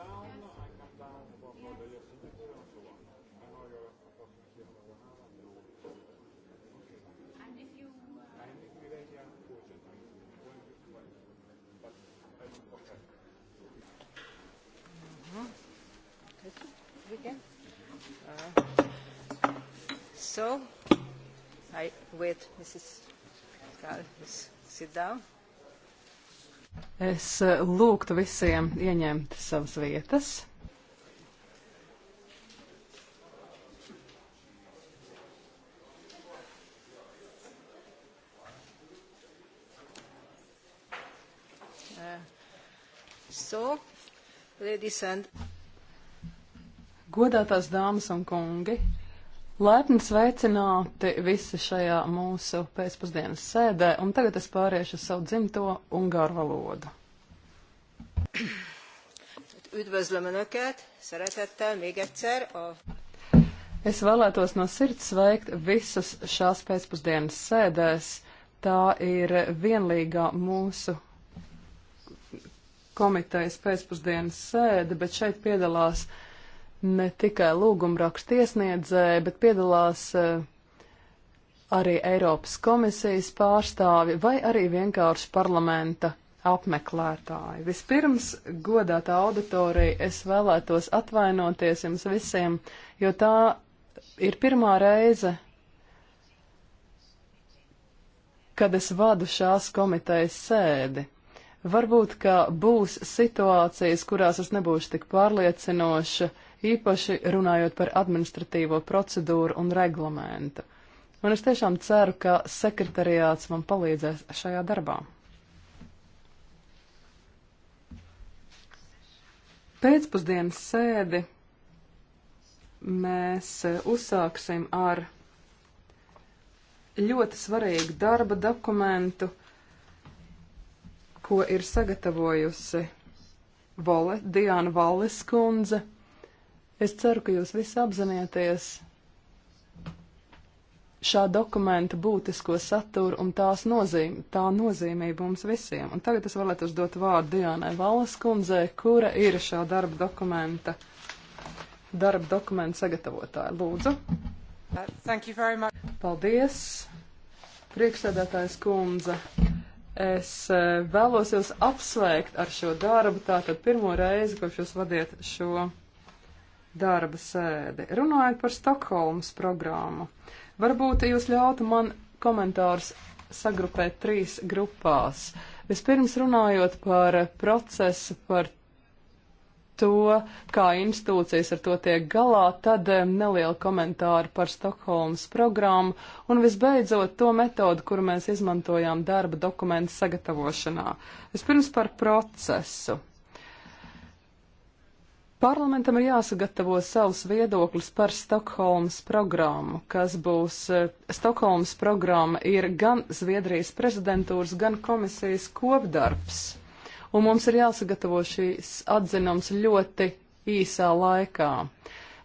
down, I come down for, for the your signature and so on. I know you're a possibility of Granada and all this. Okay. And if you... Uh... And if you then you are important, I'm going to explain. But, um, okay. Uh-huh. Again. Uh, so, I wait, Mrs. Cal, sit down. Es eh, lūgtu visiem ieņemt savas vietas. Uh, so, and... Godātās dāmas un kungi, Laipni sveicināti visi šajā mūsu pēcpusdienas sēdē, un tagad es pāriešu uz savu dzimto ungāru valodu. Üdvözlöm Önöket, szeretettel még egyszer a... Es vēlētos no sirds sveikt visus šās pēcpusdienas sēdēs. Tā ir vienīgā mūsu komitejas pēcpusdienas sēde, bet šeit piedalās uh, ne tikai lūgumrakstu iesniedzēji, bet piedalās e, arī Eiropas komisijas pārstāvi vai arī vienkārši parlamenta apmeklētāji. Vispirms, godātā auditorija, es vēlētos atvainoties jums visiem, jo tā ir pirmā reize, kad es vadu šās komitejas sēdi. Varbūt, ka būs situācijas, kurās es nebūšu tik pārliecinoša, uh, īpaši runājot par administratīvo procedūru un reglamentu. Un es tiešām ceru, ka sekretariāts man palīdzēs šajā darbā. Pēcpusdienas sēdi mēs eh, uzsāksim ar ļoti svarīgu darba dokumentu, ko ir sagatavojusi Vole, Diana Vallis kundze Es ceru, ka jūs visi apzināties šā dokumenta būtisko saturu un tās nozīmi, tā nozīmību mums visiem. Un tagad es vēlētu uzdot vārdu Diānai Valas kundzē, kura ir šā darba dokumenta, darba dokumenta sagatavotāja. Lūdzu. Uh, Paldies, priekšsēdētājs kundze. Es uh, vēlos jūs apsveikt ar šo darbu, tātad pirmo reizi, kopš jūs vadiet šo darba sēdi. Runājot par Stokholmas programmu, varbūt jūs ļautu man komentārus sagrupēt trīs grupās. Vispirms runājot par procesu, par to, kā institūcijas ar to tiek galā, tad nelielu komentāru par Stokholmas programmu un visbeidzot to metodu, kuru mēs izmantojām darba dokumentu sagatavošanā. Vispirms par procesu. Parlamentam ir jāsagatavo savs viedoklis par Stokholmas programmu, kas būs. Eh, Stokholmas programma ir gan Zviedrijas prezidentūras, gan komisijas kopdarbs. Un mums ir jāsagatavo šīs atzinums ļoti īsā laikā.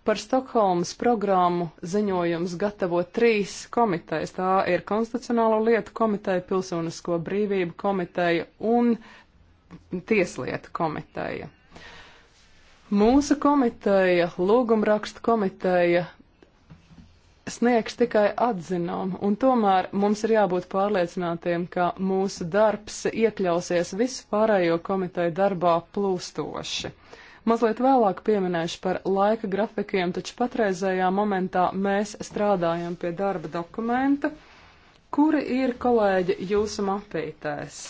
Par Stokholmas programmu ziņojums gatavo trīs komitejas. Tā ir Konstitucionālo lietu komiteja, Pilsonisko brīvību komiteja un Tieslietu komiteja. Mūsu komiteja, lūgumrakstu komiteja, sniegs tikai atzinumu, un tomēr mums ir jābūt pārliecinātiem, ka mūsu darbs iekļausies visu pārējo komiteju darbā plūstoši. Mazliet vēlāk pieminēšu par laika grafikiem, taču patreizējā momentā mēs strādājam pie darba dokumenta, kuri ir, kolēģi, jūsu mapītēs.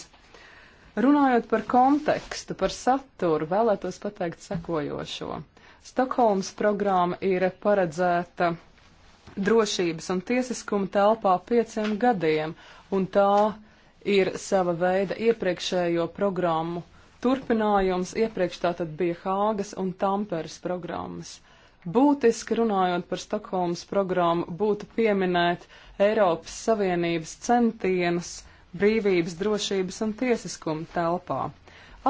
Runājot par kontekstu, par saturu, vēlētos pateikt sekojošo. Stokholmas programma ir paredzēta drošības un tiesiskuma telpā pieciem gadiem, un tā ir sava veida iepriekšējo programmu turpinājums. Iepriekš tā tad bija Hāgas un Tamperes programmas. Būtiski runājot par Stokholmas programmu, būtu pieminēt Eiropas Savienības centienus brīvības, drošības un tiesiskuma telpā.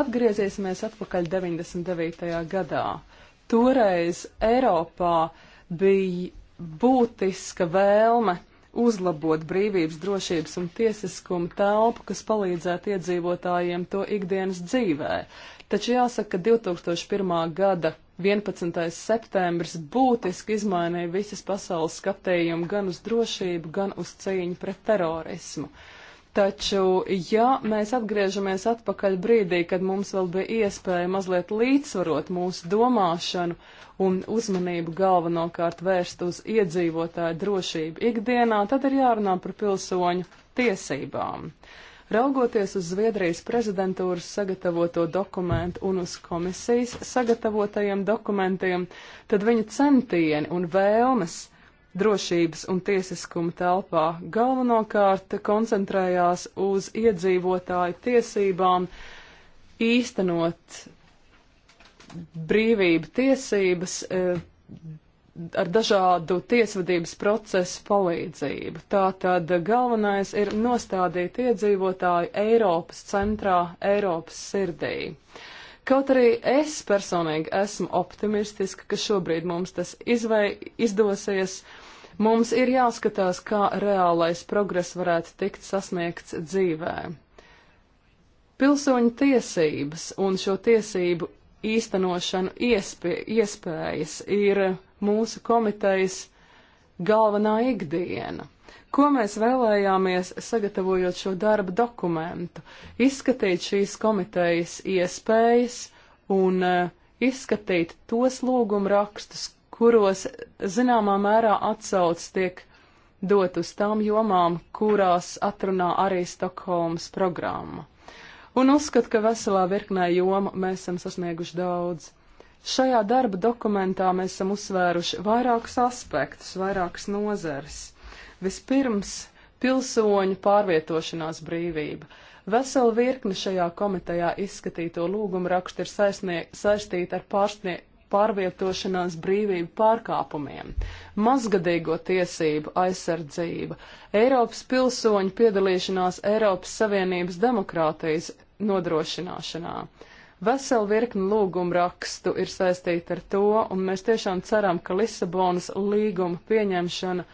Atgriezīsimies atpakaļ 99. gadā. Toreiz Eiropā bija būtiska vēlme uzlabot brīvības, drošības un tiesiskuma telpu, kas palīdzētu iedzīvotājiem to ikdienas dzīvē. Taču jāsaka, ka 2001. gada 11. septembris būtiski izmainīja visas pasaules skatījumu gan uz drošību, gan uz cīņu pret terorismu. Taču, ja mēs atgriežamies atpakaļ brīdī, kad mums vēl bija iespēja mazliet līdzsvarot mūsu domāšanu un uzmanību galvenokārt vērst uz iedzīvotāju drošību ikdienā, tad ir jārunā par pilsoņu tiesībām. Raugoties uz Zviedrijas prezidentūras sagatavoto dokumentu un uz komisijas sagatavotajiem dokumentiem, tad viņa centieni un vēlmes drošības un tiesiskuma telpā galvenokārt koncentrējās uz iedzīvotāju tiesībām īstenot brīvību tiesības e, ar dažādu tiesvedības procesu palīdzību. Tātad galvenais ir nostādīt iedzīvotāju Eiropas centrā, Eiropas sirdī. Kaut arī es personīgi esmu optimistiska, ka šobrīd mums tas izvei, izdosies. Uh, Mums ir jāskatās, kā reālais progress varētu tikt sasniegts dzīvē. Pilsoņu tiesības un šo tiesību īstenošanu iespie, iespējas ir mūsu komitejas galvenā ikdiena. Ko mēs vēlējāmies sagatavojot šo darba dokumentu? Izskatīt šīs komitejas iespējas un uh, izskatīt tos lūguma rakstus, kuros zināmā mērā atsauc tiek dot uz tām jomām, kurās atrunā arī Stokholmas programma. Un uzskat, ka veselā virknē joma mēs esam sasnieguši daudz. Šajā darba dokumentā mēs esam uzsvēruši vairākus aspektus, vairākas nozeres. Vispirms pilsoņu pārvietošanās brīvība. Vesela virkne šajā komitejā izskatīto lūgumu rakstu ir saistīta ar pārvietošanās brīvību pārkāpumiem, mazgadīgo tiesību aizsardzība, Eiropas pilsoņu piedalīšanās Eiropas Savienības demokrātijas nodrošināšanā. Vesela virkni lūgumu rakstu ir saistīta ar to, un mēs tiešām ceram, ka Lisabonas līguma pieņemšana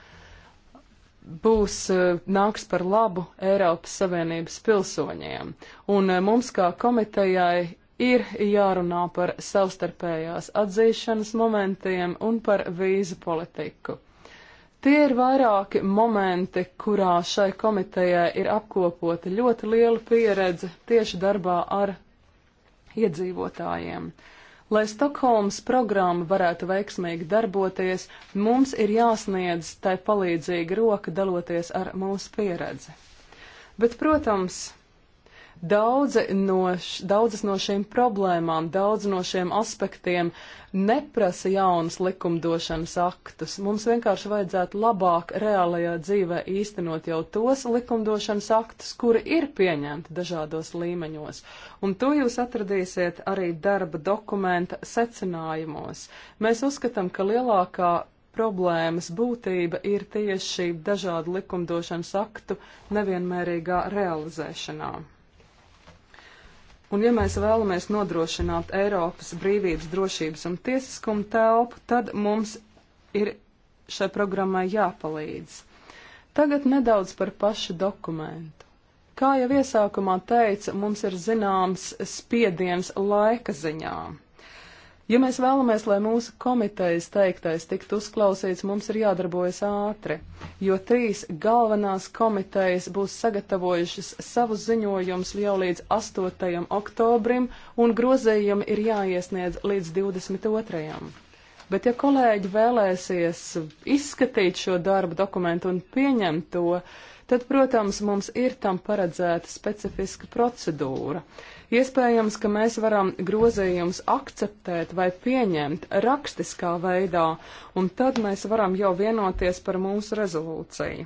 būs, eh, nāks par labu Eiropas Savienības pilsoņiem. Un eh, mums kā komitejai ir jārunā par savstarpējās atzīšanas momentiem un par vīzu politiku. Tie ir vairāki momenti, kurā šai komitejai ir apkopota ļoti liela pieredze tieši darbā ar iedzīvotājiem. Lai Stokholmas programma varētu veiksmīgi darboties, mums ir jāsniedz tai palīdzīga roka daloties ar mūsu pieredzi. Bet, protams, Daudzi no, š, daudzas no šīm problēmām, daudz no šiem aspektiem neprasa jaunas likumdošanas aktus. Mums vienkārši vajadzētu labāk reālajā dzīvē īstenot jau tos likumdošanas aktus, kuri ir pieņemti dažādos līmeņos. Un to jūs atradīsiet arī darba dokumenta secinājumos. Mēs uzskatām, ka lielākā problēmas būtība ir tieši šī dažādu likumdošanas aktu nevienmērīgā realizēšanā. Un ja mēs vēlamies nodrošināt Eiropas brīvības, drošības un tiesiskumu telpu, tad mums ir šai programmai jāpalīdz. Tagad nedaudz par pašu dokumentu. Kā jau iesākumā teica, mums ir zināms spiediens laika ziņām. Ja mēs vēlamies, lai mūsu komitejas teiktais tiktu uzklausīts, mums ir jādarbojas ātri, jo trīs galvenās komitejas būs sagatavojušas savus ziņojumus jau līdz 8. oktobrim, un grozējumi ir jāiesniedz līdz 22. Bet, ja kolēģi vēlēsies izskatīt šo darbu dokumentu un pieņemt to, tad, protams, mums ir tam paredzēta specifiska procedūra. Iespējams, ka mēs varam grozījumus akceptēt vai pieņemt rakstiskā veidā, un tad mēs varam jau vienoties par mūsu rezolūciju.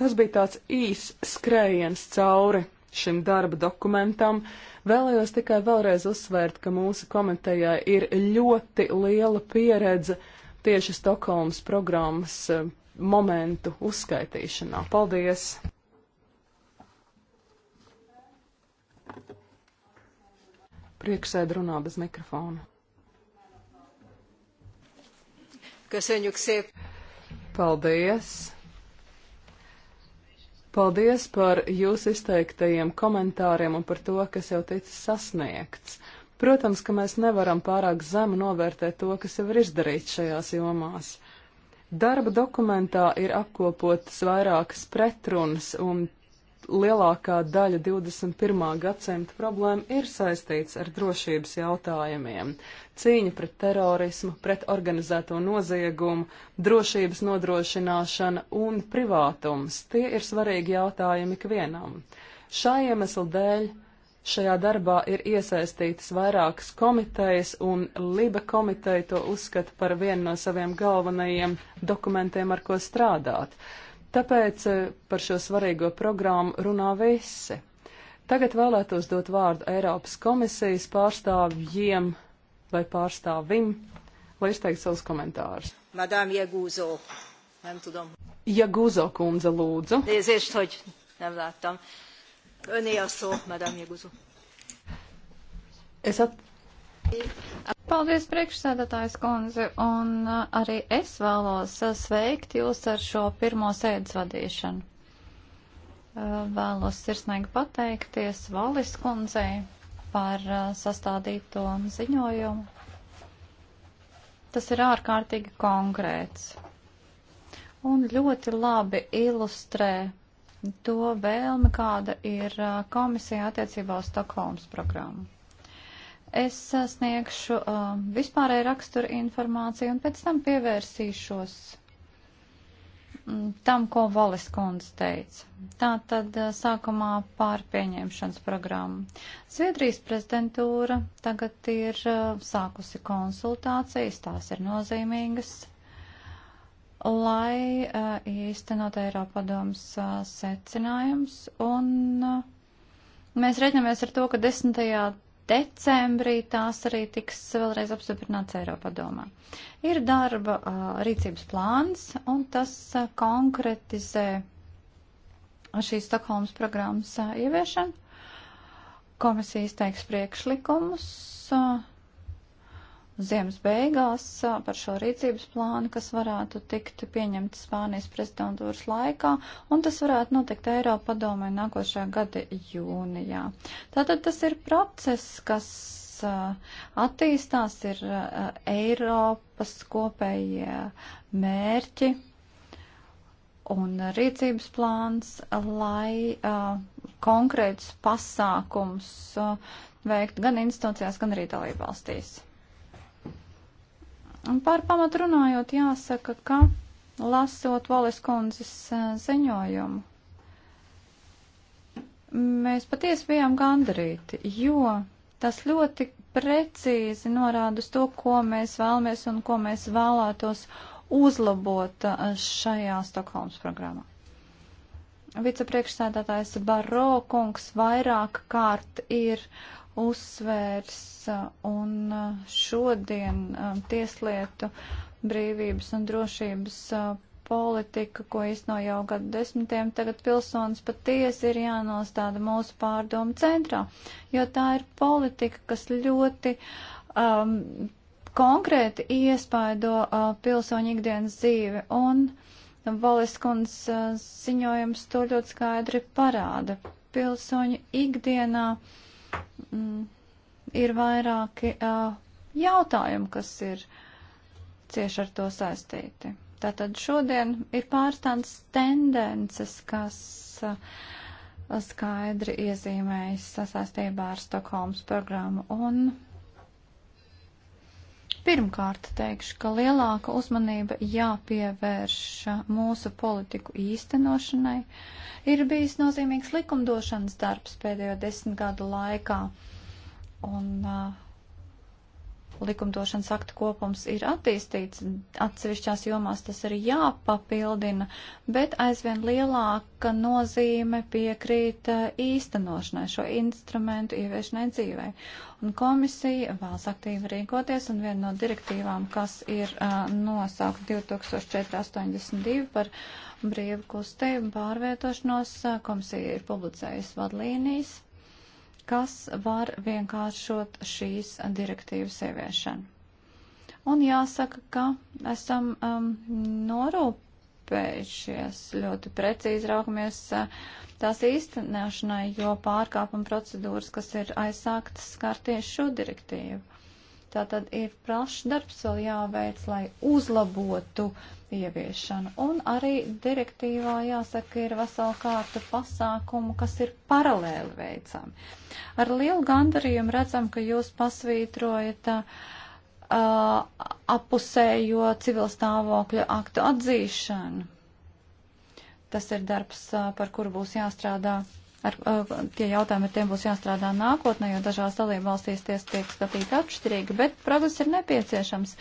Tas bija tāds īs skrējiens cauri šim darba dokumentam. Vēlējos tikai vēlreiz uzsvērt, ka mūsu komitejai ir ļoti liela pieredze tieši Stokholmas programmas eh, momentu uzskaitīšanā. Paldies! Prieksēd runā bez mikrofona. Köszönjük szép! Paldies! Paldies par jūsu izteiktajiem komentāriem un par to, kas jau ticis sasniegts. Protams, ka mēs nevaram pārāk zemu novērtēt to, kas jau ir izdarīts šajās jomās. Darba dokumentā ir apkopotas vairākas pretrunas, un lielākā daļa 21. gadsimta problēma ir saistīts ar drošības jautājumiem. Cīņa pret terorismu, pret organizēto noziegumu, drošības nodrošināšana un privātums - tie ir svarīgi jautājumi ikvienam. Šā iemesla dēļ šajā darbā ir iesaistītas vairākas komitejas, un Liba komiteja to uzskata par vienu no saviem galvenajiem dokumentiem, ar ko strādāt. Tāpēc eh, par šo svarīgo programmu runā visi. Tagad vēlētos dot vārdu Eiropas komisijas pārstāvjiem vai pārstāvim, lai izteikt savus komentārus. Madām Jagūzo, nem tudom. Jagūzo kundze, lūdzu. Nézést, hogy nem láttam. Öné a szó, Madām Jagūzo. Es at, Paldies, priekšsēdētājs Konze, un uh, arī es vēlos uh, sveikt jūs ar šo pirmo sēdes vadīšanu. Uh, vēlos sirsnīgi pateikties Valis Kunzei par sastādīto ziņojumu. Tas ir ārkārtīgi konkrēts un ļoti labi ilustrē to vēlmi, kāda ir komisija attiecībā uz Stokholmas programmu. Es sniegšu uh, um, vispārēju raksturu informāciju un pēc tam pievērsīšos mm, tam, ko Valis kundze teica. Tā tad uh, sākumā pārpieņemšanas programma. Zviedrijas prezidentūra tagad ir uh, sākusi konsultācijas, tās ir nozīmīgas, lai uh, īstenot Eiropadoms uh, secinājums un uh, mēs reiķinamies ar to, ka desmitajā decembrī tās arī tiks vēlreiz apstiprināts Eiropadomā. Ir darba rīcības plāns, un tas konkretizē šīs Stokholmas programmas ieviešanu. Komisija izteiks priekšlikumus ziemas beigās par šo rīcības plānu, kas varētu tikt pieņemts Spānijas prezidentūras laikā, un tas varētu notikt Eiropa padomē nākošajā gada jūnijā. Tātad tas ir process, kas attīstās, ir Eiropas kopējie mērķi un rīcības plāns, lai konkrētus pasākums veikt gan institūcijās, gan arī dalībvalstīs. Un par pamatu runājot, jāsaka, ka lasot Valis kundzes ziņojumu, mēs patiesi bijām gandarīti, jo tas ļoti precīzi norāda uz to, ko mēs vēlamies un ko mēs vēlētos uzlabot šajā Stokholmas programmā. Vicepriekšsēdētājs Baro kungs vairāk kārt ir uzsvērs uh, un uh, šodien uh, tieslietu brīvības un drošības politika, ko izno jau gadu desmitiem, tagad pilsonis patiesi ir jānostāda mūsu pārdomu centrā, jo tā ir politika, kas ļoti um, konkrēti iespaido uh, pilsoņu ikdienas dzīvi, un Valiskunds uh, ziņojums to ļoti skaidri parāda. Pilsoņu ikdienā uh, mm, ir vairāki uh, jautājumi, kas ir cieši ar to saistīti. Tātad šodien ir pārstāns tendences, kas uh, skaidri iezīmējas sasaistībā ar Stokholmas programmu un Pirmkārt teikšu, ka lielāka uzmanība jāpievērš mūsu politiku īstenošanai. Ir bijis nozīmīgs likumdošanas darbs pēdējo desmit gadu laikā. Un uh, likumdošanas aktu kopums ir attīstīts, atsevišķās jomās tas ir jāpapildina, bet aizvien lielāka nozīme piekrīt eh, īstenošanai, šo instrumentu ieviešanai dzīvē. Un komisija vēlas aktīvi rīkoties, un viena no direktīvām, kas ir uh, nosaukta 2482 par brīvu kustību pārvietošanos, eh, komisija ir publicējusi vadlīnijas kas var vienkāršot šīs direktīvas ieviešanu. Un jāsaka, ka esam um, norūpējušies ļoti precīzi raugamies uh, tās īstenēšanai, jo pārkāpuma procedūras, kas ir aizsāktas, skar tieši šo direktīvu. Tā tad ir plašs darbs vēl jāveic, lai uzlabotu ieviešanu. Un arī direktīvā jāsaka, ir vesela kārta pasākumu, kas ir paralēli veicami. Ar lielu gandarījumu redzam, ka jūs pasvītrojat uh, apusējo civilstāvokļa aktu atzīšanu. Tas ir darbs, par kuru būs jāstrādā ar, uh, tie jautājumi, ar tiem būs jāstrādā nākotnē, jo dažās dalībvalstīs tiesa tiek skatīta atšķirīgi, bet progress ir nepieciešams,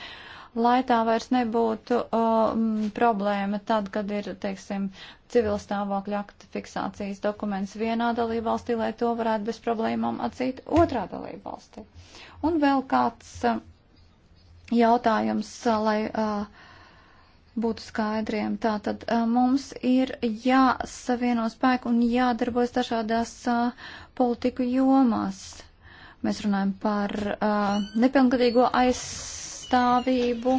lai tā vairs nebūtu uh, problēma tad, kad ir, teiksim, civil stāvokļa akta fiksācijas dokuments vienā dalībvalstī, lai to varētu bez problēmām atzīt otrā dalībvalstī. Un vēl kāds uh, jautājums, uh, lai. Uh, būtu skaidriem. Tātad mums ir jāsavieno spēku un jādarbojas dažādās politiku jomās. Mēs runājam par nepilngadīgo aizstāvību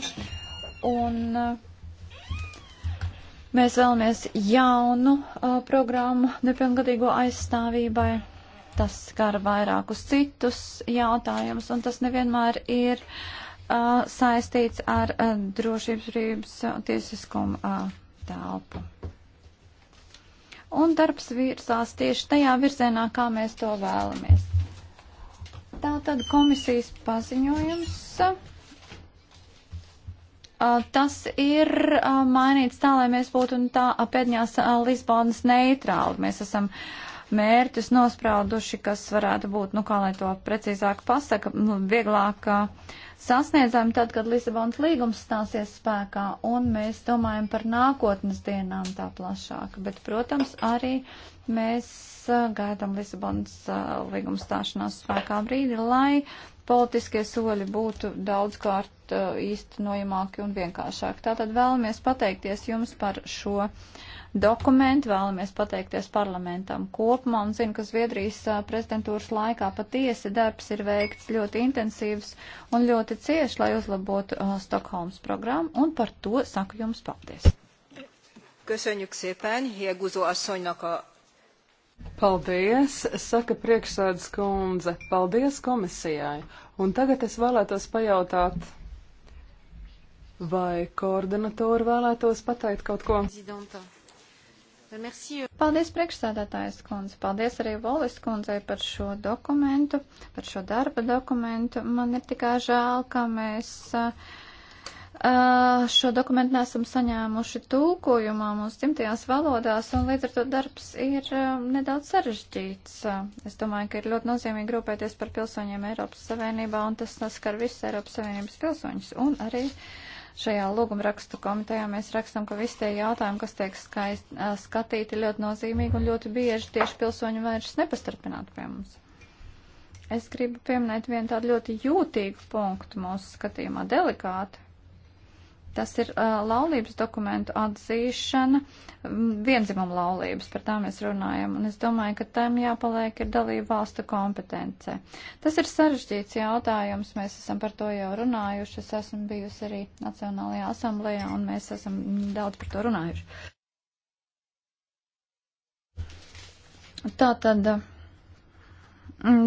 un mēs vēlamies jaunu programmu nepilngadīgo aizstāvībai tas skar vairākus citus jautājumus, un tas nevienmēr ir uh, saistīts ar uh, drošības brīvības uh, tiesiskumu uh, telpu. Un darbs virsās tieši tajā virzienā, kā mēs to vēlamies. Tātad komisijas paziņojums. Uh, tas ir uh, mainīts tā, lai mēs būtu nu, tā pēdējās uh, Lisbonas neitrāli. Mēs esam mērķus nosprauduši, kas varētu būt, nu kā lai to precīzāk pasaka, nu, vieglāk uh, sasniedzam tad, kad Lisabonas līgums stāsies spēkā, un mēs domājam par nākotnes dienām tā plašāk. Bet, protams, arī mēs gaidām Lisabonas līguma stāšanās spēkā brīdi, lai politiskie soļi būtu daudzkārt īstenojamāki un vienkāršāki. Tātad vēlamies pateikties jums par šo dokumentu. Vēlamies pateikties parlamentam kopumā un zinu, ka Zviedrijas prezidentūras laikā patiesi darbs ir veikts ļoti intensīvs un ļoti cieši, lai uzlabotu uh, Stokholmas programmu un par to saku jums paldies. Köszönjük szépen, Hieguzó asszonynak a Paldies, saka priekšsēdus kundze. Paldies komisijai. Un tagad es vēlētos pajautāt, vai koordinatori vēlētos pateikt kaut ko? Prezidenta. Euh. Paldies priekšstādātājs kundze. Paldies arī Volis kundzei par šo dokumentu, par šo darba dokumentu. Man ir tikai žēl, ka mēs uh, uh šo dokumentu nesam saņēmuši tūkojumā mūsu dzimtajās valodās, un līdz ar to darbs ir uh, nedaudz sarežģīts. Uh, es domāju, ka ir ļoti nozīmīgi rūpēties par pilsoņiem Eiropas Savienībā, un tas skar visus Eiropas Savienības pilsoņus un arī uh, Šajā lūgumrakstu komitejā mēs rakstam, ka visi tie jautājumi, kas tiek skaist, skatīti, ļoti nozīmīgi un ļoti bieži tieši pilsoņi vairs nepastarpināt pie mums. Es gribu pieminēt vienu tādu ļoti jūtīgu punktu mūsu skatījumā, delikātu Tas ir uh, laulības dokumentu atzīšana, vienzimuma laulības, par tām mēs runājam, un es domāju, ka tam jāpaliek ir dalība valstu kompetence. Tas ir sarežģīts jautājums, mēs esam par to jau runājuši, es esmu bijusi arī Nacionālajā asamblējā, un mēs esam daudz par to runājuši. Tā tad. Uh,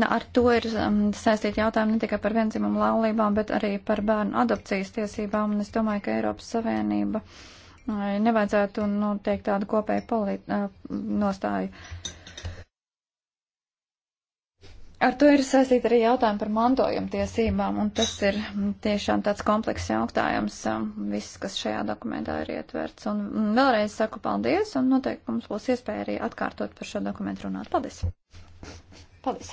Ar to ir um, saistīti jautājumi ne tikai par vienzimumu laulībām, bet arī par bērnu adopcijas tiesībām, un es domāju, ka Eiropas Savienība uh, nevajadzētu noteikt tādu kopēju polit, uh, nostāju. Ar to ir saistīta arī jautājumi par mantojuma tiesībām, un tas ir mm, tiešām tāds komplekss jautājums, um, viss, kas šajā dokumentā ir ietverts. Un mm, vēlreiz saku paldies, un noteikti mums būs iespēja arī atkārtot par šo dokumentu runāt. Paldies! Paldies!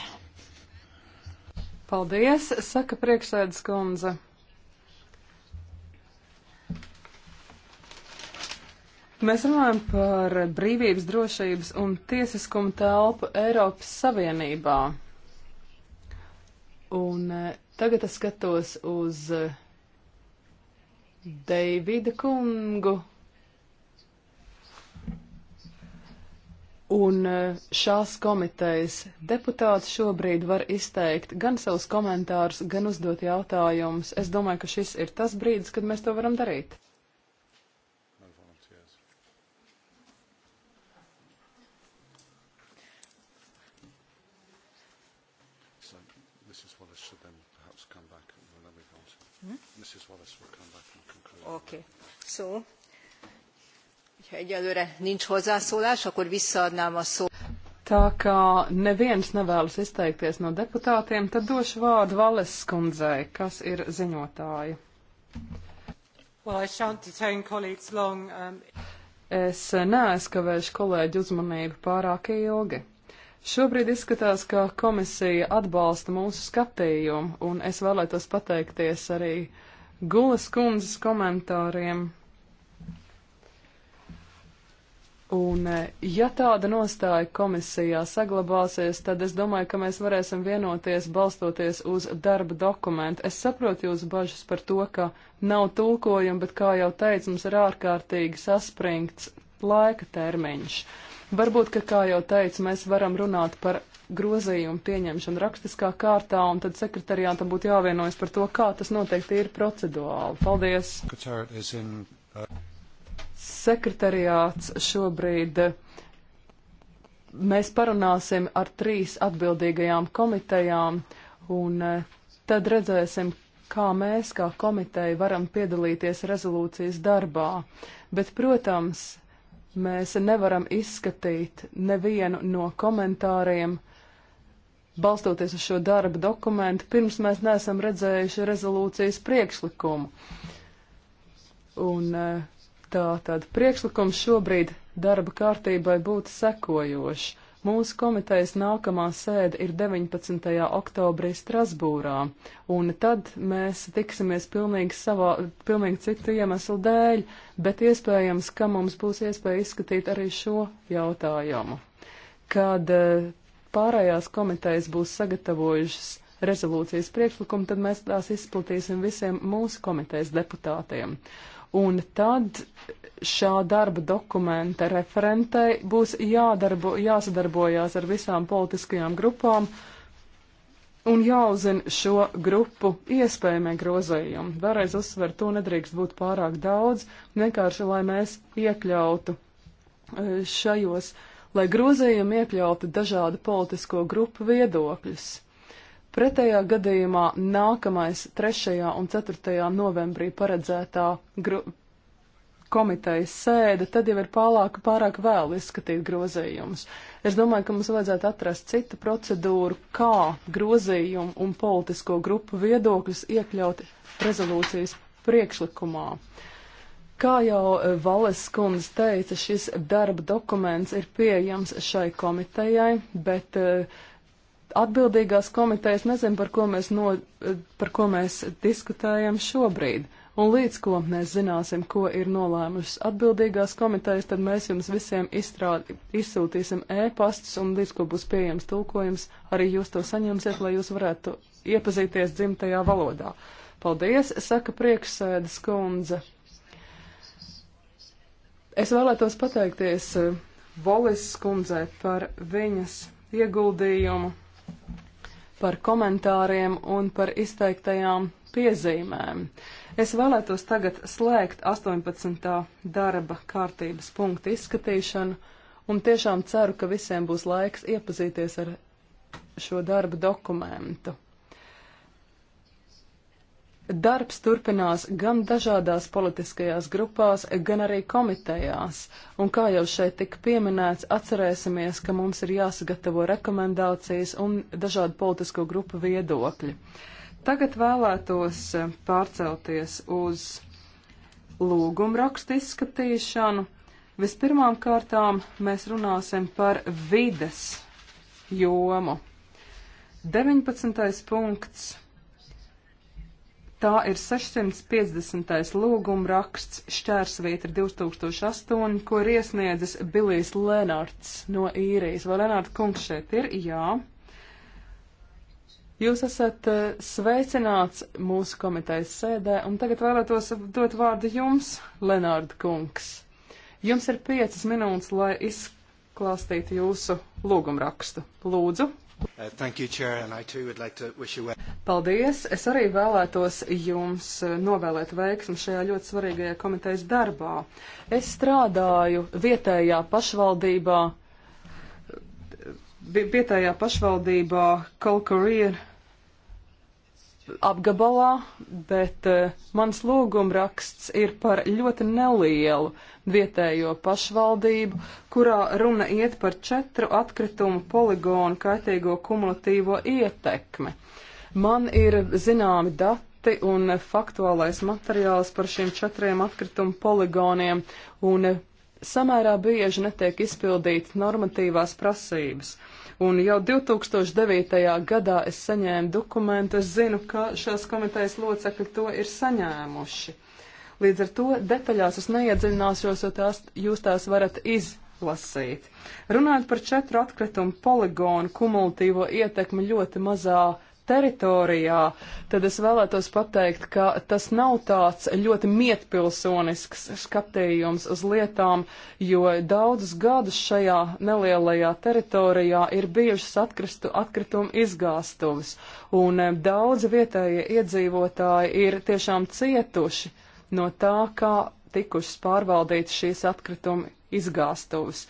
Paldies, saka priekšsēdas kundze. Mēs runājam par brīvības, drošības un tiesiskumu telpu Eiropas Savienībā. Un e, tagad es skatos uz Deivida kungu, Un eh, šās komitejas deputāti šobrīd var izteikt gan savus komentārus, gan uzdot jautājumus. Es domāju, ka šis ir tas brīdis, kad mēs to varam darīt. No mm? Hmm? Mrs. Wallace will come back and conclude. Okay. So Ha egyelőre nincs hozzászólás, akkor visszaadnám a szót. Tā kā neviens nevēlas izteikties no deputātiem, tad došu vārdu Valles skundzei, kas ir ziņotāja. Well, long, um... Es neaizkavēšu kolēģu uzmanību pārāk ilgi. Šobrīd izskatās, ka komisija atbalsta mūsu skatījumu, un es vēlētos pateikties arī Gulas kundzes komentāriem Un, e, ja tāda nostāja komisijā saglabāsies, tad es domāju, ka mēs varēsim vienoties balstoties uz darba dokumentu. Es saprotu jūsu bažas par to, ka nav tulkojuma, bet, kā jau teicu, mums ir ārkārtīgi saspringts laika termiņš. Varbūt, ka, kā jau teicu, mēs varam runāt par grozījumu pieņemšanu rakstiskā kārtā, un tad sekretariātam būtu jāvienojas par to, kā tas noteikti ir procedūāli. Paldies! Katār, sekretariāts šobrīd. Mēs parunāsim ar trīs atbildīgajām komitejām, un eh, tad redzēsim, kā mēs, kā komiteja, varam piedalīties rezolūcijas darbā. Bet, protams, mēs nevaram izskatīt nevienu no komentāriem, balstoties uz šo darba dokumentu, pirms mēs neesam redzējuši rezolūcijas priekšlikumu. Un, uh, Tātad priekšlikums šobrīd darba kārtībai būtu sekojošs. Mūsu komitejas nākamā sēde ir 19. oktobrī Strasbūrā, un tad mēs tiksimies pilnīgi, savā, pilnīgi citu iemeslu dēļ, bet iespējams, ka mums būs iespēja izskatīt arī šo jautājumu. Kad eh, pārējās komitejas būs sagatavojušas rezolūcijas priekšlikumu, tad mēs tās izplatīsim visiem mūsu komitejas deputātiem un tad šā darba dokumenta referentei būs jādarbo, jāsadarbojās ar visām politiskajām grupām un jāuzina šo grupu iespējamie grozējumi. Vēlreiz uzsver, to nedrīkst būt pārāk daudz, vienkārši lai mēs iekļautu e, šajos, lai grozējumi iekļautu dažādu politisko grupu viedokļus. Pretējā gadījumā nākamais 3. un 4. novembrī paredzētā gru... komitejas sēde, tad jau ir pārāk, pārāk vēl izskatīt grozījumus. Es domāju, ka mums vajadzētu atrast citu procedūru, kā grozījumu un politisko grupu viedokļus iekļaut rezolūcijas priekšlikumā. Kā jau eh, Vales kundze teica, šis darba dokuments ir pieejams šai komitejai, bet uh, atbildīgās komitejas nezin, par ko mēs, no, par ko mēs diskutējam šobrīd. Un līdz ko mēs zināsim, ko ir nolēmušas atbildīgās komitejas, tad mēs jums visiem izstrād, izsūtīsim ēpastus, e un līdz ko būs pieejams tulkojums, arī jūs to saņemsiet, lai jūs varētu iepazīties dzimtajā valodā. Paldies, saka priekšsēdes kundze. Es vēlētos pateikties Volis eh, kundzei par viņas ieguldījumu par komentāriem un par izteiktajām piezīmēm. Es vēlētos tagad slēgt 18. darba kārtības punktu izskatīšanu un tiešām ceru, ka visiem būs laiks iepazīties ar šo darba dokumentu. Darbs turpinās gan dažādās politiskajās grupās, gan arī komitejās. Un kā jau šeit tika pieminēts, atcerēsimies, ka mums ir jāsagatavo rekomendācijas un dažādu politisko grupu viedokļi. Tagad vēlētos eh, pārcelties uz lūgumu rakstu izskatīšanu. Vispirmām kārtām mēs runāsim par vides jomu. 19. punkts Tā ir 650. lūguma raksts šķērsvieta 2008, ko ir iesniedzis Bilijs Lenārds no īrijas. Vai Lenārds kungs šeit ir? Jā. Jūs esat eh, sveicināts mūsu komitejas sēdē, un tagad vēlētos dot vārdu jums, Lenārda kungs. Jums ir piecas minūtes, lai izklāstītu jūsu lūgumrakstu. Lūdzu, Uh, you, Chair, like Paldies! Es arī vēlētos jums uh, novēlēt veiksmu šajā ļoti svarīgajā komitejas darbā. Es strādāju vietējā pašvaldībā, uh, vietējā pašvaldībā Kalkurija apgabalā, bet uh, mans lūgumraksts ir par ļoti nelielu vietējo pašvaldību, kurā runa iet par četru atkritumu poligonu kaitīgo kumulatīvo ietekmi. Man ir zināmi dati un faktuālais materiāls par šiem četriem atkritumu poligoniem, un eh, samērā bieži netiek izpildīti normatīvās prasības. Uh, Un jau 2009. gadā es saņēmu dokumentu, es zinu, ka šās komitejas locekļi to ir saņēmuši. Līdz ar to detaļās es neiedziļināšos, jo tās, jūs tās varat izlasīt. Runājot par četru atkritumu poligonu kumulatīvo ietekmi ļoti mazā teritorijā, tad es vēlētos pateikt, ka tas nav tāds ļoti mietpilsonisks skatījums uz lietām, jo daudzus gadus šajā nelielajā teritorijā ir bijušas atkristu, atkritumu izgāstuves, un eh, daudzi vietējie iedzīvotāji ir tiešām cietuši no tā, kā tikušas pārvaldītas šīs atkrituma izgāstuves.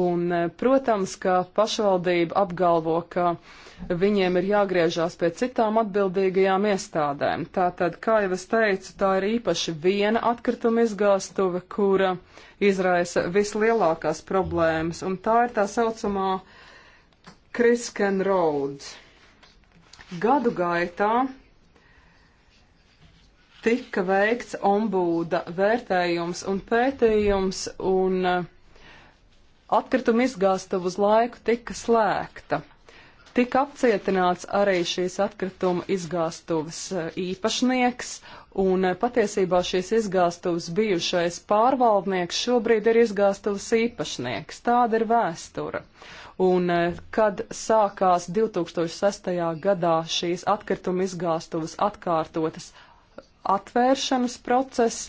Un, eh, protams, ka pašvaldība apgalvo, ka viņiem ir jāgriežās pie citām atbildīgajām iestādēm. Tātad, kā jau es teicu, tā ir īpaši viena atkrituma izgāstuve, kura izraisa vislielākās problēmas, un tā ir tā saucamā Krisken Road. Gadu gaitā tika veikts ombūda vērtējums un pētījums, un eh, Atkrituma izgāstuva uz laiku tika slēgta. Tika apcietināts arī šīs atkrituma izgāstuves eh, īpašnieks, un eh, patiesībā šīs izgāstuves bijušais pārvaldnieks šobrīd ir izgāstuves īpašnieks. Tāda ir vēstura. Un, eh, kad sākās 2006. gadā šīs atkrituma izgāstuves atkārtotas atvēršanas process,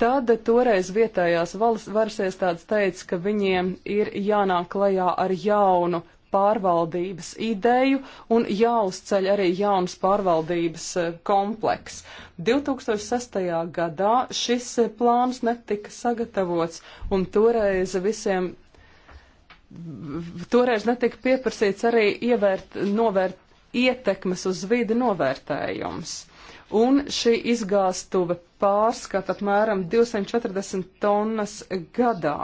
tad toreiz vietējās valsts varas iestādes teica, ka viņiem ir jānāk klajā ar jaunu pārvaldības ideju un jāuzceļ arī jauns pārvaldības e, kompleks. 2006. gadā šis e, plāns netika sagatavots un toreiz visiem, toreiz netika pieprasīts arī ievērt, novērt, ietekmes uz vidi novērtējums un šī izgāstuve pārskata apmēram 240 tonnas gadā.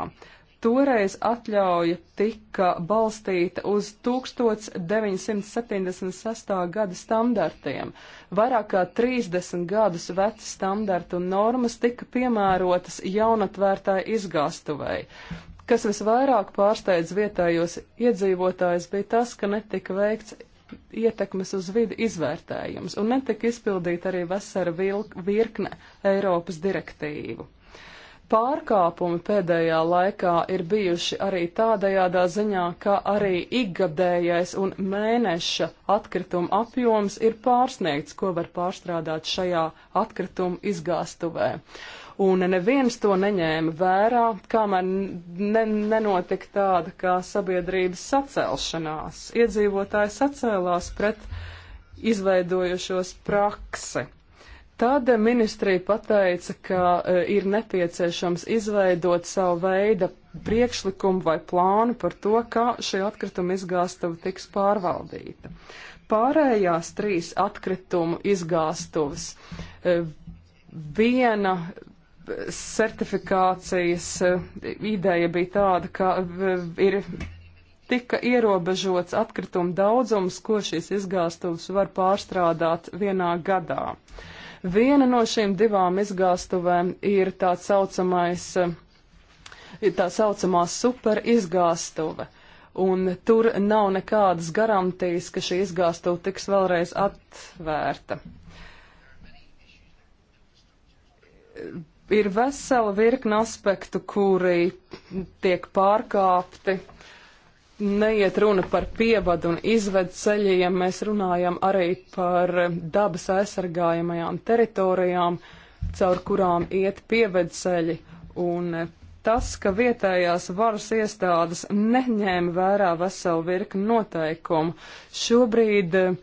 Toreiz atļauja tika balstīta uz 1976. gada standartiem. Vairāk kā 30 gadus veci standarti un normas tika piemērotas jaunatvērtai izgāstuvei. Kas visvairāk pārsteidz vietējos iedzīvotājus bija tas, ka netika veikts ietekmes uz vidi izvērtējums, un netika izpildīta arī vesera virkne Eiropas direktīvu. Pārkāpumi pēdējā laikā ir bijuši arī tādajādā ziņā, ka arī ikgadējais un mēneša atkrituma apjoms ir pārsniegts, ko var pārstrādāt šajā atkrituma izgāstuvē un neviens to neņēma vērā, kamēr ne, nenotika tāda kā sabiedrības sacelšanās. Iedzīvotāji sacēlās pret izveidojušos praksi. Tad ministrija pateica, ka e, ir nepieciešams izveidot savu veidu priekšlikumu vai plānu par to, kā šī atkrituma izgāstava tiks pārvaldīta. Pārējās trīs atkritumu izgāstuves e, viena sertifikācijas e, ideja bija tāda, ka e, ir tika ierobežots atkritumu daudzums, ko šīs izgāstuves var pārstrādāt vienā gadā. Viena no šīm divām izgāstuvēm ir tā saucamais, e, tā saucamā super izgāstuve, un tur nav nekādas garantijas, ka šī izgāstuve tiks vēlreiz atvērta ir vesela virkna aspektu, kuri tiek pārkāpti. Neiet runa par pievadu un izvedu ceļiem, mēs runājam arī par dabas aizsargājamajām teritorijām, caur kurām iet pievedu ceļi. Un tas, ka vietējās varas iestādes neņēma vērā veselu virkni noteikumu, šobrīd uh,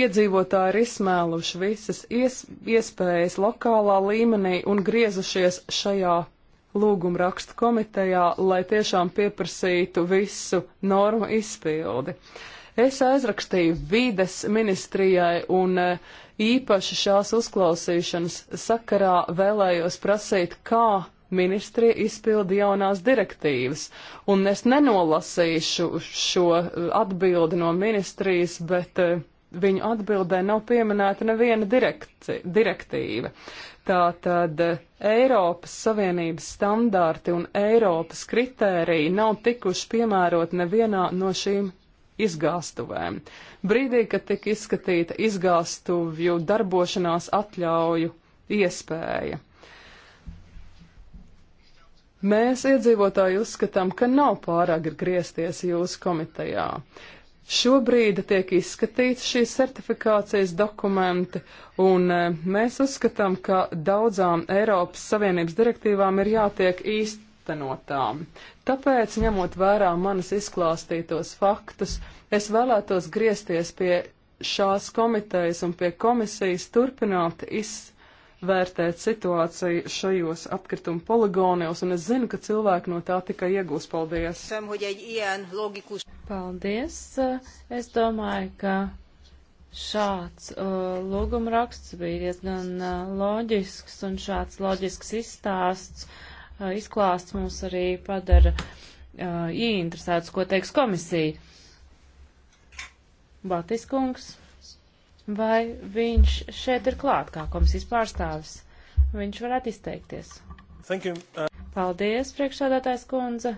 Iedzīvotāji ir izsmēluši visas ies, iespējas lokālā līmenī un griezušies šajā lūguma rakstu komitejā, lai tiešām pieprasītu visu normu izpildi. Es aizrakstīju vides ministrijai un eh, īpaši šās uzklausīšanas sakarā vēlējos prasīt, kā ministrija izpilda jaunās direktīvas. Un es nenolasīšu šo eh, atbildi no ministrijas, bet uh, viņu atbildē nav pieminēta neviena direktīva. Tātad eh, Eiropas Savienības standarti un Eiropas kritēriji nav tikuši piemērot nevienā no šīm izgāstuvēm. Brīdī, kad tika izskatīta izgāstuvju darbošanās atļauju iespēja. Mēs iedzīvotāji uzskatām, ka nav pārāk griezties jūsu komitejā. Šobrīd tiek izskatīts šīs certifikācijas dokumenti, un e, mēs uzskatām, ka daudzām Eiropas Savienības direktīvām ir jātiek īstenotām. Tāpēc, ņemot vērā manas izklāstītos faktus, es vēlētos griezties pie šās komitejas un pie komisijas turpināt izskatīt vērtēt situāciju šajos apkrituma poligonos, un es zinu, ka cilvēki no tā tikai iegūs. Paldies! Paldies! Es domāju, ka šāds uh, lūgumraksts bija diezgan uh, loģisks, un šāds loģisks izstāsts, uh, izklāsts mums arī padara uh, ieinteresētus, ko teiks komisija. Batiskungs vai viņš šeit ir klāt kā komisijas pārstāvis. Viņš varētu izteikties. Thank you. Uh... Paldies, priekšsādātājs kundze.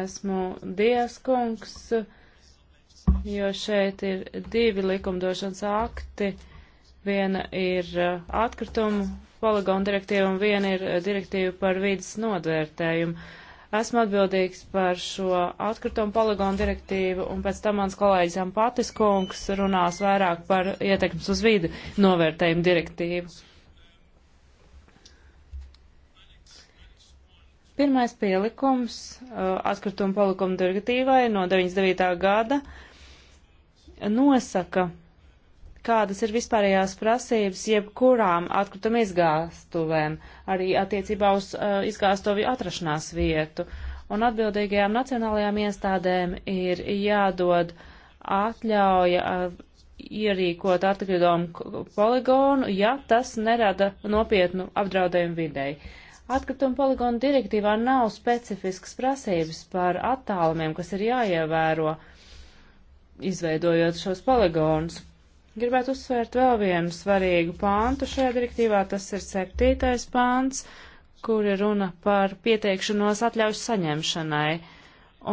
Esmu Dievs kungs, jo šeit ir divi likumdošanas akti. Viena ir uh, atkritumu poligonu direktīva un viena ir uh, direktīva par vidas nodvērtējumu. Esmu atbildīgs par šo atkritumu poligonu direktīvu, un pēc tam mans kolēģis Ampatis Kungs runās vairāk par ietekmes uz vidi novērtējumu direktīvu. Pirmais pielikums uh, atkrituma polikuma direktīvai no 99. gada nosaka, kādas ir vispārējās prasības jebkurām atkrituma izgāstuvēm, arī attiecībā uz uh, izgāstovju atrašanās vietu. Un atbildīgajām nacionālajām iestādēm ir jādod atļauja uh, ierīkot atkritumu poligonu, ja tas nerada nopietnu apdraudējumu videi. Atkrituma poligonu direktīvā nav specifiskas prasības par attālumiem, kas ir jāievēro, izveidojot šos poligonus. Gribētu uzsvērt vēl vienu svarīgu pāntu šajā direktīvā, tas ir septītais pāns, kur ir runa par pieteikšanos atļaujas saņemšanai.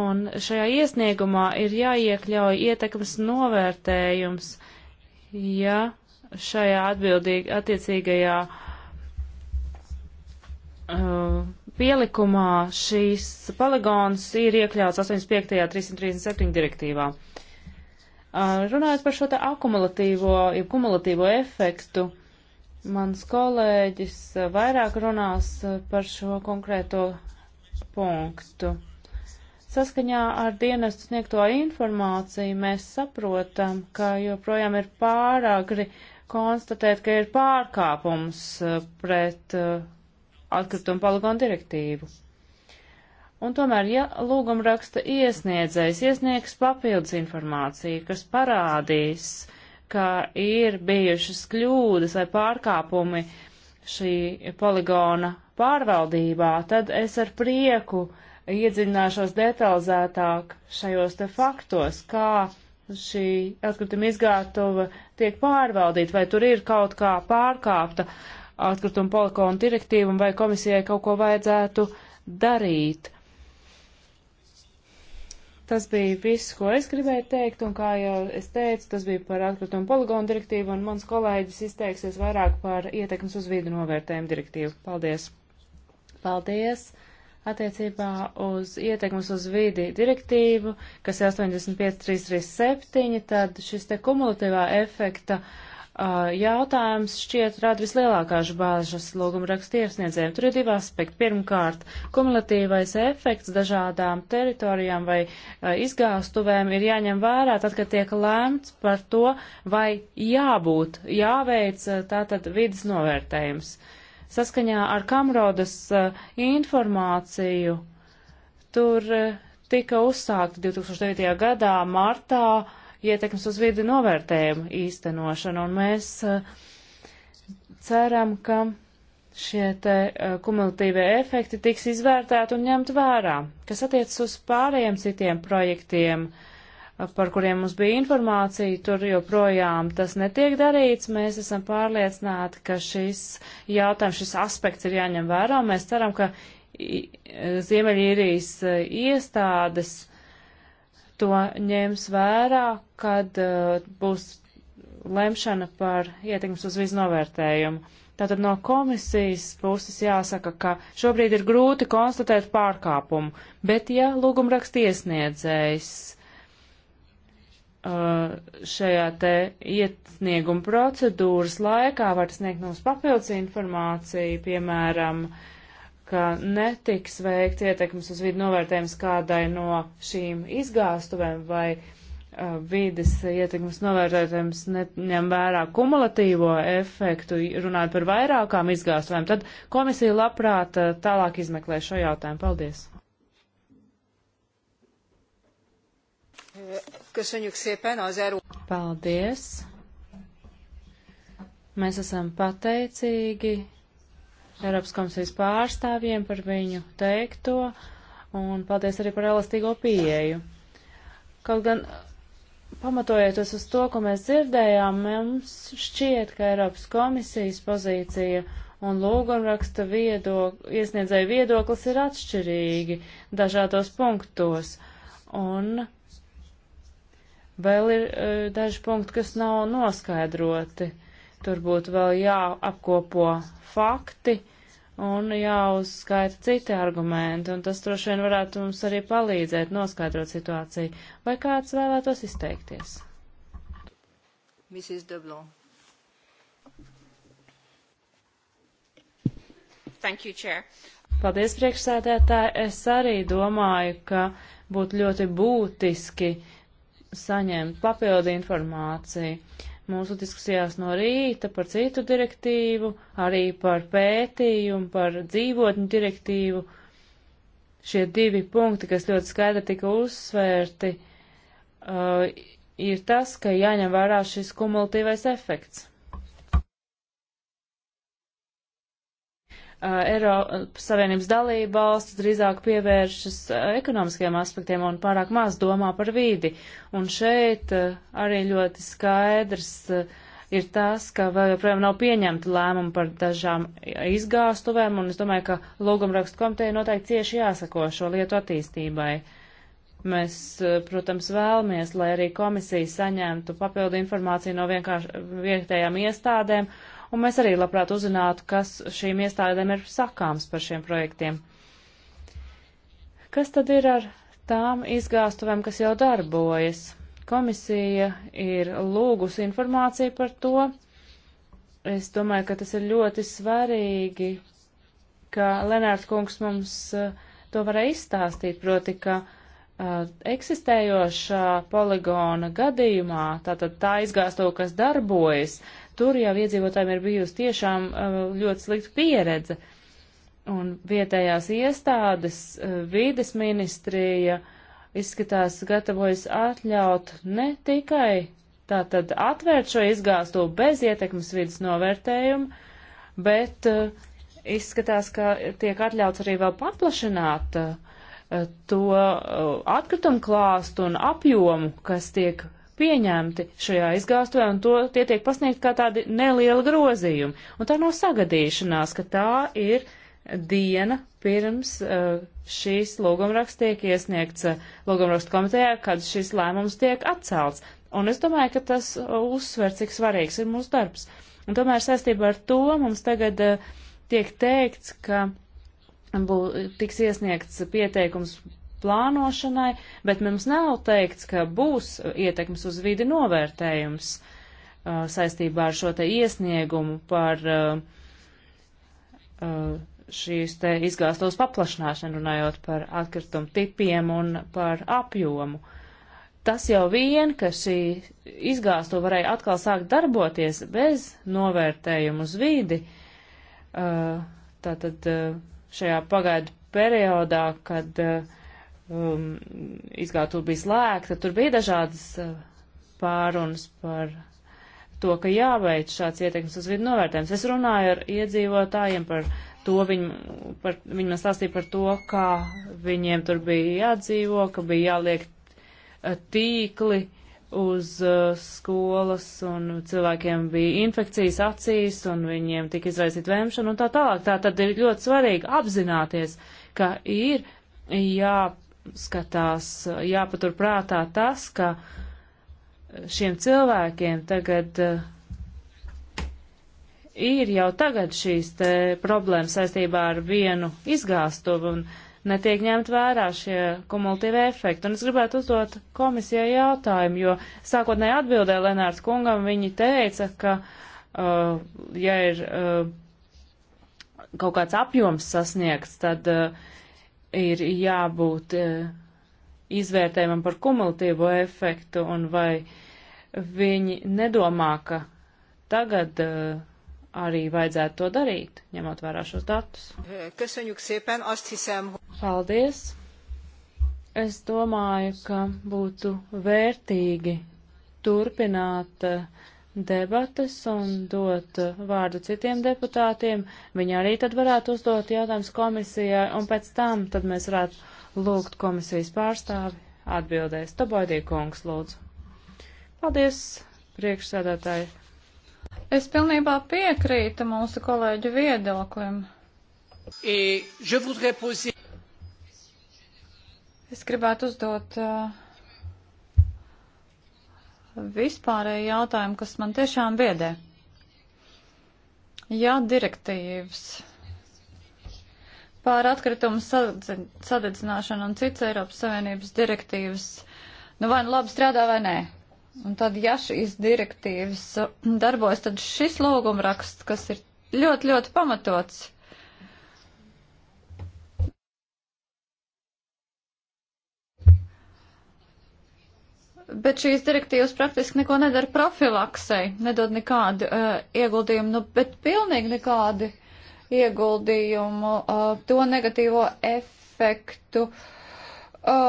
Un šajā iesniegumā ir jāiekļauj ietekmes novērtējums, ja šajā atbildīgi attiecīgajā uh, pielikumā šīs poligons ir iekļauts 85. 337 direktīvā. Uh, Runājot par šo te akumulatīvo, jeb kumulatīvo efektu, mans kolēģis vairāk runās par šo konkrēto punktu. Saskaņā ar dienestu sniegto informāciju mēs saprotam, ka joprojām ir pāragri konstatēt, ka ir pārkāpums pret atkritumu poligonu direktīvu. Un tomēr, ja lūgumraksta iesniedzējs iesniegs papildus informāciju, kas parādīs, ka ir bijušas kļūdas vai pārkāpumi šī poligona pārvaldībā, tad es ar prieku iedziļināšos detalizētāk šajos te faktos, kā šī atkrituma izgātuva tiek pārvaldīta, vai tur ir kaut kā pārkāpta atkrituma poligona direktīva, vai komisijai kaut ko vajadzētu darīt Tas bija viss, ko es gribēju teikt, un kā jau es teicu, tas bija par atkritumu poligonu direktīvu, un mans kolēģis izteiksies vairāk par ietekmes uz vidu novērtējumu direktīvu. Paldies! Paldies! Attiecībā uz ietekmes uz vidi direktīvu, kas ir 85337, tad šis te kumulatīvā efekta uh, jautājums šķiet rada vislielākās bāžas lūguma rakstu iesniedzējiem. Tur ir divi aspekti. Pirmkārt, kumulatīvais efekts dažādām teritorijām vai izgāstuvēm ir jāņem vērā, tad, kad tiek lēmts par to, vai jābūt, jāveic tātad vidas novērtējums. Saskaņā ar Kamrodas informāciju tur tika uzsākta 2009. gadā martā ietekmes uz vidi novērtējumu īstenošanu, un mēs eh, ceram, ka šie te eh, kumulatīvie efekti tiks izvērtēti un ņemt vērā, kas attiecas uz pārējiem citiem projektiem, eh, par kuriem mums bija informācija, tur joprojām tas netiek darīts. Mēs esam pārliecināti, ka šis jautājums, šis aspekts ir jāņem vērā. Mēs ceram, ka Ziemeļīrijas iestādes to ņems vērā, kad uh, būs lemšana par ietekmes uz vizu novērtējumu. Tātad no komisijas puses jāsaka, ka šobrīd ir grūti konstatēt pārkāpumu, bet ja lūgumraksts iesniedzējs uh, šajā te iesnieguma procedūras laikā var sniegt mums papildus informāciju, piemēram, uh, ka netiks veikt ietekmes uz vidu novērtējums kādai no šīm izgāstuvēm vai uh, vides ietekmes novērtējums neņem vērā kumulatīvo efektu, runājot par vairākām izgāstuvēm, tad komisija labprāt uh, tālāk izmeklē šo jautājumu. Paldies! Köszönjük szépen az Euró... Paldies! Mēs esam pateicīgi Eiropas komisijas pārstāvjiem par viņu teikto un paldies arī par elastīgo pieeju. Kaut gan pamatojoties uz to, ko mēs dzirdējām, mums šķiet, ka Eiropas komisijas pozīcija un lūgumraksta viedok, iesniedzēja viedoklis ir atšķirīgi dažādos punktos. Un vēl ir uh, daži punkti, kas nav noskaidroti. Uh, Tur būtu vēl jāapkopo fakti un jāuzskaita citi argumenti, un tas droši vien varētu mums arī palīdzēt noskaidrot situāciju. Vai kāds vēlētos izteikties? Mrs. Deblon. Thank you, Chair. Paldies, priekšsēdētāji. Es arī domāju, ka būtu ļoti būtiski saņemt papildu informāciju mūsu diskusijās no rīta par citu direktīvu, arī par pētījumu, par dzīvotņu direktīvu. Šie divi punkti, kas ļoti skaidri tika uzsvērti, uh, ir tas, ka jāņem vērā šis kumulatīvais efekts. Uh, Eiropas Savienības dalība valsts drīzāk pievēršas uh, ekonomiskajiem aspektiem un pārāk maz domā par vīdi. Un šeit uh, arī ļoti skaidrs ir tas, ka vēl joprojām nav pieņemta lēmuma par dažām izgāstuvēm, un es domāju, ka lūgumrakstu komiteja noteikti cieši jāsako šo lietu attīstībai. Mēs, protams, vēlamies, lai arī komisija saņemtu papildu informāciju no vienkārši vietējām iestādēm, uh, un mēs arī labprāt uzzinātu, kas šīm iestādēm ir sakāms par šiem projektiem. Kas tad ir ar tām izgāstuvēm, kas jau darbojas? Komisija ir lūgusi informāciju par to. Es domāju, ka tas ir ļoti svarīgi, ka Lenārds kungs mums uh, to varēja izstāstīt, proti, ka uh, eksistējošā poligona gadījumā, tātad tā izgāsto, kas darbojas, tur jau iedzīvotājiem ir bijusi tiešām eh, ļoti slikta pieredze. Un vietējās iestādes, eh, vīdes ministrija izskatās gatavojas atļaut ne tikai tātad atvērt šo izgāsto bez ietekmes vidas novērtējumu, bet eh, izskatās, ka tiek atļauts arī vēl paplašināt to atkritumu klāstu un apjomu, kas tiek pieņemti šajā izgāstuvē, un to, tie tiek pasniegti kā tādi nelieli grozījumi. Un tā nav sagadīšanās, ka tā ir diena pirms uh, šīs lūgumraksts tiek iesniegts uh, lūgumrakstu komitejā, kad šis lēmums tiek atcelts. Un es domāju, ka tas uh, uzsver, cik svarīgs ir mūsu darbs. Un tomēr saistībā ar to mums tagad tiek teikts, ka bū, tiks iesniegts pieteikums plānošanai, bet mums nav teikts, ka būs ietekmes uz vidi novērtējums uh, saistībā ar šo te iesniegumu par uh, uh, šīs te izgāstos paplašināšanu, runājot par atkritumu tipiem un par apjomu. Tas jau vien, ka šī izgāsto varēja atkal sākt darboties bez novērtējumu uz vidi, uh, tātad uh, šajā pagaidu periodā, kad uh, um, izgāja tur bija slēgta, tur bija dažādas uh, pārunas par to, ka jāveic šāds ieteikums uz vidu novērtējums. Es runāju ar iedzīvotājiem par to, viņi, par, viņi man stāstīja par to, kā viņiem tur bija jādzīvo, ka bija jāliek uh, tīkli uz uh, skolas, un cilvēkiem bija infekcijas acīs, un viņiem tika izraisīta vēmšana un tā tālāk. Tā tad ir ļoti svarīgi apzināties, ka ir jā jāskatās, jāpatur prātā tas, ka šiem cilvēkiem tagad eh, ir jau tagad šīs te problēmas saistībā ar vienu izgāstuvu un netiek ņemt vērā šie kumulatīvie efekti. Un es gribētu uzdot komisijai jautājumu, jo sākotnēji atbildē Lenārs kungam viņi teica, ka, uh, ja ir uh, kaut kāds apjoms sasniegts, tad uh, ir jābūt eh, izvērtējumam par kumulatīvo efektu un vai viņi nedomā, ka tagad eh, arī vajadzētu to darīt, ņemot vērā šos datus. Paldies! Es domāju, ka būtu vērtīgi turpināt uh, debatas un dot vārdu citiem deputātiem. Viņi arī tad varētu uzdot jautājumus komisijai, un pēc tam tad mēs varētu lūgt komisijas pārstāvi atbildēs. Tabaidī kungs, lūdzu. Paldies, priekšsēdētāji. Es pilnībā piekrītu mūsu kolēģu viedoklim. Es gribētu uzdot uh, vispārēji jautājumi, kas man tiešām biedē. Jā, direktīvas pār atkritumu sadedzināšanu un cits Eiropas Savienības direktīvas, nu vai nu labi strādā vai nē. Un tad, ja šīs direktīvas darbojas, tad šis lūgumraksts, kas ir ļoti, ļoti pamatots, bet šīs direktīvas praktiski neko nedara profilaksei, nedod nekādu uh, ieguldījumu, nu, bet pilnīgi nekādi ieguldījumu uh, to negatīvo efektu uh,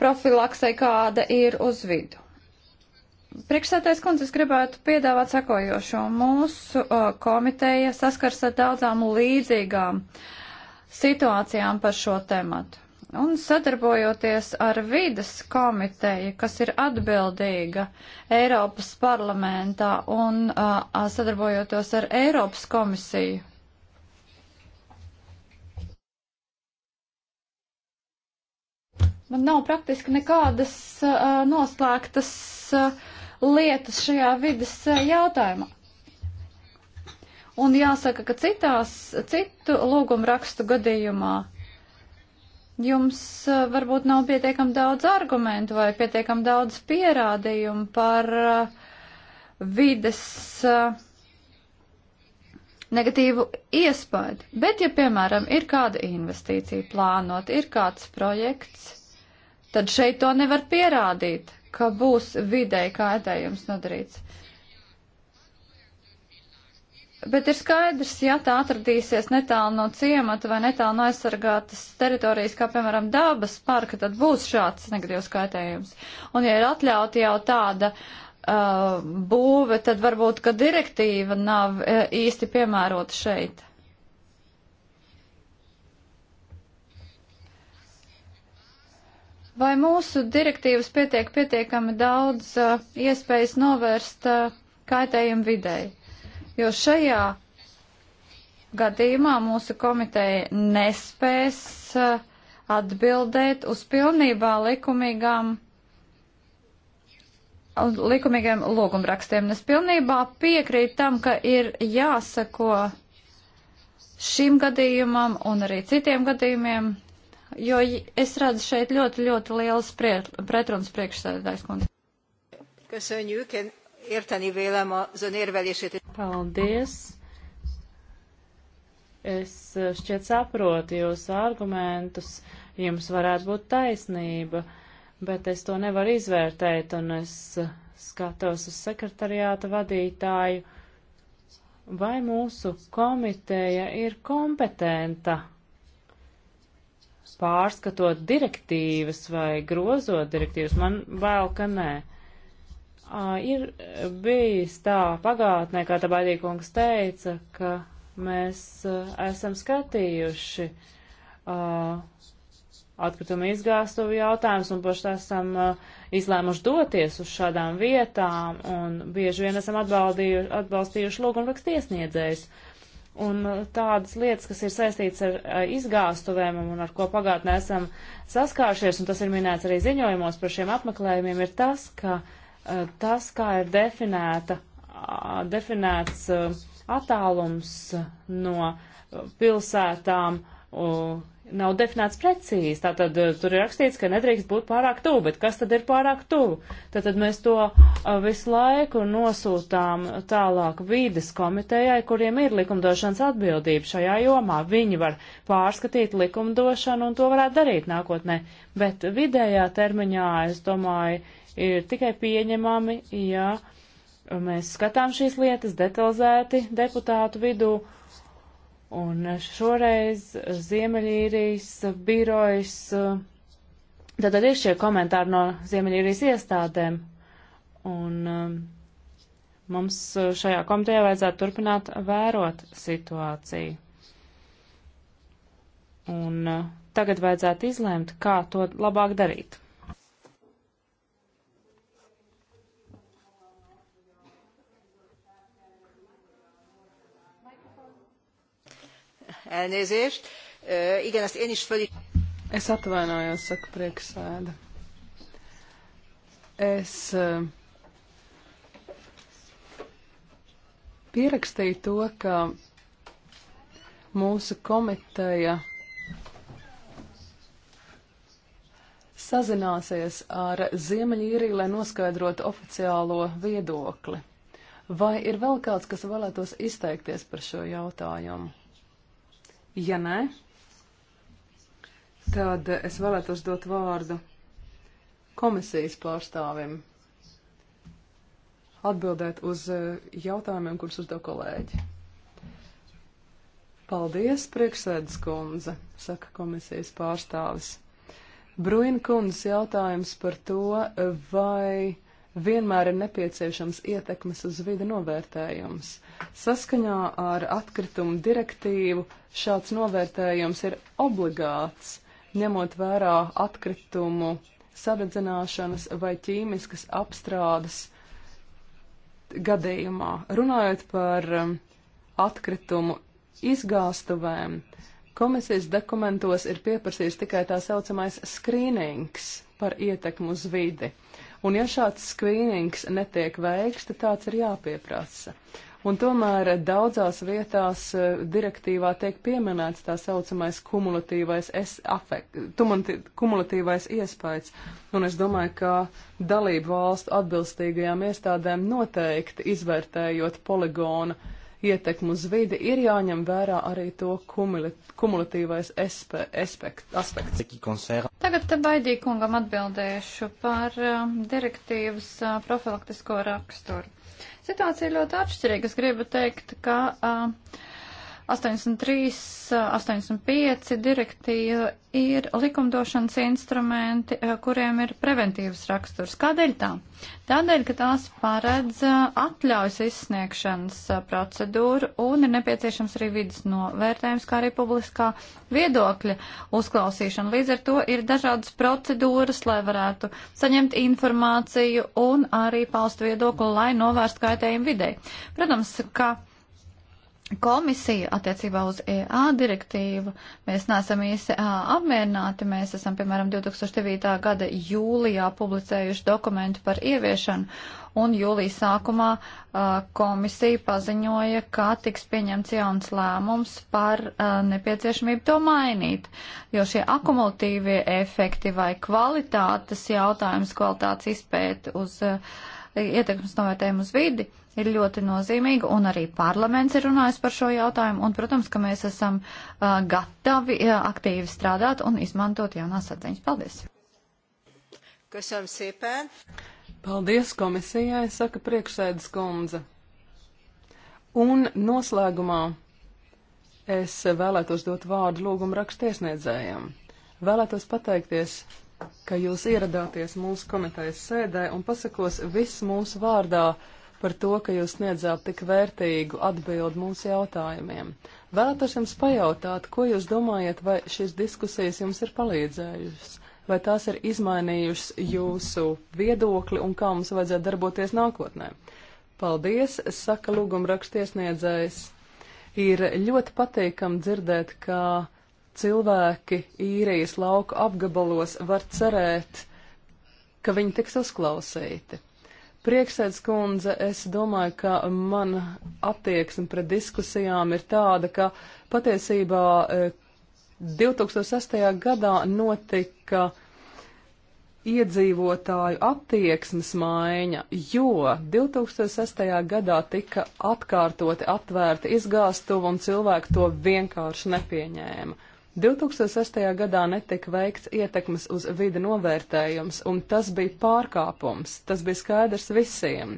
profilaksei, kāda ir uz vidu. Priekšsētais kundzes gribētu piedāvāt sakojošo. Mūsu uh, komiteja saskars ar daudzām līdzīgām situācijām par šo tematu. Un sadarbojoties ar vidas komiteju, kas ir atbildīga Eiropas parlamentā un uh, sadarbojoties ar Eiropas komisiju. Man nav praktiski nekādas uh, noslēgtas uh, lietas šajā vidas uh, jautājumā. Un jāsaka, ka citās, citu lūgumu rakstu gadījumā jums eh, varbūt nav pietiekam daudz argumentu vai pietiekam daudz pierādījumu par eh, vides eh, negatīvu iespēju. Bet, ja, piemēram, ir kāda investīcija plānot, ir kāds projekts, tad šeit to nevar pierādīt, ka būs videi kaitējums nodarīts. Bet ir skaidrs, ja tā atradīsies netālu no ciemata vai netālu no aizsargātas teritorijas, kā piemēram dabas parka, tad būs šāds negatīvs kaitējums. Un ja ir atļauta jau tāda uh, būve, tad varbūt, ka direktīva nav uh, īsti piemērota šeit. Vai mūsu direktīvas pietiek pietiekami daudz uh, iespējas novērst uh, kaitējumu videi? jo šajā gadījumā mūsu komiteja nespēs uh, atbildēt uz pilnībā likumīgām likumīgiem lūgumrakstiem. Es pilnībā piekrītu tam, ka ir jāsako šim gadījumam un arī citiem gadījumiem, jo es redzu šeit ļoti, ļoti lielas prie, pretrunas priekšsēdētājs kundze. Köszönjük, érteni vélem az ön érvelését. Paldies! Es eh, šķiet saprotu jūsu argumentus, jums varētu būt taisnība, bet es to nevaru izvērtēt, un es eh, skatos uz sekretariāta vadītāju, vai mūsu komiteja ir kompetenta pārskatot direktīvas vai grozot direktīvas. Man vēl, ka nē. Uh, ir bijis tā pagātnē, kā tā baidīkungs teica, ka mēs uh, esam skatījuši uh, atkritumu izgāstuvu jautājumus un paši esam izlēmuši doties uz šādām vietām un bieži vien esam atbalstījuši lūgumrakstu iesniedzējus. Un tādas lietas, kas ir saistītas ar izgāstuvēm un ar ko pagātnē esam saskāršies, un tas ir minēts arī ziņojumos par šiem apmeklējumiem, ir tas, ka uh, Eh, tas, kā ir definēta, definēts eh, attālums no eh, pilsētām, nav definēts precīzi. Tātad tur ir rakstīts, ka nedrīkst būt pārāk tuvu, bet kas tad ir pārāk tuvu? Tātad mēs to visu laiku nosūtām tālāk vīdes komitejai, kuriem ir likumdošanas atbildība šajā jomā. Viņi var pārskatīt likumdošanu un to varētu darīt nākotnē. Bet vidējā termiņā, es domāju, ir tikai pieņemami, ja mēs skatām šīs lietas detalizēti deputātu vidū. Un šoreiz Ziemeļīrijas birojas, tad ir šie komentāri no Ziemeļīrijas iestādēm. Un um, mums šajā komitejā vajadzētu turpināt vērot situāciju. Un uh, tagad vajadzētu izlēmt, kā to labāk darīt. Elnézést. Igen, ezt én is föl... Es atvainojos, saka priekšsēda. Es pierakstīju to, ka mūsu komiteja sazināsies ar Ziemeļīriju, lai noskaidrotu oficiālo viedokli. Vai ir vēl kāds, kas vēlētos izteikties par šo jautājumu? Ja nē, tad es vēlētos dot vārdu komisijas pārstāvim atbildēt uz eh, jautājumiem, kurus uzdev kolēģi. Paldies, priekšsēdus kundze, saka komisijas pārstāvis. Bruina kundzes jautājums par to, vai vienmēr ir nepieciešams ietekmes uz vidi novērtējums. Saskaņā ar atkritumu direktīvu šāds novērtējums ir obligāts, ņemot vērā atkritumu sadedzināšanas vai ķīmiskas apstrādes gadījumā. Runājot par um, atkritumu izgāstuvēm, komisijas dokumentos ir pieprasījis tikai tā saucamais skrīnings par ietekmu uz vidi. Un ja šāds skrīnings netiek veikts, tad tāds ir jāpieprasa. Un tomēr daudzās vietās eh, direktīvā tiek pieminēts tā saucamais kumulatīvais, afekt, tumanti, kumulatīvais iespējas. Un es domāju, ka dalību valstu atbilstīgajām iestādēm noteikti izvērtējot poligona ietekmu uz vidi, ir jāņem vērā arī to kumulatīvais aspekt, aspekts. Tagad te baidīgi kungam atbildēšu par uh, direktīvas uh, profilaktisko raksturu. Situācija ļoti atšķirīga. Es gribu teikt, ka uh, 83, 85 direktīva ir likumdošanas instrumenti, kuriem ir preventīvas raksturs. Kādēļ tā? Tādēļ, ka tās paredz atļaujas izsniegšanas procedūru un ir nepieciešams arī vidas novērtējums, kā arī publiskā viedokļa uzklausīšana. Līdz ar to ir dažādas procedūras, lai varētu saņemt informāciju un arī paust viedokli, lai novērst kaitējumu videi. Protams, ka komisija attiecībā uz EA direktīvu. Mēs neesam īsi apmierināti. Mēs esam, piemēram, 2009. gada jūlijā publicējuši dokumentu par ieviešanu, un jūlijas sākumā komisija paziņoja, ka tiks pieņemts jauns lēmums par nepieciešamību to mainīt, jo šie akumulatīvie efekti vai kvalitātes jautājums, kvalitātes izpēta uz ietekmes novērtējumu uz vidi, uh, ir ļoti nozīmīga, un arī parlaments ir runājis par šo jautājumu, un, protams, ka mēs esam uh, gatavi uh, aktīvi strādāt un izmantot jaunās atziņas. Paldies! Köszönöm szépen! Paldies komisijai, saka priekšsēdas kundze. Un noslēgumā es vēlētos dot vārdu lūgumu rakstiesniedzējiem. Vēlētos pateikties ka jūs ieradāties mūsu komitejas sēdē un pasakos viss mūsu vārdā par to, ka jūs sniedzāt tik vērtīgu atbildi mūsu jautājumiem. Vēlētos jums pajautāt, ko jūs domājat, vai šīs diskusijas jums ir palīdzējušas, vai tās ir izmainījušas jūsu viedokli un kā mums vajadzētu darboties nākotnē. Paldies, saka lūguma rakstiesniedzējs. Ir ļoti patīkam dzirdēt, ka cilvēki īrijas lauka apgabalos var cerēt, ka viņi tiks uzklausīti. Prieksēdz kundze, es domāju, ka mana attieksme pret diskusijām ir tāda, ka patiesībā 2008. E, gadā notika iedzīvotāju attieksmes maiņa, jo 2008. gadā tika atkārtoti atvērti izgāstuvi un cilvēki to vienkārši nepieņēma. 2006. gadā netika veikts ietekmes uz vidi novērtējums, un tas bija pārkāpums. Tas bija skaidrs visiem.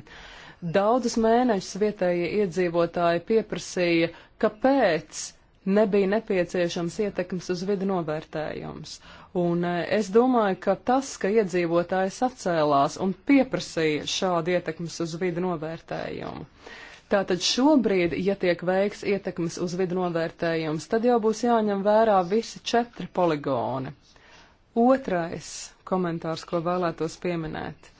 Daudzus mēnešus vietējie iedzīvotāji pieprasīja, kāpēc nebija nepieciešams ietekmes uz vidi novērtējums. Un e, es domāju, ka tas, ka iedzīvotāji sacēlās un pieprasīja šādu ietekmes uz vidi novērtējumu. Uh, Tātad šobrīd, ja tiek veiks ietekmes uz vidu novērtējums, tad jau būs jāņem vērā visi četri poligoni. Otrais komentārs, ko vēlētos pieminēt.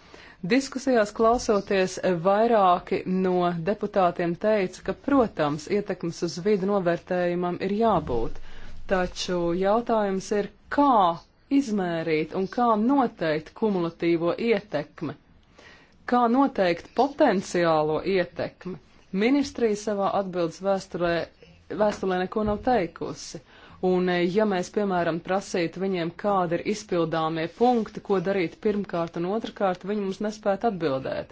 Diskusijās klausoties, vairāki no deputātiem teica, ka, protams, ietekmes uz vidu novērtējumam ir jābūt, taču jautājums ir, kā izmērīt un kā noteikt kumulatīvo ietekmi, kā noteikt potenciālo ietekmi. Ministrija savā atbildes vēsturē, vēstulē neko nav teikusi. Un, eh, ja mēs, piemēram, prasītu viņiem, kādi ir izpildāmie punkti, ko darīt pirmkārt un otrkārt, viņi mums nespētu atbildēt.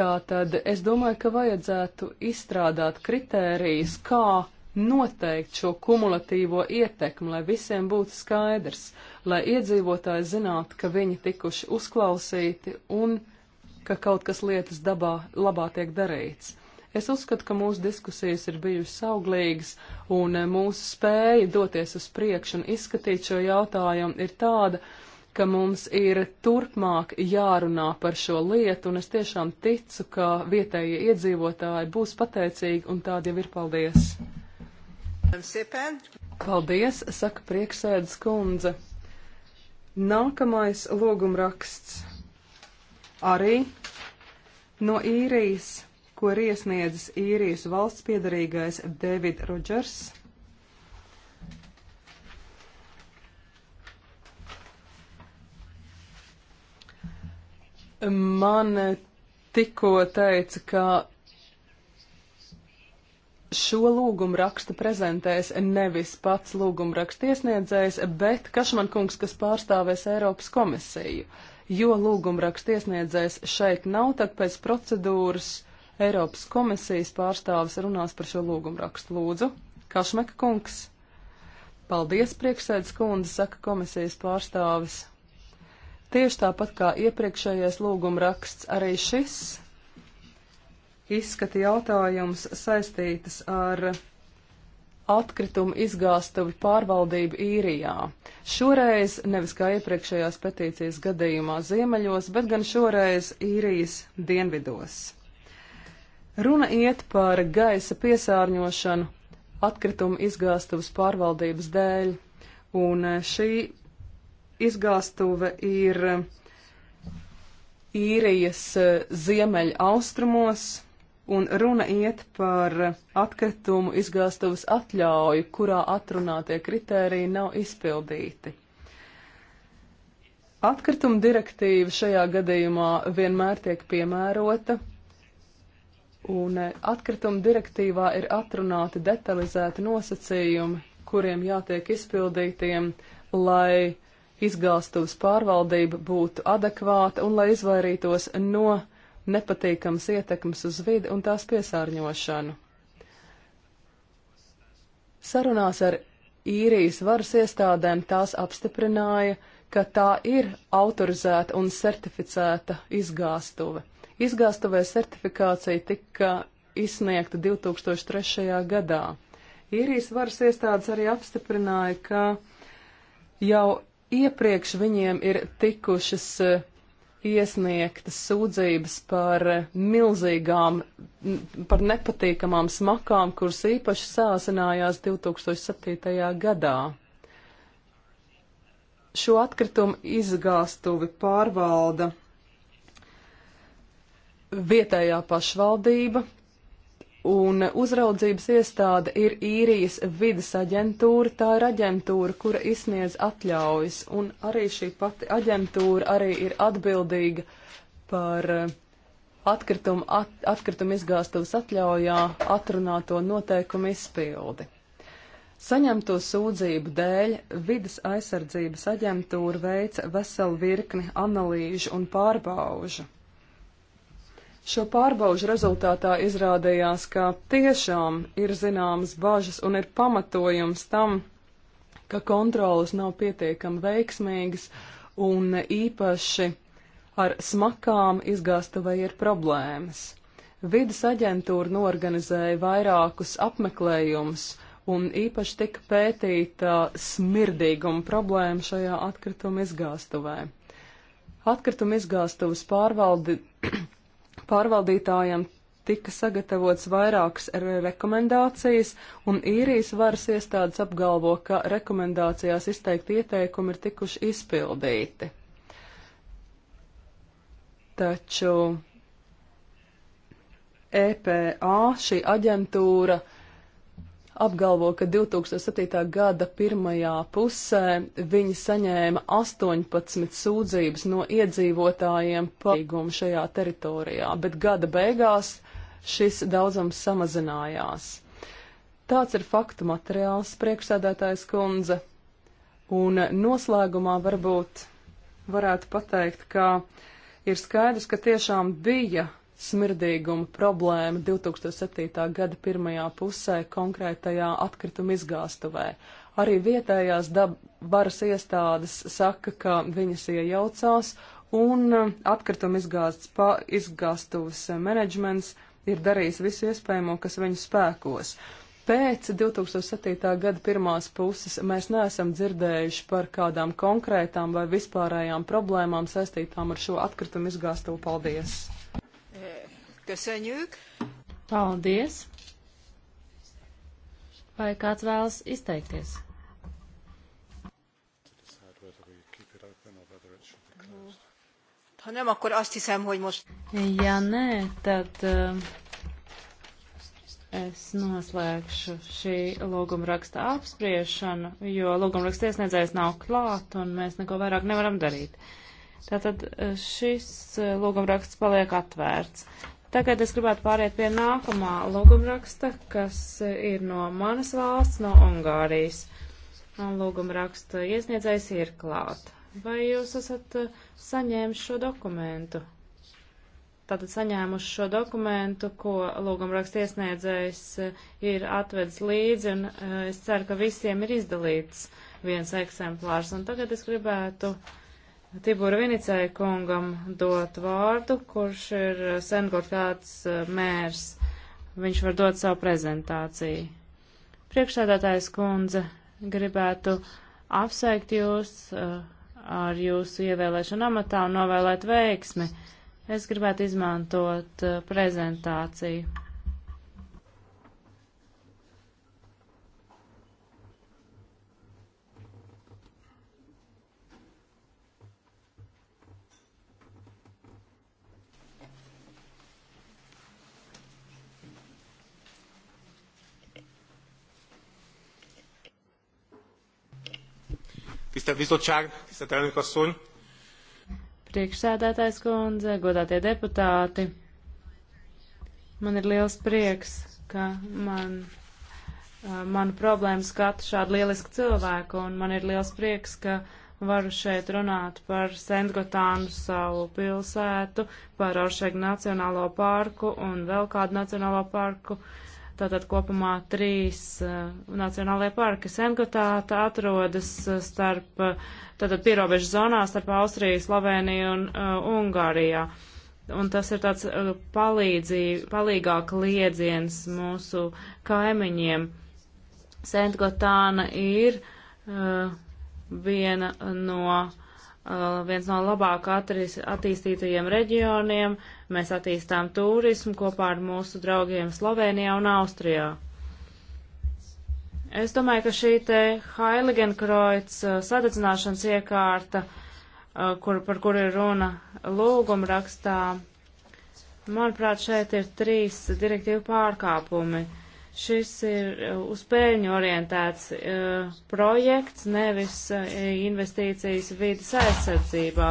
Tātad es domāju, ka vajadzētu izstrādāt kritērijas, kā noteikt šo kumulatīvo ietekmi, lai visiem būtu skaidrs, lai iedzīvotāji zinātu, ka viņi tikuši uzklausīti un ka kaut kas lietas dabā labā tiek darīts. Es uzskatu, ka mūsu diskusijas ir bijušas auglīgas, un e, mūsu spēja doties uz priekšu un izskatīt šo jautājumu ir tāda, ka mums ir turpmāk jārunā par šo lietu, un es tiešām ticu, ka vietējie iedzīvotāji būs pateicīgi, un tādi jau ir paldies. Paldies, saka prieksēdas kundze. Nākamais lūgumraksts arī no īrijas ko ir iesniedzis īrijas valsts piedarīgais David Rodžers. Man tikko teica, ka šo lūgumu rakstu prezentēs nevis pats lūgumu rakstu iesniedzējs, bet Kašman kungs, kas pārstāvēs Eiropas komisiju. Jo lūgumu rakstu iesniedzējs šeit nav, tad pēc procedūras Eiropas komisijas pārstāvis runās par šo lūgumrakstu. Lūdzu, Kašmeka kungs. Paldies, priekšsēdus kundze, saka komisijas pārstāvis. Tieši tāpat kā iepriekšējais lūgumraksts, arī šis izskata jautājums saistītas ar atkritumu izgāstuvi pārvaldību īrijā. Šoreiz nevis kā iepriekšējās petīcijas gadījumā ziemeļos, bet gan šoreiz īrijas dienvidos. Runa iet par gaisa piesārņošanu atkritumu izgāstuves pārvaldības dēļ, un eh, šī izgāstuve ir eh, īrijas eh, ziemeļa austrumos, un runa iet par atkritumu izgāstuves atļauju, kurā atrunātie kritēriji nav izpildīti. Atkrituma direktīva šajā gadījumā vienmēr tiek piemērota, Un eh, atkrituma direktīvā ir atrunāti detalizēti nosacījumi, kuriem jātiek izpildītiem, lai izgāstuves pārvaldība būtu adekvāta un lai izvairītos no nepatīkams ietekmes uz vidi un tās piesārņošanu. Sarunās ar īrijas varas iestādēm tās apstiprināja, ka tā ir autorizēta un certificēta izgāstuve. Izgāstuvē certifikācija tika izsniegta 2003. gadā. Īrijas varas iestādes arī apstiprināja, ka jau iepriekš viņiem ir tikušas eh, iesniegtas sūdzības par eh, milzīgām, par nepatīkamām smakām, kuras īpaši sāsinājās 2007. gadā. Šo atkritumu izgāstuvi pārvalda vietējā pašvaldība un uzraudzības iestāde ir īrijas vidas aģentūra. Tā ir aģentūra, kura izsniedz atļaujas, un arī šī pati aģentūra arī ir atbildīga par eh, atkritumu, at, atkritumu izgāstuves atļaujā atrunāto noteikumu izpildi. Saņemto sūdzību dēļ vidas aizsardzības aģentūra veica veselu virkni analīžu un pārbaužu. Šo pārbaužu rezultātā izrādījās, ka tiešām ir zināmas bažas un ir pamatojums tam, ka kontrolas nav pietiekami veiksmīgas un īpaši ar smakām izgāstuvai ir problēmas. Vides aģentūra norganizēja vairākus apmeklējumus un īpaši tika pētīta smirdīguma problēma šajā atkrituma izgāstuvē. Atkrituma izgāstuvas pārvaldi pārvaldītājam tika sagatavots vairākas rekomendācijas, un īrijas varas iestādes apgalvo, ka rekomendācijās izteikti ieteikumi ir tikuši izpildīti. Taču EPA, šī aģentūra, uh, apgalvo, ka 2007. gada pirmajā pusē viņi saņēma 18 sūdzības no iedzīvotājiem palīgumu šajā teritorijā, bet gada beigās šis daudzums samazinājās. Tāds ir faktu materiāls, priekšsēdētājs kundze. Un noslēgumā varbūt varētu pateikt, ka ir skaidrs, ka tiešām bija smirdīguma problēma 2007. gada pirmajā pusē konkrētajā atkrituma izgāstuvē. Arī vietējās varas iestādes saka, ka viņas iejaucās, un um, atkrituma izgāstuves menedžments ir darījis visu iespējamo, kas viņu spēkos. Pēc 2007. gada pirmās puses mēs neesam dzirdējuši par kādām konkrētām vai vispārējām problēmām saistītām ar šo atkritumu izgāstuvu. Paldies! Köszönjük! Paldies! Vai kāds vēlas izteikties? Ha nem, akkor azt hiszem, hogy most... Ja nē, tad uh, es noslēgšu šī logumraksta apspriešanu, jo logumraksta iesniedzējs nav klāt un mēs neko vairāk nevaram darīt. Tātad uh, šis uh, logumraksts paliek atvērts. Tagad es gribētu pāriet pie nākamā lūgumraksta, kas ir no manas valsts, no Ungārijas. Un lūgumraksta iesniedzējs ir klāt. Vai jūs esat eh, saņēmuši šo dokumentu? Tātad saņēmuši šo dokumentu, ko lūgumraksta iesniedzējs eh, ir atvedis līdzi, un eh, es ceru, ka visiem ir izdalīts viens eksemplārs. Un tagad es gribētu uh, Tiburu Vinicēja kungam dot vārdu, kurš ir eh, Sengort kāds eh, mērs. Viņš var dot savu prezentāciju. Priekšsēdētājs kundze gribētu apsveikt jūs eh, ar jūsu ievēlēšanu amatā un novēlēt veiksmi. Es gribētu izmantot prezentāciju Tisztelt Bizottság, tisztelt elnök asszony! Priekšsēdētājs kundze, godātie deputāti, man ir liels prieks, ka man, manu problēmu skata šādu lielisku cilvēku, un man ir liels prieks, ka varu šeit runāt par Sentgotānu savu pilsētu, par Oršēgu nacionālo parku un vēl kādu nacionālo parku. Uh, Tātad kopumā trīs uh, nacionālajie parki Sengotāta atrodas uh, starp, uh, tātad pierobežu zonā starp Austriju, Sloveniju un uh, Ungārijā. Un tas ir tāds uh, palīdzī, palīgāk liedziens mūsu kaimiņiem. Sentgotāna ir uh, viena no uh, Uh, viens no labāk atris, attīstītajiem reģioniem. Mēs attīstām turismu kopā ar mūsu draugiem Slovenijā un Austrijā. Es domāju, ka šī te Heiligenkroits uh, sadedzināšanas iekārta, uh, kur, par kuru ir runa lūguma rakstā, manuprāt, šeit ir trīs direktīvu pārkāpumi. Uh, Šis ir uh, uz pēļņu orientēts uh, projekts, nevis uh, investīcijas vidas aizsardzībā,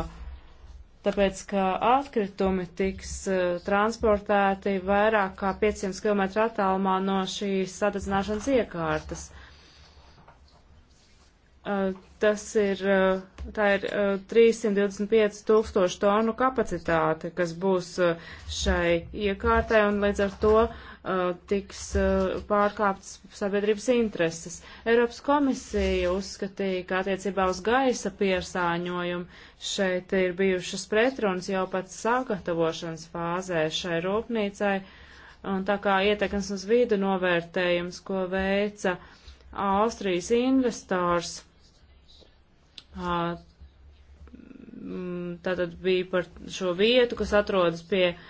tāpēc, ka atkritumi tiks uh, transportēti vairāk kā 500 km attālumā no šīs sadedzināšanas iekārtas. Uh, tas ir, uh, tā ir 325 tūkstošu tonu kapacitāte, kas būs šai iekārtai, un līdz ar to Uh, tiks uh, pārkāptas sabiedrības intereses. Eiropas komisija uzskatīja, ka attiecībā uz gaisa piesāņojumu šeit ir bijušas pretrunas jau pat sagatavošanas fāzē šai rūpnīcai, un tā kā ietekmes uz vidu novērtējums, ko veica Austrijas investors, uh, tātad bija par šo vietu, kas atrodas pie uh,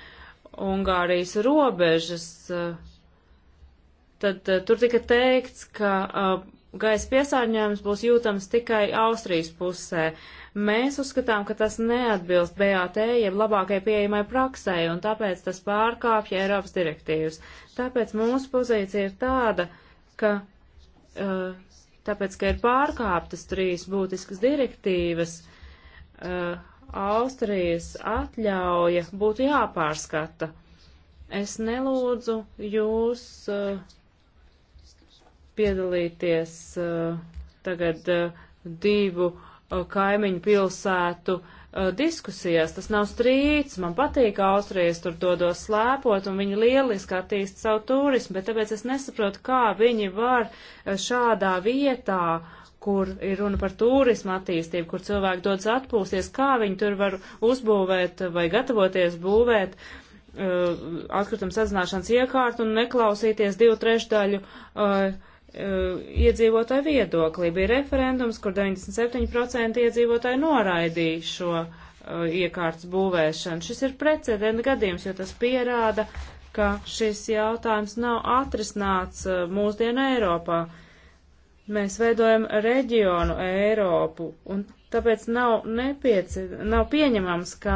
Ungārijas robežas, eh, tad eh, tur tika teikts, ka eh, gaisa piesārņojums būs jūtams tikai Austrijas pusē. Mēs uzskatām, ka tas neatbilst BAT jeb labākajai pieejamai praksē, un tāpēc tas pārkāpja Eiropas direktīvas. Tāpēc mūsu pozīcija ir tāda, ka, tāpēc, ka ir pārkāptas trīs būtiskas direktīvas, Austrijas atļauja būtu jāpārskata. Es nelūdzu jūs uh, piedalīties uh, tagad uh, divu kaimiņu pilsētu diskusijās. Tas nav strīds, man patīk Austrijas, tur dodos slēpot, un viņi lieliski attīst savu turismu, bet tāpēc es nesaprotu, kā viņi var šādā vietā uh, kur ir runa par turismu attīstību, kur cilvēki dodas atpūsties, kā viņi tur var uzbūvēt vai gatavoties būvēt uh, atkritumu sazināšanas iekārtu un neklausīties divu trešdaļu uh, uh iedzīvotāju viedoklī. Bija referendums, kur 97% iedzīvotāji noraidīja šo uh, iekārtas būvēšanu. Šis ir precedenta gadījums, jo tas pierāda, ka šis jautājums nav atrisināts uh, mūsdienu Eiropā. Uh, Mēs veidojam reģionu Eiropu, un tāpēc nav, nepieci, nav pieņemams, ka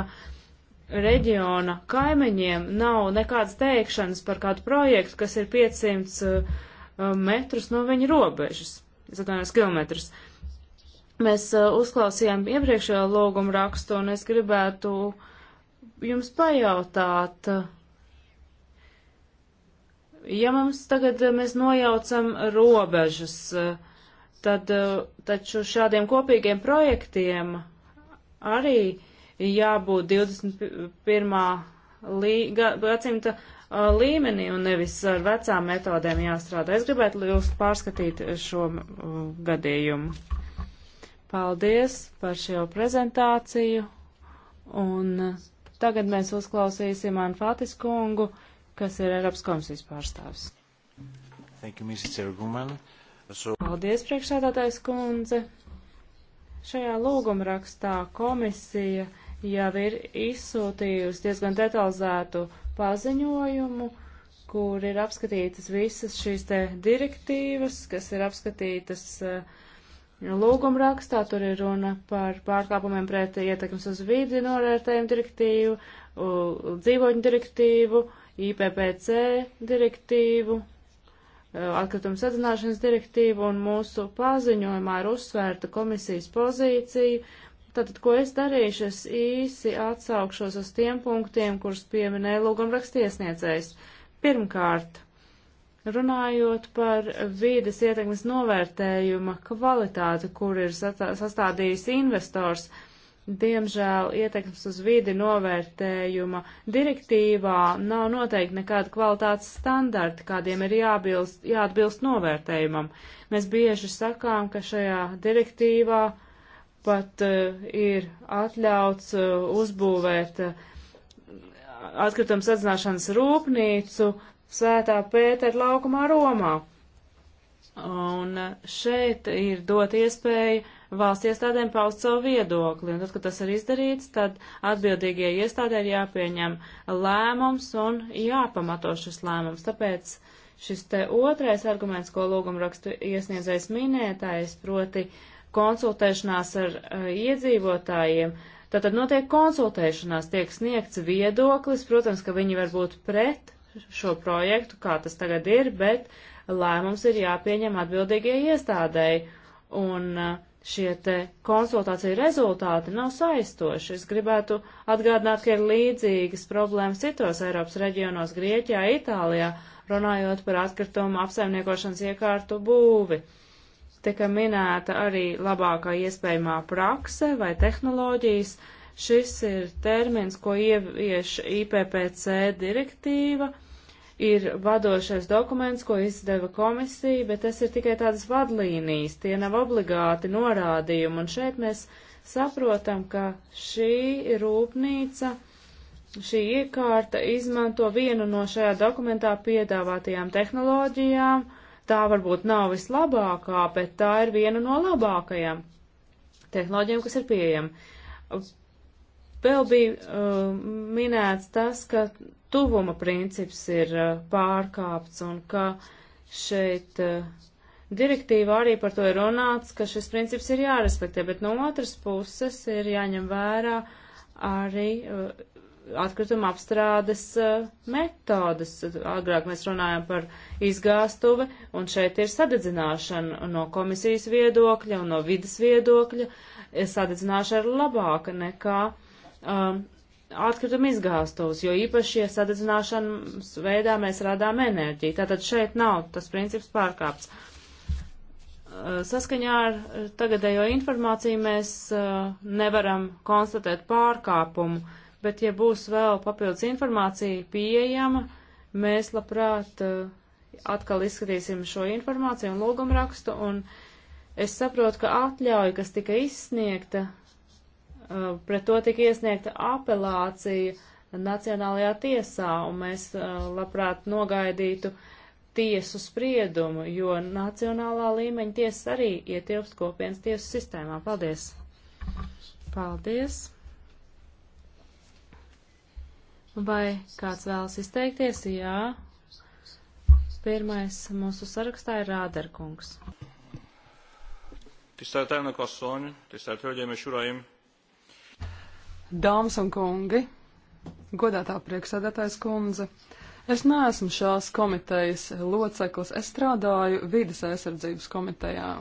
reģiona kaimiņiem nav nekādas teikšanas par kādu projektu, kas ir 500 uh, metrus no viņa robežas, es atvainojos kilometrus. Mēs uh, uzklausījām iepriekšējo lūgumu rakstu, un es gribētu jums pajautāt, uh, ja mums tagad eh, mēs nojaucam robežas, eh, tad eh, taču šādiem kopīgiem projektiem arī jābūt 21. Lī, gadsimta līmenī un nevis ar vecām metodēm jāstrādā. Es gribētu jūs pārskatīt šo gadījumu. Paldies par šo prezentāciju un tagad mēs uzklausīsim Anfatis kungu kas ir Eiropas komisijas pārstāvis. Thank you, Mrs. Erguman. So... Paldies, priekšsēdātājs kundze. Šajā lūguma rakstā komisija jau ir izsūtījusi diezgan detalizētu paziņojumu, kur ir apskatītas visas šīs te direktīvas, kas ir apskatītas uh, eh, Lūguma rakstā tur ir runa par pārkāpumiem pret ietekmes uz vidi norērtējumu direktīvu, dzīvoņu direktīvu, IPPC direktīvu, eh, atkrituma sadzināšanas direktīvu, un mūsu paziņojumā ir uzsvērta komisijas pozīcija. Tātad, ko es darīšu, es īsi atsaukšos uz tiem punktiem, kurus pieminēja lūgumrakstiesniecējs. Pirmkārt, runājot par vīdes ietekmes novērtējuma kvalitāti, kur ir sastādījis investors, uh, Diemžēl ietekmes uz vidi novērtējuma direktīvā nav noteikti nekāda kvalitātes standarta, kādiem ir jābilst, jāatbilst novērtējumam. Mēs bieži sakām, ka šajā direktīvā pat uh, ir atļauts uh, uzbūvēt uh, eh, atkritumu sadzināšanas rūpnīcu Svētā Pētera laukumā Romā. Un šeit ir dot iespēju valsts iestādēm paust savu viedokli. Un tad, kad tas ir izdarīts, tad atbildīgie iestādē ir jāpieņem lēmums un jāpamato šis lēmums. Tāpēc šis te otrais arguments, ko lūgumrakstu iesniedzējs minētājs, proti konsultēšanās ar uh, iedzīvotājiem, tātad notiek konsultēšanās, tiek sniegts viedoklis, protams, ka viņi var būt pret šo projektu, kā tas tagad ir, bet lēmums ir jāpieņem atbildīgajai iestādēji. Un uh, šie te konsultāciju rezultāti nav saistoši. Es gribētu atgādināt, ka ir līdzīgas problēmas citos Eiropas reģionos - Grieķijā, Itālijā, runājot par atkritumu apsaimniekošanas iekārtu būvi. Tika minēta arī labākā iespējamā prakse vai tehnoloģijas. Šis ir termins, ko ievieš IPPC direktīva ir vadošais dokuments, ko izdeva komisija, bet tas ir tikai tādas vadlīnijas, tie nav obligāti norādījumi. Un šeit mēs saprotam, ka šī rūpnīca, šī iekārta izmanto vienu no šajā dokumentā piedāvātajām tehnoloģijām. Tā varbūt nav vislabākā, bet tā ir viena no labākajām tehnoloģijām, kas ir pieejama. Vēl bija uh, minēts tas, ka tuvuma princips ir eh, pārkāpts un ka šeit eh, direktīvā arī par to ir runāts, ka šis princips ir jārespektē, bet no otras puses ir jāņem vērā arī eh, atkrituma apstrādes metodas. Agrāk mēs runājam par izgāstuvi, un šeit ir sadedzināšana no komisijas viedokļa un no vidas viedokļa. Sadedzināšana ir labāka nekā um, atkritumu izgāstos, jo īpaši, ja sadedzināšanas veidā mēs radām enerģiju. Tātad šeit nav tas princips pārkāpts. Uh, saskaņā ar tagadējo informāciju mēs uh, nevaram konstatēt pārkāpumu, bet ja būs vēl papildus informācija pieejama, mēs labprāt uh, atkal izskatīsim šo informāciju un lūgumrakstu, un es saprotu, ka atļauja, kas tika izsniegta, Eh, pret to tika iesniegta apelācija Nacionālajā tiesā, un mēs eh, labprāt nogaidītu tiesu spriedumu, jo nacionālā līmeņa tiesa arī ietilpst kopienas tiesu sistēmā. Paldies! Paldies! Vai kāds vēlas izteikties? Jā. Pirmais mūsu sarakstā ir Rāderkungs. Tisztelt elnök asszony, tisztelt hölgyeim és uraim! Dāmas un kungi, godātā prieksēdētājs kundze, es neesmu šās komitejas loceklis, es strādāju vidas aizsardzības komitejā.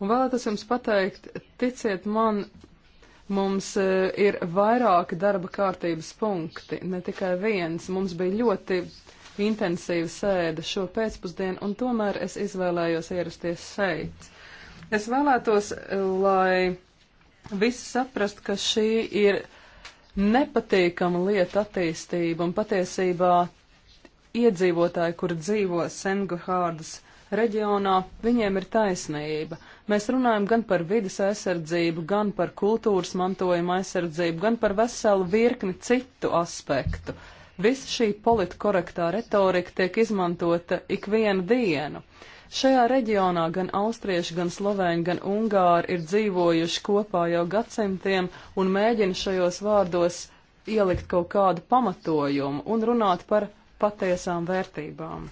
Un vēlētos jums pateikt, ticiet man, mums e, ir vairāki darba kārtības punkti, ne tikai viens. Mums bija ļoti intensīva sēde šo pēcpusdienu, un tomēr es izvēlējos ierasties šeit. Es vēlētos, lai visi saprast, ka šī ir nepatīkama lieta attīstība un patiesībā iedzīvotāji, kur dzīvo Senguhārdas reģionā, viņiem ir taisnība. Mēs runājam gan par vidas aizsardzību, gan par kultūras mantojuma aizsardzību, gan par veselu virkni citu aspektu. Visa šī politkorektā retorika tiek izmantota ikvienu dienu. Uh, Šajā reģionā gan austrieši, gan slovēņi, gan ungāri ir dzīvojuši kopā jau gadsimtiem un mēģina šajos vārdos ielikt kaut kādu pamatojumu un runāt par patiesām vērtībām.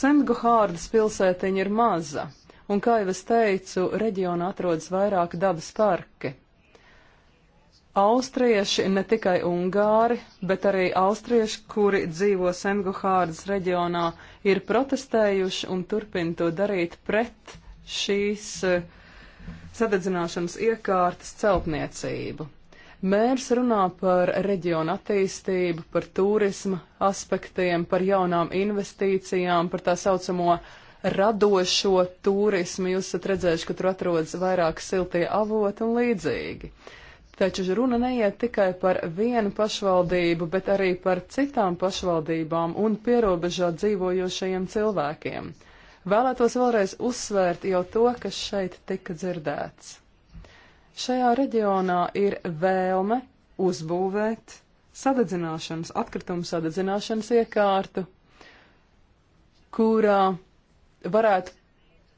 Sentgohārdas pilsētiņa ir maza, un, kā jau es teicu, reģionā atrodas vairāki dabas parki. Austrieši, ne tikai Ungāri, bet arī austrieši, kuri dzīvo Senguhārdas reģionā, ir protestējuši un turpina to darīt pret šīs eh, sadedzināšanas iekārtas celtniecību. Mērs runā par reģionu attīstību, par turisma aspektiem, par jaunām investīcijām, par tā saucamo radošo turismu. Jūs esat redzējuši, ka tur atrodas vairāk siltie avoti un līdzīgi. Uh, Taču runa neiet tikai par vienu pašvaldību, bet arī par citām pašvaldībām un pierobežā dzīvojošajiem cilvēkiem. Vēlētos vēlreiz uzsvērt jau to, kas šeit tika dzirdēts. Šajā reģionā ir vēlme uzbūvēt sadedzināšanas, atkritumu sadedzināšanas iekārtu, kurā varētu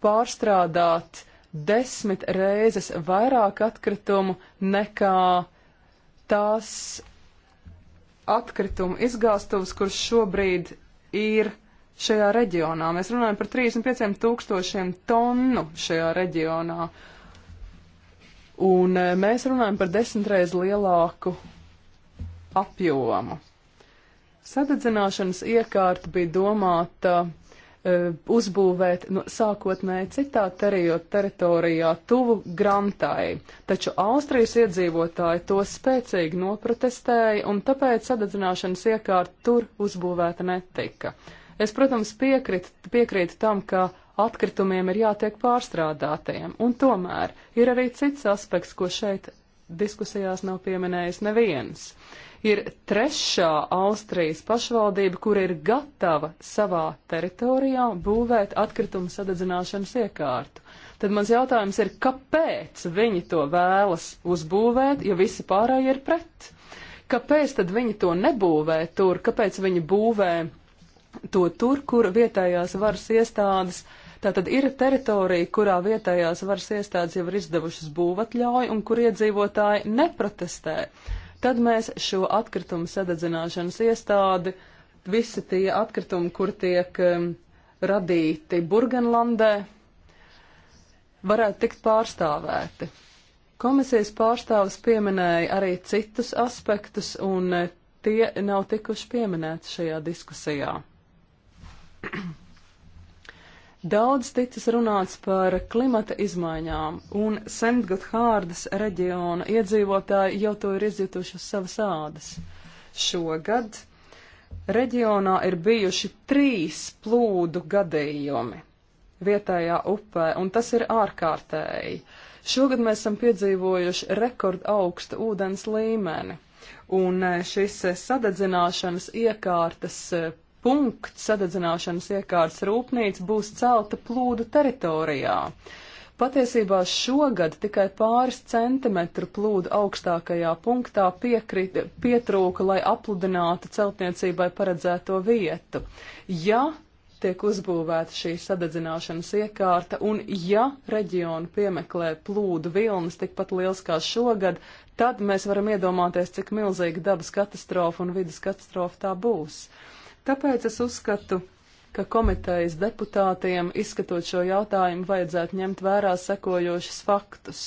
pārstrādāt desmit reizes vairāk atkritumu nekā tās atkritumu izgāstuves, kuras šobrīd ir šajā reģionā. Mēs runājam par 35 tūkstošiem tonnu šajā reģionā. Un e, mēs runājam par desmitreiz lielāku apjomu. Sadedzināšanas iekārta bija domāta uh, E, uzbūvēt no nu, sākotnēji citā terjot teritorijā tuvu grantai, taču Austrijas iedzīvotāji to spēcīgi noprotestēja un tāpēc sadedzināšanas iekārta tur uzbūvēta netika. Es, protams, piekrit, piekrītu tam, ka atkritumiem ir jātiek pārstrādātiem, un tomēr ir arī cits aspekts, ko šeit diskusijās nav pieminējis neviens. Uh, ir trešā Austrijas pašvaldība, kur ir gatava savā teritorijā būvēt atkritumu sadedzināšanas iekārtu. Tad mans jautājums ir, kāpēc viņi to vēlas uzbūvēt, ja visi pārējie ir pret? Kāpēc tad viņi to nebūvē tur, kāpēc viņi būvē to tur, kur vietējās varas iestādes. Tātad ir teritorija, kurā vietējās varas iestādes jau ir izdevušas būvatļauju un kur iedzīvotāji neprotestē. Tad mēs šo atkritumu sadedzināšanas iestādi, visi tie atkritumi, kur tiek um, radīti Burgenlandē, varētu tikt pārstāvēti. Komisijas pārstāvis pieminēja arī citus aspektus, un eh, tie nav tikuši pieminēti šajā diskusijā. Daudz ticis runāts par klimata izmaiņām, un Sendgathārdas reģiona iedzīvotāji jau to ir izjutuši uz savas ādas. Šogad reģionā ir bijuši trīs plūdu gadījumi vietējā upē, un tas ir ārkārtēji. Šogad mēs esam piedzīvojuši rekord augstu ūdens līmeni, un šis sadedzināšanas iekārtas punkts sadedzināšanas iekārtas rūpnīca būs celta plūdu teritorijā. Patiesībā šogad tikai pāris centimetru plūdu augstākajā punktā piekrit, pietrūka, lai apludinātu celtniecībai paredzēto vietu. Ja tiek uzbūvēta šī sadedzināšanas iekārta, un ja reģionu piemeklē plūdu vilnis tikpat liels kā šogad, tad mēs varam iedomāties, cik milzīga dabas katastrofa un vidas katastrofa tā būs. Tāpēc es uzskatu, ka komitejas deputātiem, izskatot šo jautājumu, vajadzētu ņemt vērā sekojošus faktus.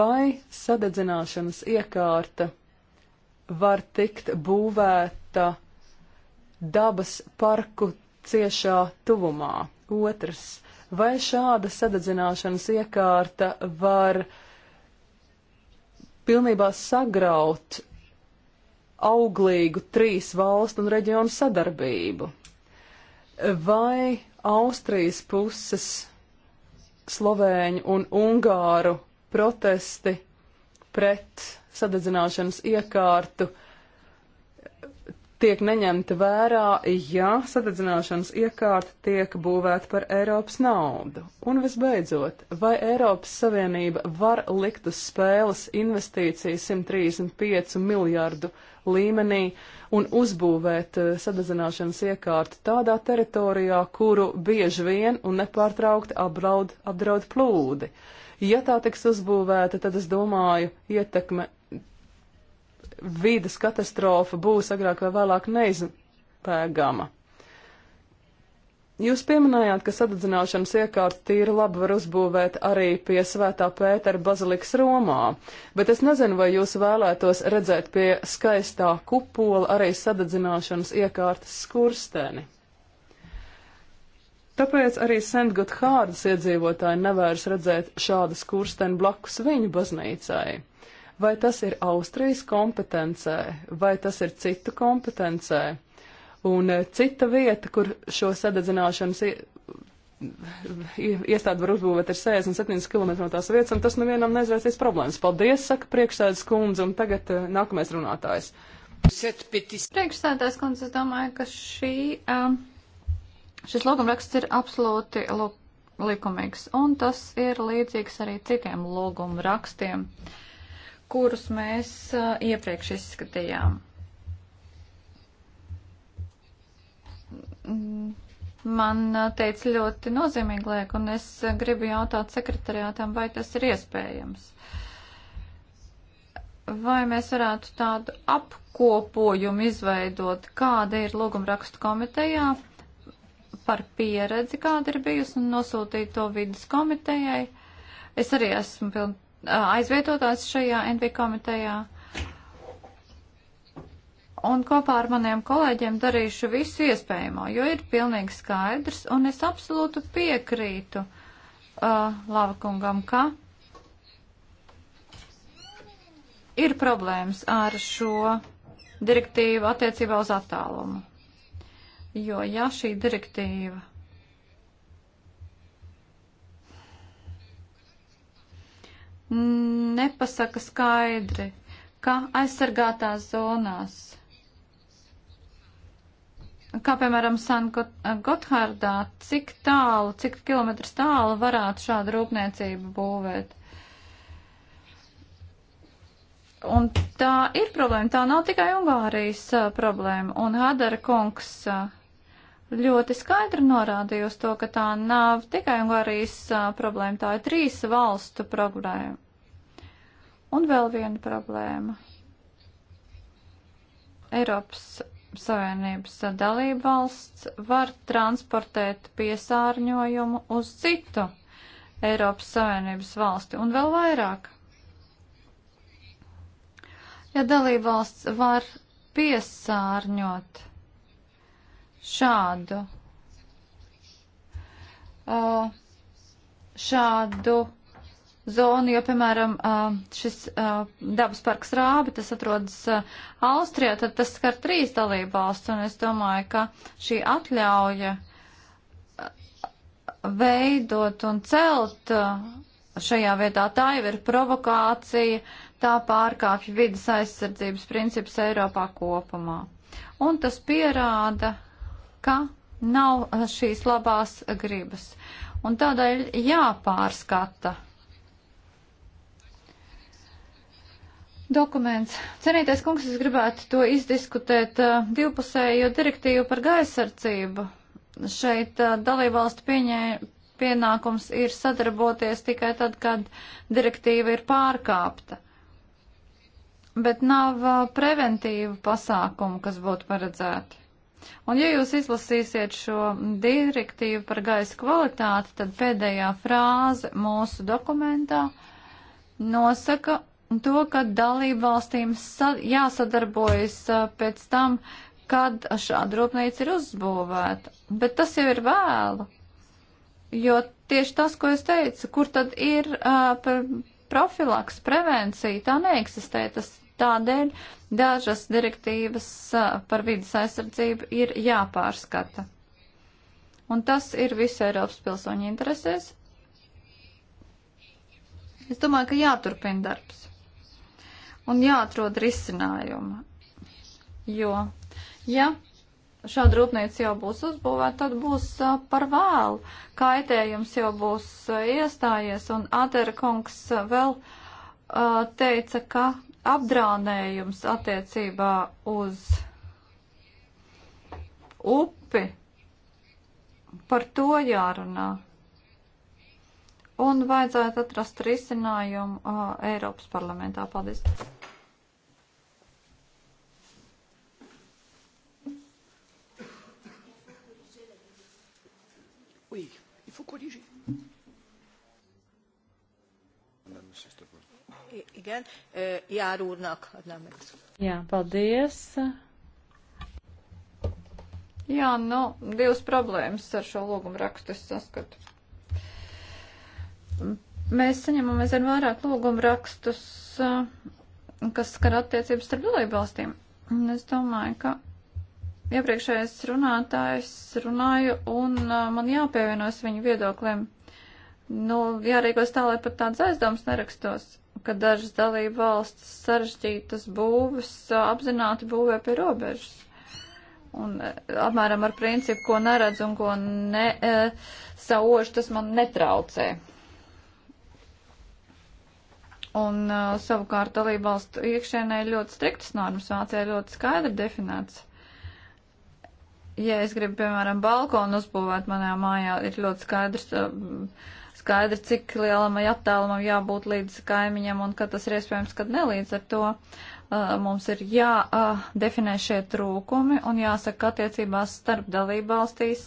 Vai sadedzināšanas iekārta var tikt būvēta dabas parku ciešā tuvumā? Otrs, vai šāda sadedzināšanas iekārta var pilnībā sagraut auglīgu trīs valstu un reģionu sadarbību. Vai Austrijas puses slovēņu un ungāru protesti pret sadedzināšanas iekārtu uh, tiek neņemta vērā, ja sadedzināšanas iekārta tiek būvēta par Eiropas naudu. Un visbeidzot, vai Eiropas Savienība var likt uz spēles investīcijas 135 miljārdu līmenī un uzbūvēt eh, sadedzināšanas iekārtu tādā teritorijā, kuru bieži vien un nepārtraukti apdraud, apdraud plūdi? Ja tā tiks uzbūvēta, tad es domāju, ietekme vidas katastrofa būs agrāk vai vēlāk neizpēgama. Jūs pieminējāt, ka sadedzināšanas iekārtu tīri labi var uzbūvēt arī pie Svētā Pētera bazilikas Romā, bet es nezinu, vai jūs vēlētos redzēt pie skaistā kupola arī sadedzināšanas iekārtas skursteni. Tāpēc arī Sentgothārdas iedzīvotāji nevērs redzēt šādu skursteni blakus viņu baznīcai. Vai tas ir Austrijas kompetencē, vai tas ir citu kompetencē? Un eh, cita vieta, kur šo sadedzināšanas iestādi var uzbūvēt ir 67 km no tās vietas, un tas nevienam neizraisīs problēmas. Paldies, saka priekšsēdas kundze, un tagad uh, nākamais runātājs. Priekšsēdās kundze, es domāju, ka šī, um, šis logumraksts ir absolūti likumīgs, un tas ir līdzīgs arī citiem logumrakstiem. rakstiem kurus mēs iepriekš izskatījām. Man teica ļoti nozīmīgi liek, un es gribu jautāt sekretariātam, vai tas ir iespējams. Vai mēs varētu tādu apkopojumu izveidot, kāda ir lūgumrakstu komitejā, par pieredzi, kāda ir bijusi, un nosūtīt to vidas komitejai. Es arī esmu piln, aizvietotājs šajā NV komitejā. Un kopā ar maniem kolēģiem darīšu visu iespējamo, jo ir pilnīgi skaidrs, un es absolūti piekrītu uh, Lavakungam, ka ir problēmas ar šo direktīvu attiecībā uz attālumu. Jo ja šī direktīva nepasaka skaidri, ka aizsargātās zonās kā piemēram San Gotthārdā, cik tālu, cik kilometrus tālu varētu šādu rūpniecību būvēt. Un tā ir problēma, tā nav tikai Ungārijas problēma. Un Hadara kungs, ļoti skaidri norādīja uz to, ka tā nav tikai Ungārijas problēma, tā ir trīs valstu problēma. Un vēl viena problēma. Eiropas Savienības dalība valsts var transportēt piesārņojumu uz citu Eiropas Savienības valsti un vēl vairāk. Ja dalība valsts var piesārņot šādu, uh, šādu zonu, jo, piemēram, uh, šis uh, dabas parks Rābi, tas atrodas uh, Austrijā, tad tas skar trīs dalību valsts, un es domāju, ka šī atļauja veidot un celt šajā vietā, tā jau ir provokācija, tā pārkāpja vidas aizsardzības principus Eiropā kopumā. Un tas pierāda, ka nav eh, šīs labās gribas. Un tādēļ jāpārskata dokuments. Cenītais kungs, es gribētu to izdiskutēt uh, divpusējo direktīvu par gaisardzību. Šeit uh, dalībvalstu pieņē, pienākums ir sadarboties tikai tad, kad direktīva ir pārkāpta. Bet nav uh, preventīvu pasākumu, kas būtu paredzēti. Un ja jūs izlasīsiet šo direktīvu par gaisa kvalitāti, tad pēdējā frāze mūsu dokumentā nosaka to, ka dalību valstīm jāsadarbojas pēc tam, kad šāda rūpnīca ir uzbūvēta. Bet tas jau ir vēlu. Jo tieši tas, ko es teicu, kur tad ir uh, par profilaks, prevencija, tā neeksistē. Tas Tādēļ dažas direktīvas par vidas aizsardzību ir jāpārskata. Un tas ir visu Eiropas pilsoņu interesēs. Es domāju, ka jāturpina darbs un jāatrod risinājumu. Jo, ja šāda rūpnīca jau būs uzbūvēta, tad būs par vēlu. Kaitējums jau būs iestājies, un Adera kungs vēl teica, ka apdraudējums attiecībā uz upi, par to jārunā. Un vajadzētu atrast risinājumu uh, Eiropas parlamentā. Paldies! Oui, il faut corriger. igen, Jár úrnak adnám meg. Jā, paldies. Jā, nu, divas problēmas ar šo lūgumu rakstu es saskatu. Mēs saņemam aizvien vairāk lūgumu rakstus, kas skar attiecības starp dalību valstīm. Un es domāju, ka iepriekšējais runātājs runāja un man jāpievienos viņu viedoklim. Nu, jārīkos tā, lai pat tāds aizdoms nerakstos ka dažas dalība valstis sarežģītas būvas apzināti būvē pie robežas. Un apmēram ar principu, ko neredz un ko ne, e, saož, tas man netraucē. Un e, savukārt dalība valstu iekšēnē ir ļoti striktas normas, Vācijā ļoti skaidri definēts. Ja es gribu, piemēram, balkonu uzbūvēt manā mājā, ir ļoti skaidrs. E, skaidri, cik lielam attālumam jābūt līdz kaimiņam un kad tas ir iespējams, kad nelīdz ar to. Uh, mums ir jādefinē šie trūkumi un jāsaka, attiecībās starp dalībvalstīs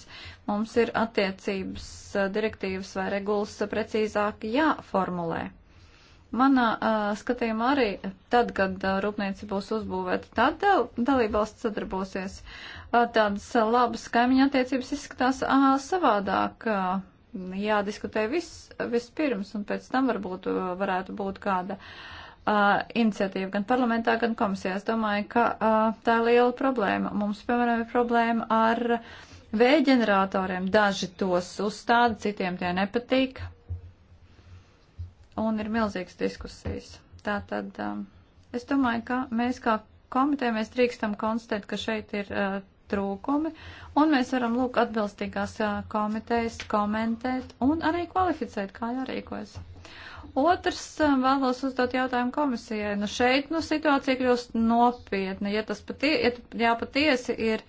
mums ir attiecības uh, direktīvas vai regulas precīzāk jāformulē. Manā uh, skatījumā arī tad, kad uh, rūpnīca būs uzbūvēta, tad uh, dalībvalsts sadarbosies. Uh, tādas uh, labas kaimiņa attiecības izskatās uh, savādāk. Uh, jādiskutē viss, vispirms, un pēc tam varbūt uh, varētu būt kāda uh, iniciatīva gan parlamentā, gan komisijā. Es domāju, ka uh, tā ir liela problēma. Mums, piemēram, ir problēma ar vējģeneratoriem. Daži tos uzstāda, citiem tie nepatīk. Un ir milzīgas diskusijas. Tā tad um, es domāju, ka mēs kā komiteja mēs drīkstam konstatēt, ka šeit ir uh, trūkumi, un mēs varam lūk atbilstīgās komitejas komentēt un arī kvalificēt, kā jārīkojas. Otrs vēlos uzdot jautājumu komisijai. Nu šeit nu, situācija kļūst nopietna. Ja tas patie, ja, jā, patiesi ir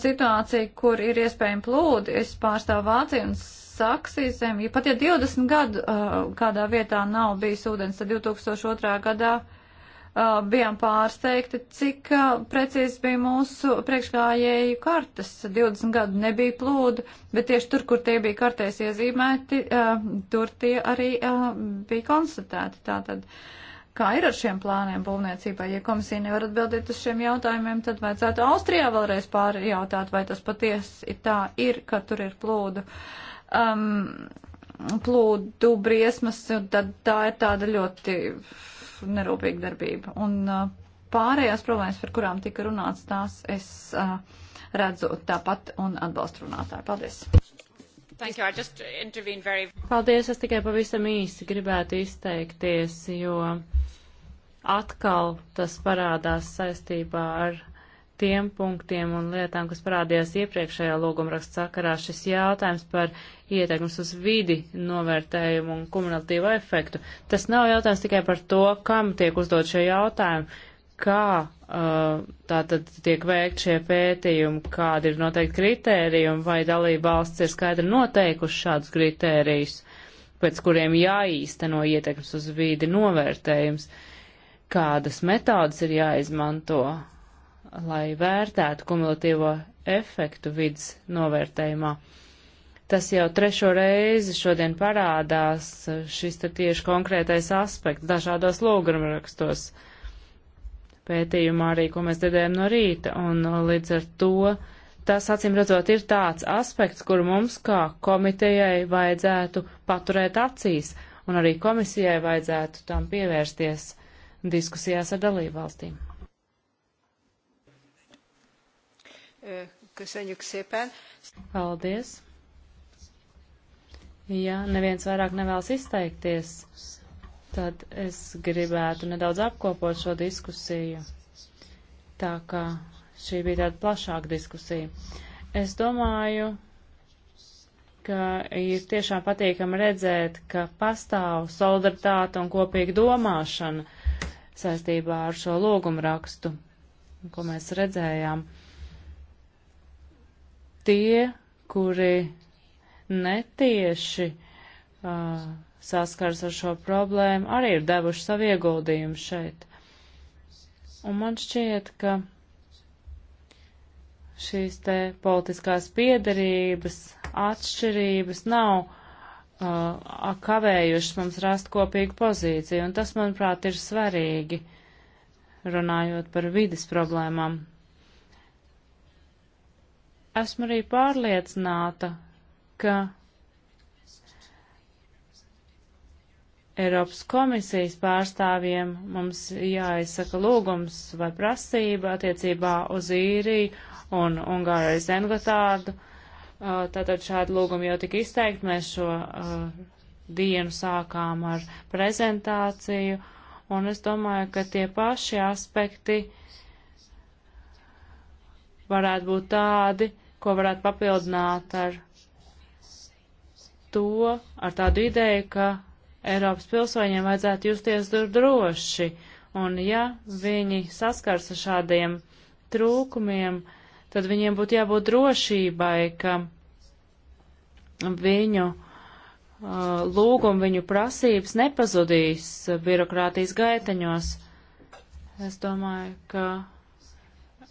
situācija, kur ir iespējami plūdi, es pārstāvu Vāciju un Saksijas zemi. Ja pat ja 20 gadu uh, kādā vietā nav bijis ūdens, tad 2002. gadā. Uh, Uh, bijām pārsteigti, cik uh, precīzi bija mūsu priekšgājēju kartas. 20 gadu nebija plūdu, bet tieši tur, kur tie bija kartēs iezīmēti, uh, tur tie arī bija konstatēti. Tātad, kā ir ar šiem plāniem būvniecībā? Ja komisija nevar atbildēt uz šiem jautājumiem, tad vajadzētu Austrijā vēlreiz pārjautāt, vai tas patiesi tā ir, ka tur ir plūdu. Um, plūdu briesmas, tad tā ir tāda ļoti nerūpīga darbība. Un uh, pārējās problēmas, par kurām tika runāts, tās es uh, redzu tāpat un atbalstu runātāju. Paldies! Very... Paldies, es tikai pavisam īsi gribētu izteikties, jo atkal tas parādās saistībā ar tiem punktiem un lietām, kas parādījās iepriekšējā lūgumraksta sakarā, šis jautājums par ietekmes uz vidi novērtējumu un kumulatīvu efektu. Tas nav jautājums tikai par to, kam tiek uzdot šie jautājumi, kā uh, tātad tiek veikt šie pētījumi, kādi ir noteikti kritēriji vai dalība valsts ir skaidri noteikuši šādus kritērijus, pēc kuriem jāīsteno ietekmes uz vidi novērtējums, kādas metodas ir jāizmanto lai vērtētu kumulatīvo efektu vidas novērtējumā. Tas jau trešo reizi šodien parādās e, šis te tieši konkrētais aspekts dažādos lūgumrakstos pētījumā arī, ko mēs dzirdējam no rīta, un e, līdz ar to tas, acīm redzot, ir tāds aspekts, kuru mums kā komitejai vajadzētu paturēt acīs, un arī komisijai vajadzētu tam pievērsties diskusijās ar dalību valstīm. Köszönjük szépen! Paldies! Ja neviens vairāk nevēlas izteikties, tad es gribētu nedaudz apkopot šo diskusiju. Tā kā šī bija tāda plašāka diskusija. Es domāju, ka ir tiešām patīkami redzēt, ka pastāv solidaritāte un kopīga domāšana saistībā ar šo lūgumu rakstu, ko mēs redzējām tie, kuri netieši uh, saskars ar šo problēmu, arī ir devuši savu ieguldījumu šeit. Un man šķiet, ka šīs te politiskās piedarības, atšķirības nav uh, kavējušas mums rast kopīgu pozīciju, un tas, manuprāt, ir svarīgi, runājot par vidas problēmām. Esmu arī pārliecināta, ka Eiropas komisijas pārstāvjiem mums jāizsaka lūgums vai prasība attiecībā uz īriju un Ungārijas Engotārdu. Uh, tātad šādu lūgumu jau tika izteikt. Mēs šo uh, dienu sākām ar prezentāciju, un es domāju, ka tie paši aspekti varētu būt tādi, ko varētu papildināt ar to, ar tādu ideju, ka Eiropas pilsoņiem vajadzētu justies tur droši, un ja viņi saskars ar šādiem trūkumiem, tad viņiem būtu jābūt drošībai, ka viņu uh, lūgumu, viņu prasības nepazudīs birokrātijas gaiteņos. Es domāju, ka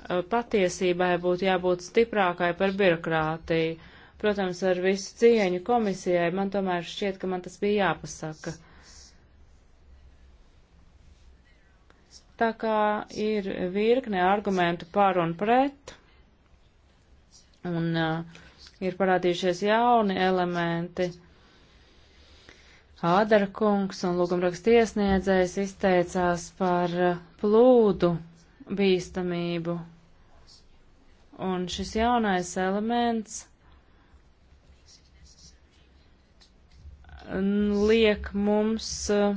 Eh, patiesībai būtu jābūt stiprākai par birokrātiju. Protams, ar visu cieņu komisijai man tomēr šķiet, ka man tas bija jāpasaka. Tā kā ir virkne argumentu par un pret, un uh, ir parādījušies jauni elementi. Ādara kungs un lūgumrakstiesniedzējs izteicās par eh, plūdu bīstamību. Un šis jaunais elements liek mums uh,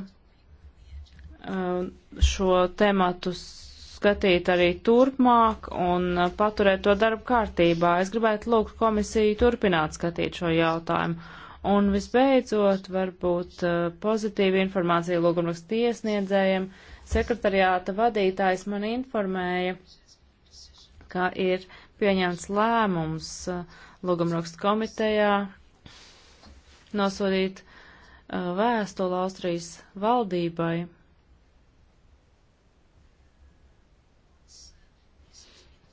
šo tematu skatīt arī turpmāk un uh, paturēt to darbu kārtībā. Es gribētu lūgt komisiju turpināt skatīt šo jautājumu. Un visbeidzot, varbūt uh, pozitīva informācija lūgumrakstu iesniedzējiem. Uh, Sekretariāta vadītājs man informēja, ka ir pieņemts lēmums uh, lūgumrakstu komitejā nosodīt uh, vēstuli Austrijas valdībai.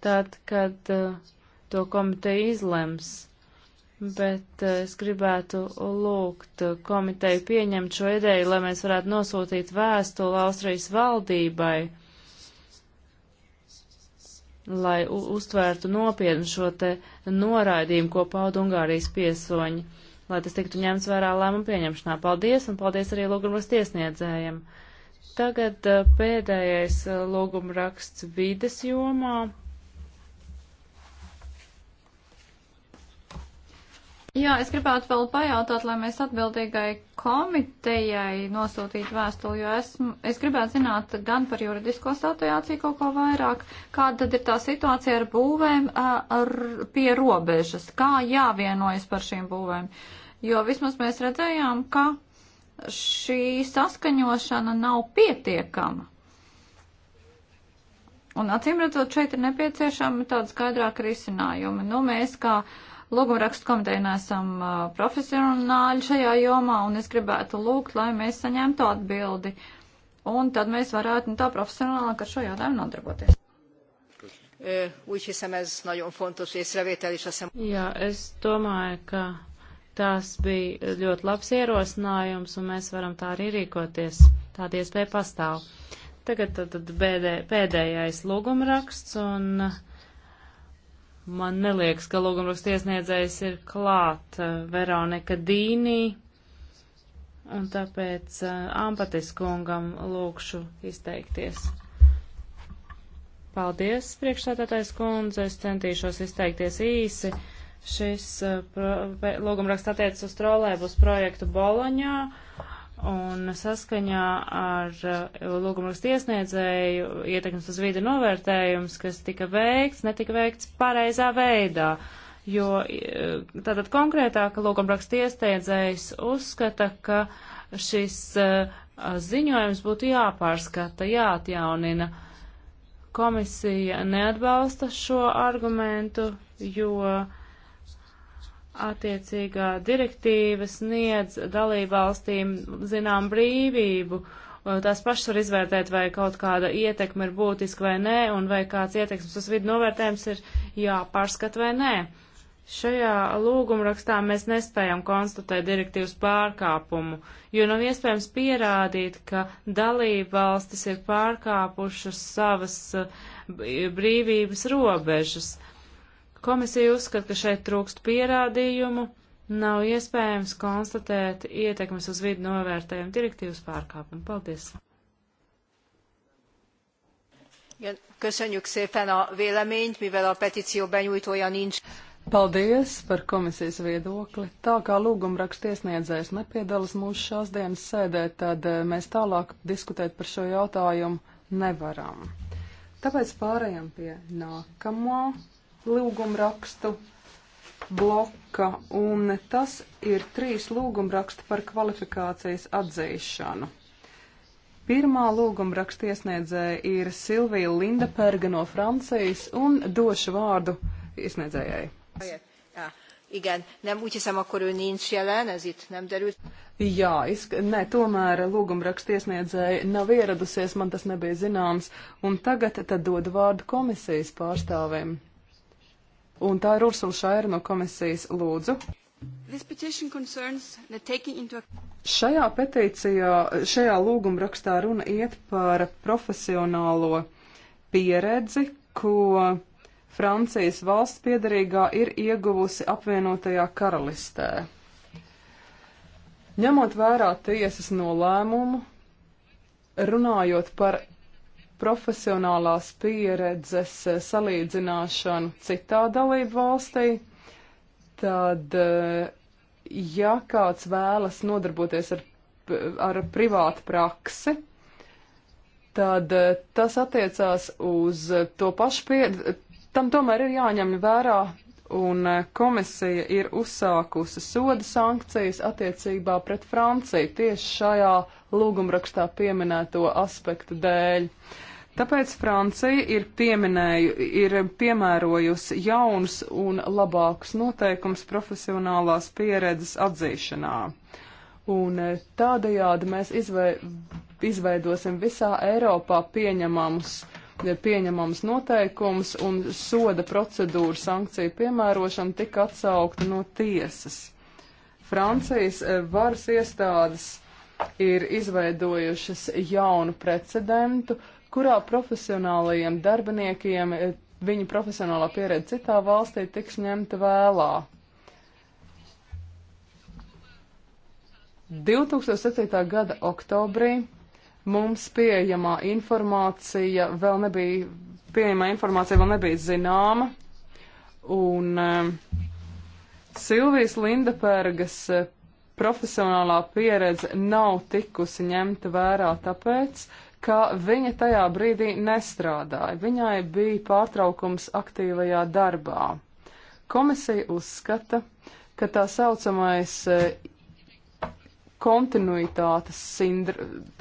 Tad, kad uh, to komiteja izlems bet eh, es gribētu lūgt komiteju pieņemt šo ideju, lai mēs varētu nosūtīt vēstuli Austrijas valdībai, lai uztvērtu nopietnu šo te noraidījumu, ko pauda Ungārijas piesoņi, lai tas tiktu ņemts vērā lēmumu pieņemšanā. Paldies, un paldies arī lūgumas tiesniedzējiem. Tagad eh, pēdējais eh, lūgumraksts vides jomā. Jā, es gribētu vēl pajautāt, lai mēs atbildīgai komitejai nosūtītu vēstuli, jo esmu, es gribētu zināt gan par juridisko situāciju kaut ko vairāk, kāda tad ir tā situācija ar būvēm ar, pie robežas, kā jāvienojas par šīm būvēm, jo vismaz mēs redzējām, ka šī saskaņošana nav pietiekama. Un acīm redzot, šeit ir nepieciešama tāda skaidrāka risinājuma. Nu, mēs kā uh, Lūgumrakstu komiteja nesam uh, profesionāļi šajā jomā, un es gribētu lūgt, lai mēs saņemtu atbildi. Un tad mēs varētu nu, tā profesionālāk ar šo jautājumu nodarboties. Úgy hiszem, ez nagyon fontos észrevétel, és azt hiszem... Jā, es domāju, ka tās bija ļoti labs ierosinājums, un mēs varam tā arī rīkoties. Tāda iespēja pastāv. Tagad tad, tad bēdē, pēdējais lūgumraksts, un uh, Man neliekas, ka lūgumraksta iesniedzējs ir klāt eh, Veronika Dīnī, un tāpēc eh, Ampatis kungam lūkšu izteikties. Paldies, priekšsētātais kundze, es centīšos izteikties īsi. Šis eh, lūgumraksts attiecas uz trolēbus projektu Boloņā. Uh, Un saskaņā ar uh, lūgumas tiesniedzēju ietekmes uz vidi novērtējums, kas tika veikts, netika veikts pareizā veidā, jo uh, tātad konkrētāk lūgumas tiesniedzējs uzskata, ka šis uh, ziņojums būtu jāpārskata, jāatjaunina. Komisija neatbalsta šo argumentu, jo uh, attiecīgā direktīva sniedz dalībvalstīm zinām brīvību. Tās pašas var izvērtēt, vai kaut kāda ietekme ir būtiska vai nē, un vai kāds ietekmes uz vidu novērtējums ir jāpārskat vai nē. Šajā lūgumrakstā mēs nespējam konstatēt direktīvas pārkāpumu, jo nav iespējams pierādīt, ka dalībvalstis ir pārkāpušas savas eh, brīvības robežas. Uh, Komisija uzskata, ka šeit trūkst pierādījumu, nav iespējams konstatēt ietekmes uz vidu novērtējumu direktīvas pārkāpumu. Paldies! Köszönjük szépen a véleményt, mivel a petíció benyújtója nincs. Paldies par komisijas viedokli. Tā kā lūgumraksta iesniedzējs nepiedalas mūsu šās dienas sēdē, tad eh, mēs tālāk diskutēt par šo jautājumu nevaram. Tāpēc pārējām pie nākamā lūgumrakstu bloka, un tas ir trīs lūgumraksti par kvalifikācijas atzīšanu. Pirmā lūgumraksta iesniedzēja ir Silvija Lindeperga no Francijas, un došu vārdu iesniedzējai. Igen, nem úgy hiszem, akkor ő nincs jelen, ez itt nem derült. Jā, izk... nē, tomēr lūgumraksta iesniedzēja nav ieradusies, man tas nebija zināms, un tagad tad dodu vārdu komisijas pārstāvēm. Un tā ir Ursula Šaira no komisijas lūdzu. Into... Šajā petīcijā, šajā lūgumrakstā runa iet par profesionālo pieredzi, ko Francijas valsts piedarīgā ir ieguvusi apvienotajā karalistē. Ņemot vērā tiesas nolēmumu, runājot par profesionālās pieredzes eh, salīdzināšanu citā dalību valstī, tad, eh, ja kāds vēlas nodarboties ar, ar privātu praksi, tad eh, tas attiecās uz to pašu pieredzi. Tam tomēr ir jāņem vērā un komisija ir uzsākusi soda sankcijas attiecībā pret Franciju tieši šajā lūgumrakstā pieminēto aspektu dēļ. Uh, Tāpēc Francija ir, ir piemērojusi jaunus un labākus noteikumus profesionālās pieredzes atzīšanā. Un e, tādējādi mēs izvei, izveidosim visā Eiropā pieņemamus, e, pieņemamus noteikumus un soda procedūru sankciju piemērošana tika atsaukta no tiesas. Francijas e, varas iestādes ir izveidojušas jaunu precedentu, uh, kurā profesionālajiem darbiniekiem eh, viņa profesionālā pieredze citā valstī tiks ņemta vēlā. 2007. gada oktobrī mums pieejamā informācija vēl nebija, pieejamā informācija vēl nebija zināma, un um, Silvijas Lindepergas eh, profesionālā pieredze nav tikusi ņemta vērā tāpēc, ka viņa tajā brīdī nestrādāja. Viņai bija pārtraukums aktīvajā darbā. Komisija uzskata, ka tā saucamais e, kontinuitātes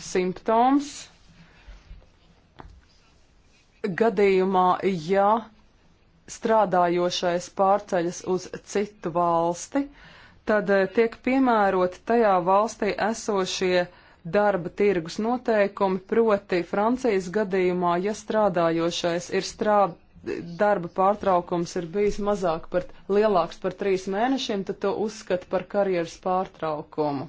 simptoms gadījumā, ja strādājošais pārceļas uz citu valsti, tad e, tiek piemēroti tajā valstī esošie darba tirgus noteikumi, proti Francijas gadījumā, ja strādājošais ir strād, darba pārtraukums ir bijis mazāk par, lielāks par trīs mēnešiem, tad to uzskata par karjeras pārtraukumu.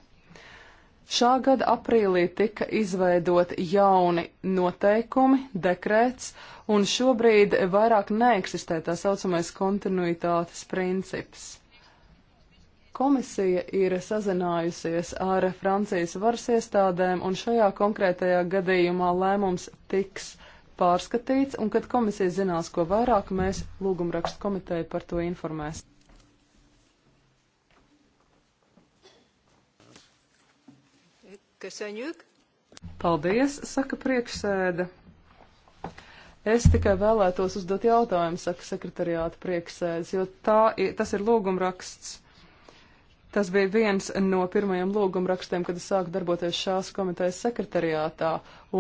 Šā gada aprīlī tika izveidoti jauni noteikumi, dekrēts, un šobrīd vairāk neeksistē tā saucamais kontinuitātes princips. Komisija ir sazinājusies ar Francijas varas iestādēm, un šajā konkrētajā gadījumā lēmums tiks pārskatīts, un kad komisija zinās, ko vairāk, mēs lūgumrakstu komiteju par to informēs. Köszönjük! Paldies, saka priekšsēde. Es tikai vēlētos uzdot jautājumu, saka sekretariāta priekšsēdes, jo tā, tas ir lūgumraksts Tas bija viens no pirmajiem lūgumrakstiem, kad es sāku darboties šās komitejas sekretariātā,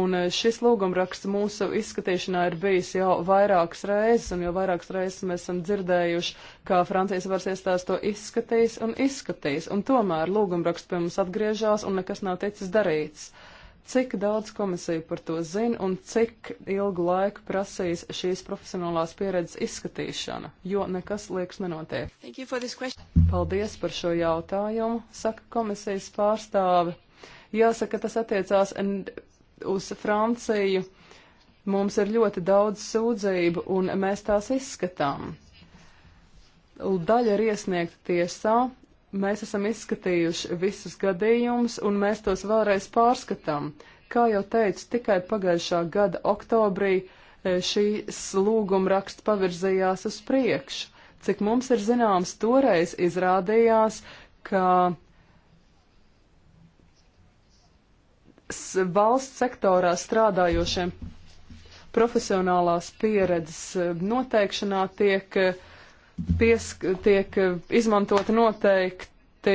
un eh, šis lūgumraksts mūsu izskatīšanā ir bijis jau vairākas reizes, un jau vairākas reizes mēs esam dzirdējuši, kā Francijas varas iestās to izskatīs un izskatīs, un tomēr lūgumraksts pie mums atgriežās, un nekas nav ticis darīts. Uh, cik daudz komisija par to zina un cik ilgu laiku prasīs šīs profesionālās pieredzes izskatīšana, jo nekas liekas nenotiek. Paldies par šo jautājumu, saka komisijas pārstāve. Jāsaka, tas attiecās uz Franciju. Mums ir ļoti daudz sūdzību un mēs tās izskatām. Daļa ir iesniegta tiesā, Mēs esam izskatījuši visus gadījumus, un mēs tos vēlreiz pārskatām. Kā jau teicu, tikai pagājušā gada oktobrī e, šīs lūguma raksts pavirzījās uz priekšu. Cik mums ir zināms, toreiz izrādījās, ka valsts sektorā strādājošiem profesionālās pieredzes e, noteikšanā tiek uh, piesk tiek izmantoti noteikti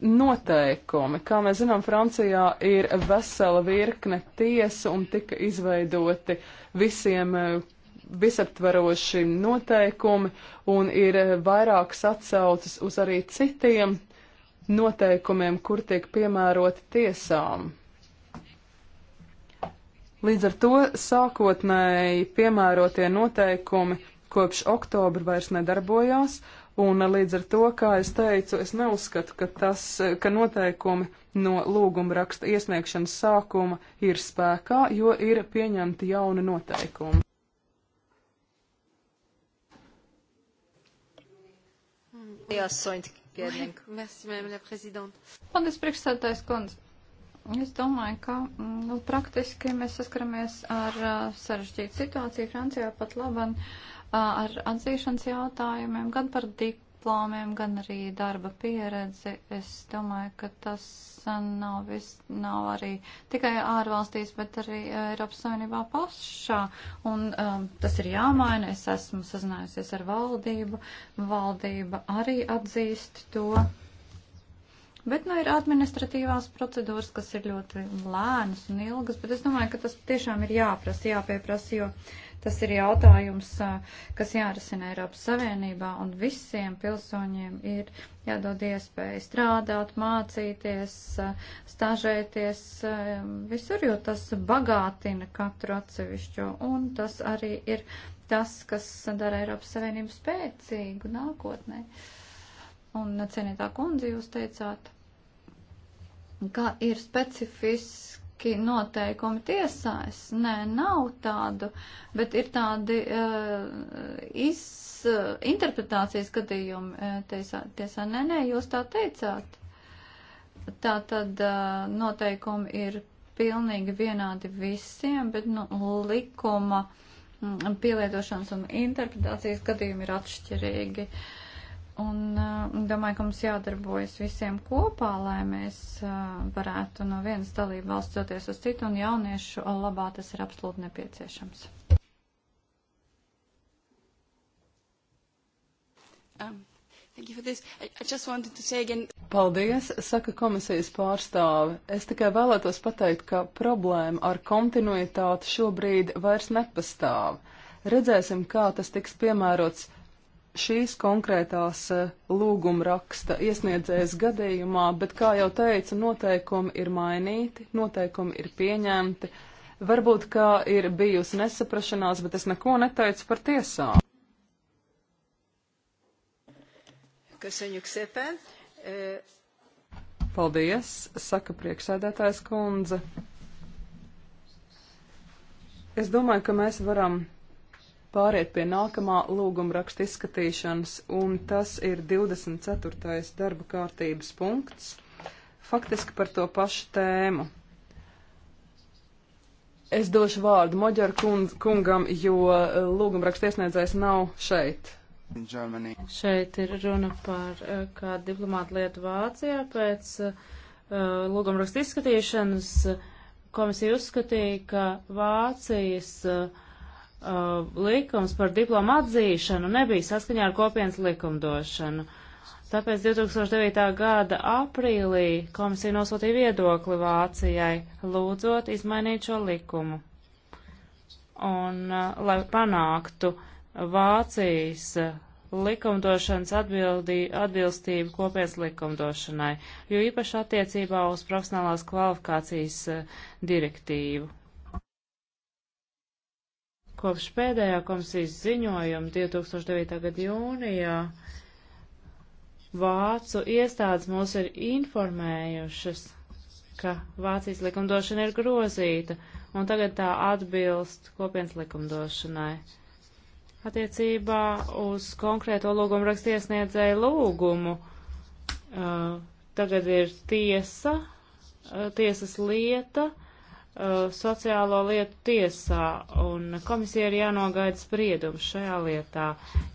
noteikumi. Kā mēs zinām, Francijā ir vesela virkne tiesu un tika izveidoti visiem eh, visaptveroši noteikumi un ir eh, vairākas atsaucas uz arī citiem noteikumiem, kur tiek piemēroti tiesām. Līdz ar to sākotnēji piemērotie noteikumi kopš oktobra vairs nedarbojās, un līdz ar to, kā es teicu, es neuzskatu, ka, tas, ka noteikumi no lūguma raksta iesniegšanas sākuma ir spēkā, jo ir pieņemti jauni noteikumi. Paldies, priekšsēdētājs kundze. Es domāju, ka mm, nu, praktiski mēs saskaramies ar uh, sarežģītu situāciju Francijā pat labam. Uh, ar atzīšanas jautājumiem, gan par diplomiem, gan arī darba pieredzi. Es domāju, ka tas nav, vis, nav arī tikai ārvalstīs, bet arī Eiropas Savienībā pašā. Un um, tas ir jāmaina. Es esmu sazinājusies ar valdību. Valdība arī atzīst to. Bet nu ir administratīvās procedūras, kas ir ļoti lēnas un ilgas, bet es domāju, ka tas tiešām ir jāprasa, jāpieprasa, jo uh, Tas ir jautājums, kas jārasina Eiropas Savienībā, un visiem pilsoņiem ir jādod iespēja strādāt, mācīties, stažēties visur, jo tas bagātina katru atsevišķo, un tas arī ir tas, kas dara Eiropas Savienību spēcīgu nākotnē. Un, cienītā kundze, jūs teicāt, kā ir specifiski lieki noteikumi tiesās. Nē, nav tādu, bet ir tādi uh, iz, uh, interpretācijas gadījumi uh, tiesā, tiesā. Nē, nē, jūs tā teicāt. Tā tad uh, noteikumi ir pilnīgi vienādi visiem, bet nu, likuma mm, pielietošanas un interpretācijas gadījumi ir atšķirīgi. Uh, Un uh, domāju, ka mums jādarbojas visiem kopā, lai mēs uh, varētu no vienas dalību valsts doties uz citu, un jauniešu labā tas ir absolūti nepieciešams. Um. Paldies, saka komisijas pārstāve. Es tikai vēlētos pateikt, ka problēma ar kontinuitāti šobrīd vairs nepastāv. Redzēsim, kā tas tiks piemērots šīs konkrētās e, lūguma raksta iesniedzējas gadījumā, bet, kā jau teicu, noteikumi ir mainīti, noteikumi ir pieņemti. Varbūt, kā ir bijusi nesaprašanās, bet es neko neteicu par tiesām. E, Paldies, saka priekšsēdētājs kundze. Es domāju, ka mēs varam pāriet pie nākamā lūguma raksta izskatīšanas, un tas ir 24. darba kārtības punkts, faktiski par to pašu tēmu. Es došu vārdu Moģar kungam, jo eh, lūguma raksta iesniedzējs nav šeit. Germany. Šeit ir runa par eh, kādu diplomātu lietu Vācijā pēc uh, eh, lūguma raksta izskatīšanas. Komisija uzskatīja, ka Vācijas uh, Uh, likums par diplomu atzīšanu nebija saskaņā ar kopienas likumdošanu. Tāpēc 2009. gada aprīlī komisija nosūtīja viedokli Vācijai, lūdzot izmainīt šo likumu. Un, uh, lai panāktu Vācijas uh, likumdošanas atbildi, atbilstību kopienas likumdošanai, jo īpaši attiecībā uz profesionālās kvalifikācijas uh, direktīvu. Kopš pēdējā komisijas ziņojuma 2009. gada jūnijā Vācu iestādes mūs ir informējušas, ka Vācijas likumdošana ir grozīta, un tagad tā atbilst kopienas likumdošanai. Attiecībā uz konkrēto lūgumu rakstiesniedzēju lūgumu uh, tagad ir tiesa, uh, tiesas lieta, uh, Uh, sociālo lietu tiesā, un komisija ir jānogaida spriedums šajā lietā,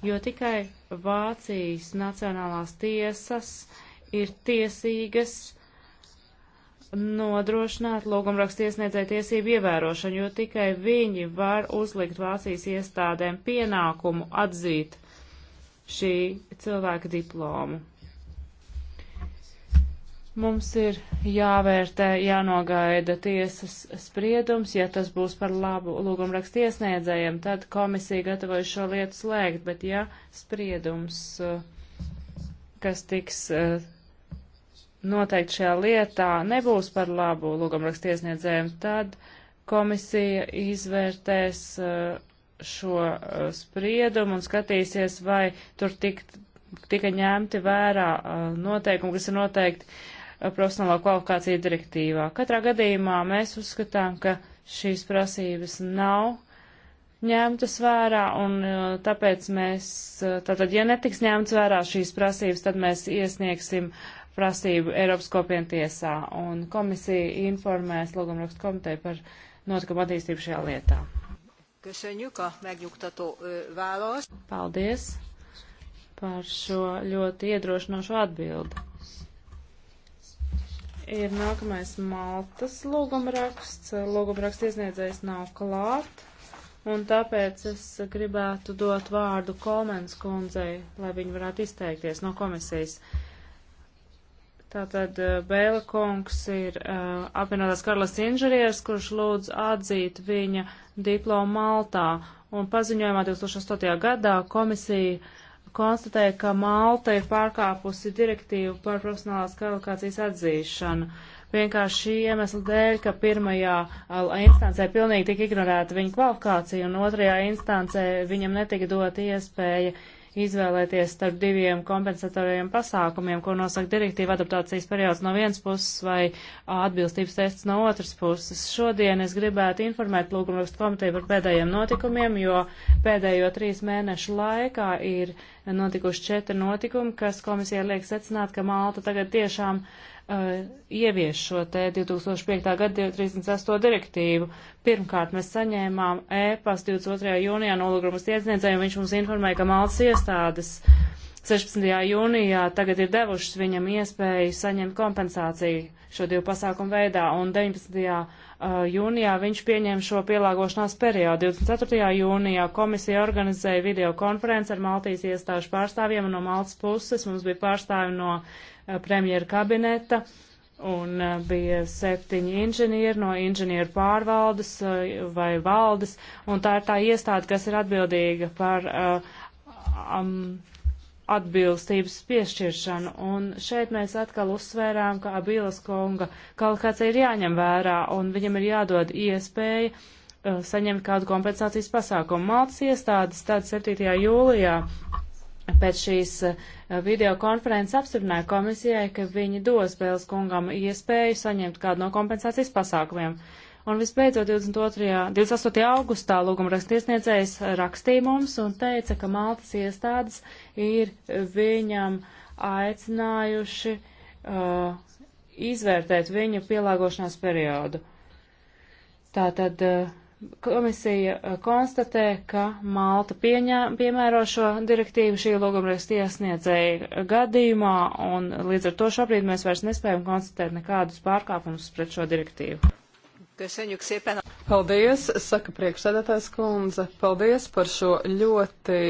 jo tikai Vācijas nacionālās tiesas ir tiesīgas nodrošināt lūgumrakstu iesniedzēju tiesību ievērošanu, jo tikai viņi var uzlikt Vācijas iestādēm pienākumu atzīt šī cilvēka diplomu. Mums ir jāvērtē, jānogaida tiesas spriedums, ja tas būs par labu lūgumrakstu iesniedzējiem, tad komisija gatavojas šo lietu slēgt, bet ja spriedums, eh, kas tiks eh, noteikti šajā lietā, nebūs par labu lūgumrakstu iesniedzējiem, tad komisija izvērtēs eh, šo spriedumu un skatīsies, vai tur tikt, tika ņemti vērā noteikumi, kas ir noteikti profesionālā kvalifikācija direktīvā. Katrā gadījumā mēs uzskatām, ka šīs prasības nav ņemtas vērā, un uh, tāpēc mēs, uh, tātad, ja netiks ņemtas vērā šīs prasības, tad mēs iesniegsim prasību Eiropas kopienu tiesā, un komisija informēs Logumrakstu komiteju par notikumu attīstību šajā lietā. Köszönjük a megnyugtató választ. Paldies par šo ļoti iedrošinošo atbildi ir nākamais Maltas lūgumraksts. Lūgumraksts iesniedzējs nav klāt, un tāpēc es gribētu dot vārdu Kolmens kundzei, lai viņa varētu izteikties no komisijas. Tātad eh, Bēla kungs ir uh, apvienotās karalists inženieris, kurš lūdz atzīt viņa diplomu Maltā, un paziņojumā 2008. gadā komisija konstatēja, ka Malta ir pārkāpusi direktīvu par profesionālās kvalifikācijas atzīšanu. Vienkārši šī iemesla dēļ, ka pirmajā instancē pilnīgi tika ignorēta viņa kvalifikācija un otrajā instancē viņam netika dot iespēja izvēlēties starp diviem kompensatoriem pasākumiem, ko nosaka direktīva adaptācijas periods no vienas puses vai atbilstības tests no otras puses. Šodien es gribētu informēt lūgumrakstu komiteju par pēdējiem notikumiem, jo pēdējo trīs mēnešu laikā ir notikuši četri notikumi, kas komisijai liek secināt, ka Malta tagad tiešām uh, Uh, ievies šo te 2005. gada 38 direktīvu. Pirmkārt, mēs saņēmām ēpastu e 22. jūnijā nolūgumas iesniedzēju, viņš mums informēja, ka malas iestādes 16. jūnijā tagad ir devušas viņam iespēju saņemt kompensāciju šo divu pasākumu veidā, un 19. jūnijā viņš pieņēma šo pielāgošanās periodu. 24. jūnijā komisija organizēja video konferenci ar Maltijas iestāžu pārstāvjiem, un no Maltas puses mums bija pārstāvi no premjera kabineta, un bija septiņi inženieri no inženieru pārvaldes vai valdes, un tā ir tā iestāde, kas ir atbildīga par um, atbilstības piešķiršanu. Un šeit mēs atkal uzsvērām, ka Abīlas konga kaut kāds ir jāņem vērā un viņam ir jādod iespēja uh, saņemt kādu kompensācijas pasākumu. Maltas iestādes tad 7. jūlijā pēc šīs uh, videokonferences apstiprināja komisijai, ka viņi dos Bēles kungam iespēju saņemt kādu no kompensācijas pasākumiem. Uh, Un visbeidzot 22. 28. augustā lūguma rakstiesniedzējs rakstīja mums un teica, ka Maltas iestādes ir viņam aicinājuši uh, izvērtēt viņa pielāgošanās periodu. Tātad uh, komisija uh, konstatē, ka Malta pieņā, piemēro šo direktīvu šī lūguma rakstiesniedzēja gadījumā, un līdz ar to šobrīd mēs vairs nespējam konstatēt nekādus pārkāpumus pret šo direktīvu. Paldies, saka priekšsēdētājs kundze. Paldies par šo ļoti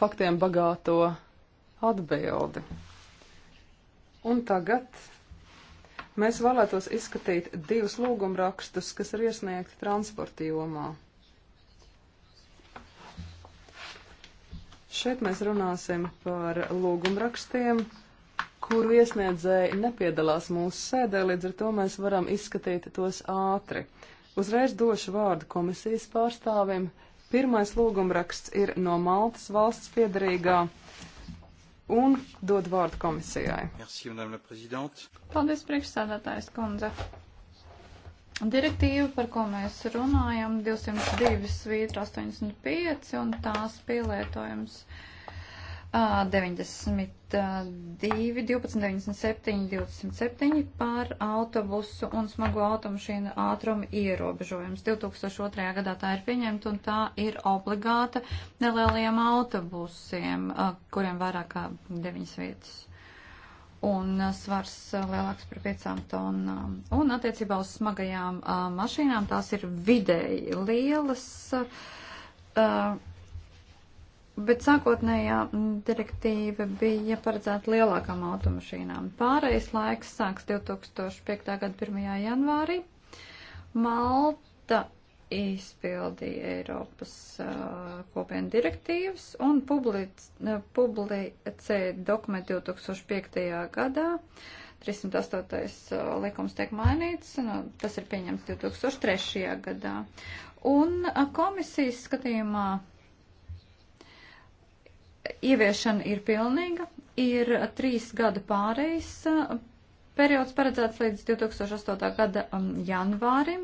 faktiem bagāto atbildi. Un tagad mēs vēlētos izskatīt divus lūgumrakstus, kas ir iesniegti transporta jomā. Šeit mēs runāsim par lūgumrakstiem, kuru iesniedzēji nepiedalās mūsu sēdē, līdz ar to mēs varam izskatīt tos ātri. Uzreiz došu vārdu komisijas pārstāvim. Pirmais lūgumraksts ir no Maltas valsts piedarīgā un dod vārdu komisijai. Merci, Paldies, priekšsādātājs kundze. Direktīva, par ko mēs runājam, 202 svītra 85 un tās pielietojums. Uh, 92, 12, 97, 207 par autobusu un smago automašīnu ātrumu ierobežojums. 2002. gadā tā ir pieņemta un tā ir obligāta nelieliem autobusiem, kuriem vairāk kā 9 vietas. Un svars lielāks par 5 tonnām. Un attiecībā uz smagajām mašīnām tās ir vidēji lielas. Uh, Bet sākotnējā mm, direktīva bija paredzēta lielākām automašīnām. Pārējais laiks sāks 2005. gada 1. janvārī. Malta izpildīja Eiropas uh, kopienu direktīvas un public, publicēja dokumentu 2005. gadā. 308. likums tiek mainīts, nu, tas ir pieņemts 2003. gadā. Un komisijas skatījumā ieviešana ir pilnīga, ir trīs gadu pārejas uh, periods paredzēts līdz 2008. gada um, janvārim,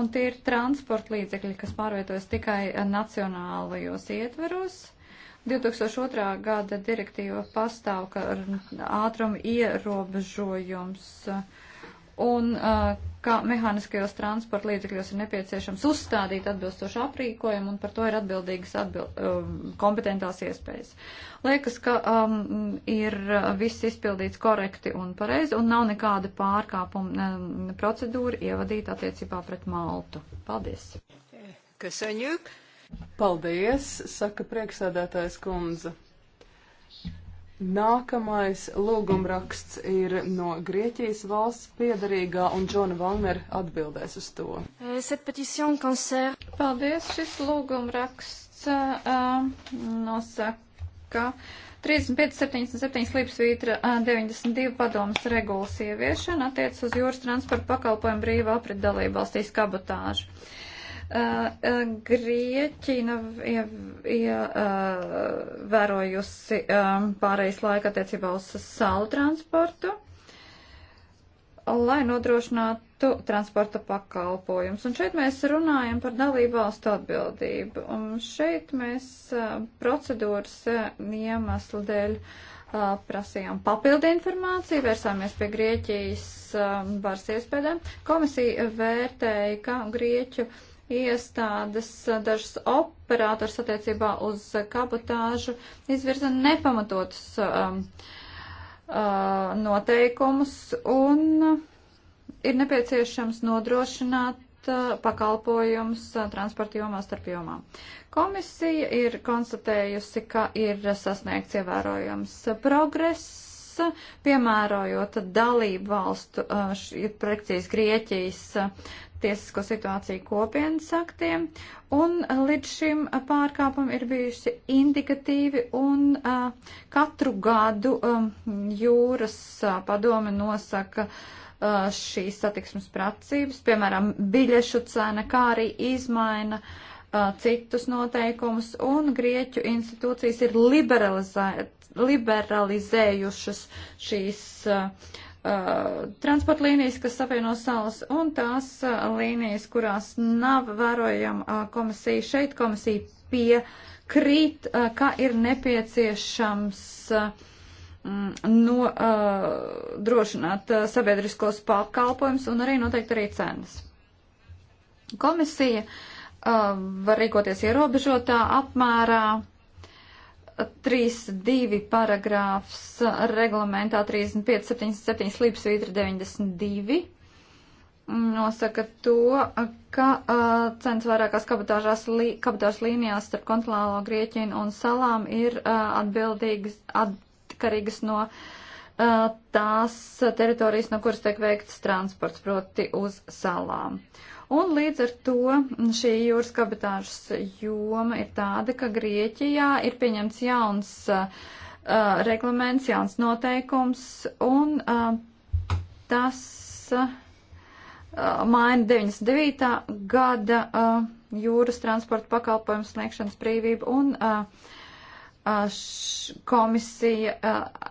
un tie ir transporta līdzekļi, kas pārvietojas tikai uh, nacionālajos ietveros. 2002. gada direktīva pastāv, ka ātruma ierobežojums uh, un uh, ka mehāniskajos transporta līdzekļos ir nepieciešams uzstādīt atbilstošu aprīkojumu un par to ir atbildīgas atbild, um, kompetentās iespējas. Liekas, ka um, ir uh, viss izpildīts korekti un pareizi un nav nekāda pārkāpuma um, procedūra ievadīta attiecībā pret Maltu. Paldies! Köszönjük! Paldies, saka prieksēdētājs kundze. Nākamais lūgumraksts ir no Grieķijas valsts piedarīgā, un Džona Valnera atbildēs uz to. Eh, Paldies, šis lūgumraksts uh, nosaka 35, 77 līpsvītra uh, 92 padomas regulas ieviešana attiec uz jūras transporta pakalpojumu brīvu aprit dalību valstīs kabotāžu. Uh, Grieķija nav ievērojusi pārējais laika attiecībā uz salu transportu, lai nodrošinātu transporta pakalpojums. Un šeit mēs runājam par dalību valstu atbildību. Un šeit mēs procedūras iemeslu dēļ prasījām papildu informāciju, vērsāmies pie Grieķijas varas iespējām. Komisija vērtēja, ka Grieķu iestādes eh, dažas operators attiecībā uz eh, kabotāžu izvirza nepamatotus um, uh, noteikumus un ir nepieciešams nodrošināt uh, pakalpojums uh, transporta jomā starp jomām. Komisija ir konstatējusi, ka ir sasniegts ievērojams progress piemērojot dalību valstu, ir precīzi Grieķijas tiesisko situāciju kopienas aktiem, un uh, līdz šim uh, pārkāpumi ir bijuši indikatīvi, un uh, katru gadu um, jūras uh, padome nosaka uh, šīs satiksmes pracības, piemēram, biļešu cena, kā arī izmaina uh, citus noteikumus, un Grieķu institūcijas ir liberalizē, liberalizējušas šīs uh, Uh, transporta līnijas, kas savieno salas, un tās uh, līnijas, kurās nav vērojama uh, komisija. Šeit komisija piekrīt, ka ir nepieciešams mm, nodrošināt sabiedriskos pakalpojumus un arī noteikti arī cenas. Komisija var rīkoties ierobežotā apmērā 3.2 paragrāfs reglamentā 35.77 līdzsvītra 92 nosaka to, ka uh, cenas vairākās kabatāžas lī, līnijās starp kontinentālo Grieķinu un salām ir uh, atbildīgas, atkarīgas no uh, tās teritorijas, no kuras tiek veikts transports, proti uz salām. Uh, Un līdz ar to šī jūras kabatāžas joma ir tāda, ka Grieķijā ir pieņemts jauns uh, uh reglaments, jauns noteikums, un uh, tas uh, maina 99. gada uh, jūras transporta pakalpojumu sniegšanas brīvību un uh, komisija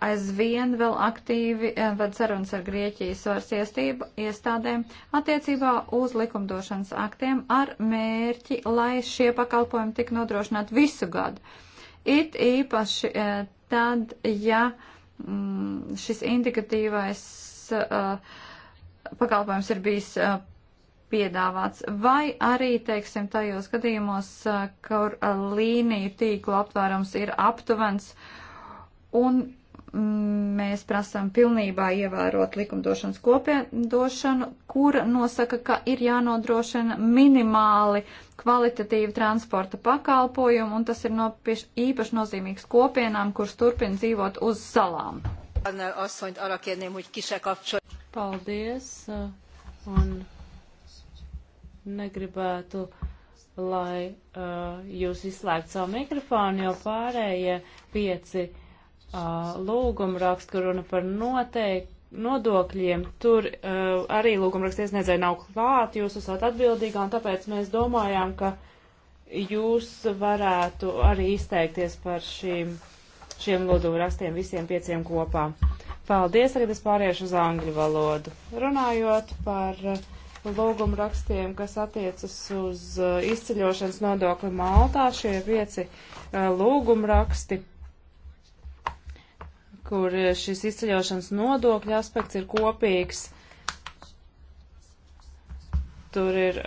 aizvien vēl aktīvi ved sarunas ar Grieķijas varas iestību iestādēm attiecībā uz likumdošanas aktiem ar mērķi, lai šie pakalpojumi tik nodrošināti visu gadu. It īpaši tad, ja mm, šis indikatīvais pakalpojums ir bijis piedāvāts, vai arī, teiksim, tajos gadījumos, eh, kur eh, līniju tīklu aptvērums ir aptuvens un mm, mēs prasām pilnībā ievērot likumdošanas kopiedošanu, kura nosaka, ka ir jānodrošina minimāli kvalitatīvi transporta pakalpojumi, un tas ir nopieš, īpaši nozīmīgs kopienām, kuras turpina dzīvot uz salām. Paldies, eh, un negribētu, lai uh, jūs izslēgtu savu mikrofonu, jo pārējie pieci uh, lūguma rakstu, kur runa par noteikti nodokļiem, tur uh, arī lūgumraksta iesniedzēja nav klāt, jūs esat atbildīgā, un tāpēc mēs domājām, ka jūs varētu arī izteikties par šīm, šiem lūgumrakstiem visiem pieciem kopā. Paldies, tagad es pāriešu uz angļu valodu. Runājot par uh, lūgumu rakstiem, kas attiecas uz uh, izceļošanas nodokli Maltā. Šie pieci uh, lūgumu raksti, kur uh, šis izceļošanas nodokļa aspekts ir kopīgs. Tur ir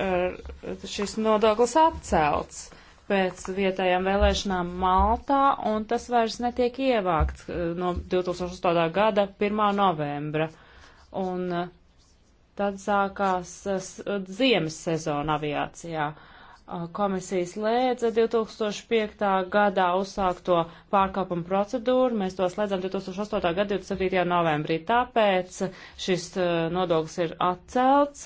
šis nodoklis atcelts pēc vietējām vēlēšanām Maltā, un tas vairs netiek ievākts no 2008. gada 1. novembra. Un uh, Tad sākās ziemas sezona aviācijā. Komisijas lēdza 2005. gadā uzsākto pārkāpumu procedūru. Mēs to slēdzam 2008. gada 27. novembrī. Tāpēc šis nodoklis ir atcelts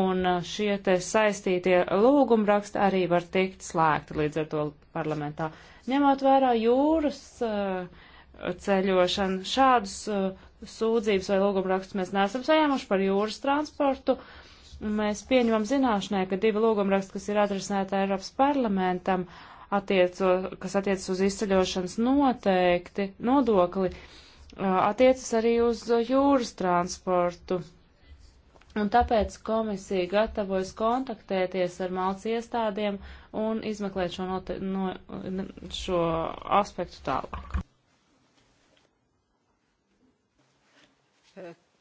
un šie te saistītie lūgumraksti arī var tikt slēgti līdz ar to parlamentā. Ņemot vērā jūras ceļošanu, šādus sūdzības vai lūgumrakstus mēs neesam saņēmuši par jūras transportu. Mēs pieņemam zināšanai, ka divi lūgumraksti, kas ir adresēti Eiropas parlamentam, attieco, kas attiecas uz izceļošanas noteikti nodokli, attiecas arī uz jūras transportu. Un tāpēc komisija gatavojas kontaktēties ar malts iestādēm un izmeklēt šo, no, šo aspektu tālāk.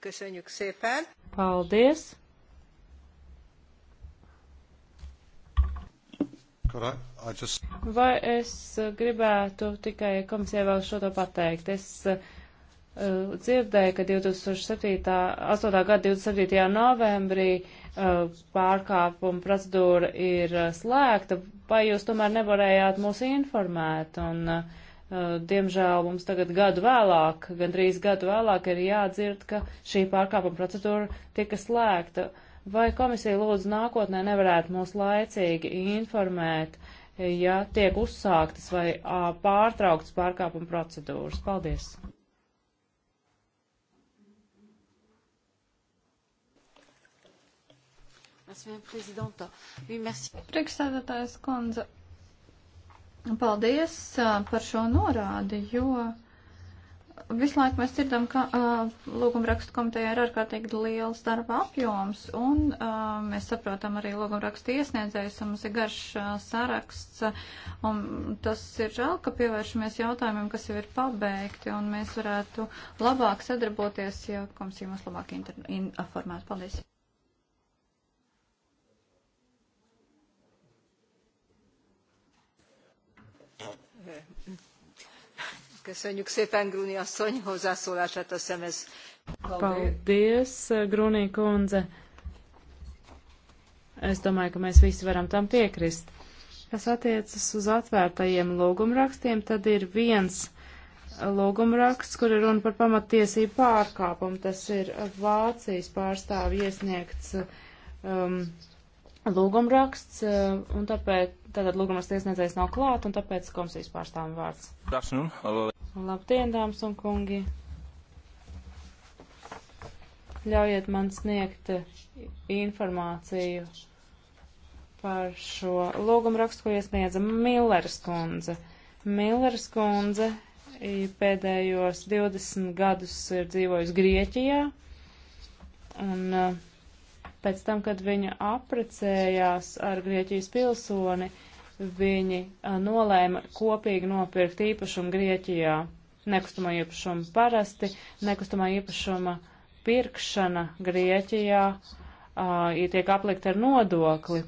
Köszönjük szépen! Paldies! Vai es gribētu tikai komisijai vēl šo to pateikt? Es uh, dzirdēju, ka 2007. 8. gada 27. novembrī uh, pārkāpuma procedūra ir eh, slēgta, vai jūs tomēr nevarējāt mūs informēt? Un, uh, Eh, diemžēl mums tagad gadu vēlāk, gandrīz gadu vēlāk ir jādzird, ka šī pārkāpuma procedūra tika slēgta. Vai komisija lūdzu nākotnē nevarētu mūs laicīgi informēt, ja tiek uzsāktas vai pārtrauktas pārkāpuma procedūras? Paldies! Priekšsēdētājs kundze, Paldies par šo norādi, jo visu laiku mēs dzirdam, ka uh, lūgumrakstu komitejā ir ārkārtīgi liels darba apjoms, un uh, mēs saprotam arī lūgumrakstu iesniedzējus, un mums ir garš uh, saraksts, un tas ir žēl, ka pievēršamies jautājumiem, kas jau ir pabeigti, un mēs varētu labāk sadarboties, ja komisija mums labāk informētu. Paldies! Köszönjük szépen Gruni asszony hozzászólását, azt hiszem ez... Paldies, Grunī kundze. Es domāju, ka mēs visi varam tam piekrist. Kas attiecas uz atvērtajiem lūgumrakstiem, tad ir viens lūgumraksts, kur ir runa par pamatiesību pārkāpumu. Tas ir Vācijas pārstāvju iesniegts um, lūgumraksts, uh, un tāpēc tātad lūgumraksts iesniedzējs nav klāt, un tāpēc komisijas pārstāvju vārds. Labdien, dāmas un kungi! Ļaujiet man sniegt informāciju par šo lūgumu rakstu, ko iesniedza Milleras kundze. Milleras kundze pēdējos 20 gadus ir dzīvojusi Grieķijā, un eh, pēc tam, kad viņa aprecējās ar Grieķijas pilsoni, viņi nolēma kopīgi nopirkt īpašumu Grieķijā. Nekustamā īpašuma parasti, nekustamā īpašuma pirkšana Grieķijā uh, tiek aplikta ar nodokli,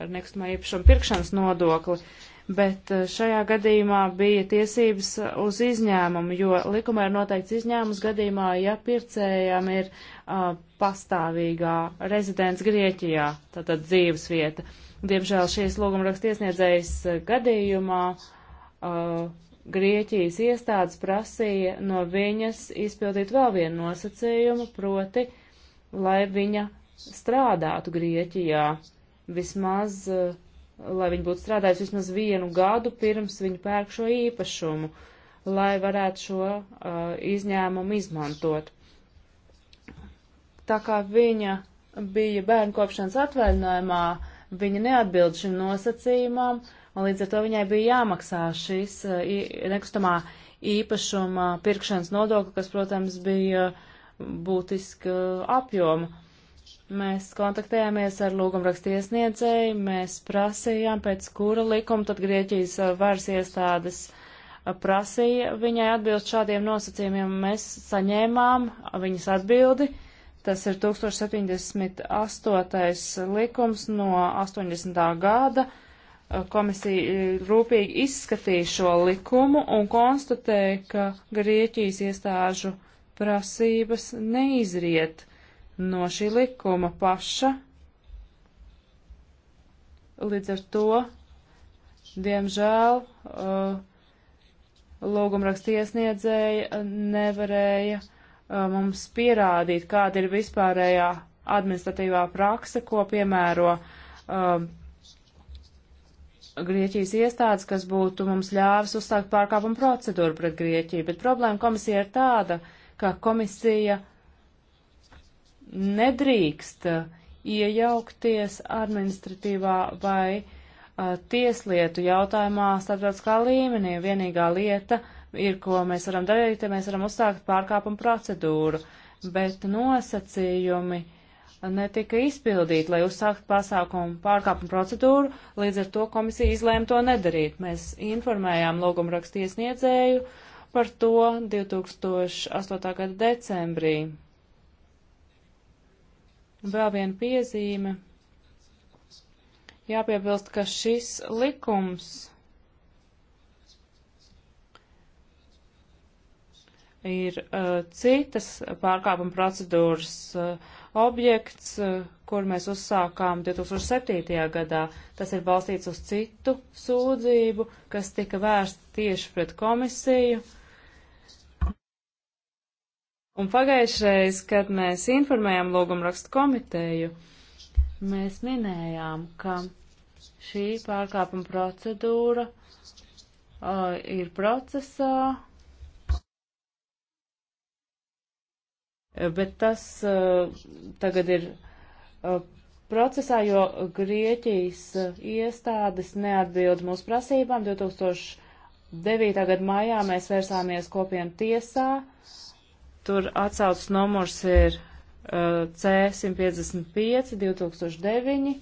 ar nekustamā īpašuma pirkšanas nodokli, bet šajā gadījumā bija tiesības uz izņēmumu, jo likumā ir noteikts izņēmums gadījumā, ja pircējām ir uh, pastāvīgā rezidents Grieķijā, tātad dzīves vieta. Diemžēl šīs lūgumraksta iesniedzējas eh, gadījumā uh, Grieķijas iestādes prasīja no viņas izpildīt vēl vienu nosacījumu, proti, lai viņa strādātu Grieķijā vismaz, uh, lai viņa būtu strādājusi vismaz vienu gadu pirms viņa pērk šo īpašumu, lai varētu šo uh, izņēmumu izmantot Tā kā viņa bija bērnu kopšanas atvaļinājumā, viņa neatbild šim nosacījumam, un līdz ar to viņai bija jāmaksā šis uh, nekustamā īpašuma pirkšanas nodokli, kas, protams, bija būtiska apjoma. Mēs kontaktējāmies ar lūgumrakstu iesniedzēju, mēs prasījām, pēc kura likuma tad Grieķijas uh, varas iestādes uh, prasīja viņai atbilst šādiem nosacījumiem. Mēs saņēmām viņas atbildi, uh, Tas ir 1078. likums no 80. gada. Komisija rūpīgi izskatīja šo likumu un konstatēja, ka Grieķijas iestāžu prasības neizriet no šī likuma paša. Līdz ar to, diemžēl, uh, lūgumrakstiesniedzēja nevarēja Uh, mums pierādīt, kāda ir vispārējā administratīvā prakse, ko piemēro um, Grieķijas iestādes, kas būtu mums ļāvis uzsākt pārkāpumu procedūru pret Grieķiju. Bet problēma komisija ir tāda, ka komisija nedrīkst uh, iejaukties administratīvā vai uh, tieslietu jautājumā starptautiskā līmenī. Vienīgā lieta, uh, ir, ko mēs varam darīt, ja mēs varam uzsākt pārkāpumu procedūru, bet nosacījumi netika izpildīti, lai uzsākt pasākumu pārkāpumu procedūru, līdz ar to komisija izlēma to nedarīt. Mēs informējām logumrakstu iesniedzēju par to 2008. gada decembrī. Vēl viena piezīme. Jāpiebilst, ka šis likums ir uh, citas pārkāpuma procedūras uh, objekts, uh, kur mēs uzsākām 2007. gadā. Tas ir balstīts uz citu sūdzību, kas tika vērsta tieši pret komisiju. Un pagājušreiz, kad mēs informējām lūgumrakstu komiteju, mēs minējām, ka šī pārkāpuma procedūra uh, ir procesā bet tas uh, tagad ir uh, procesā, jo Grieķijas uh, iestādes neatbild mūsu prasībām. 2009. gada maijā mēs vērsāmies kopienu tiesā. Tur atsaucas numurs ir C155 2009.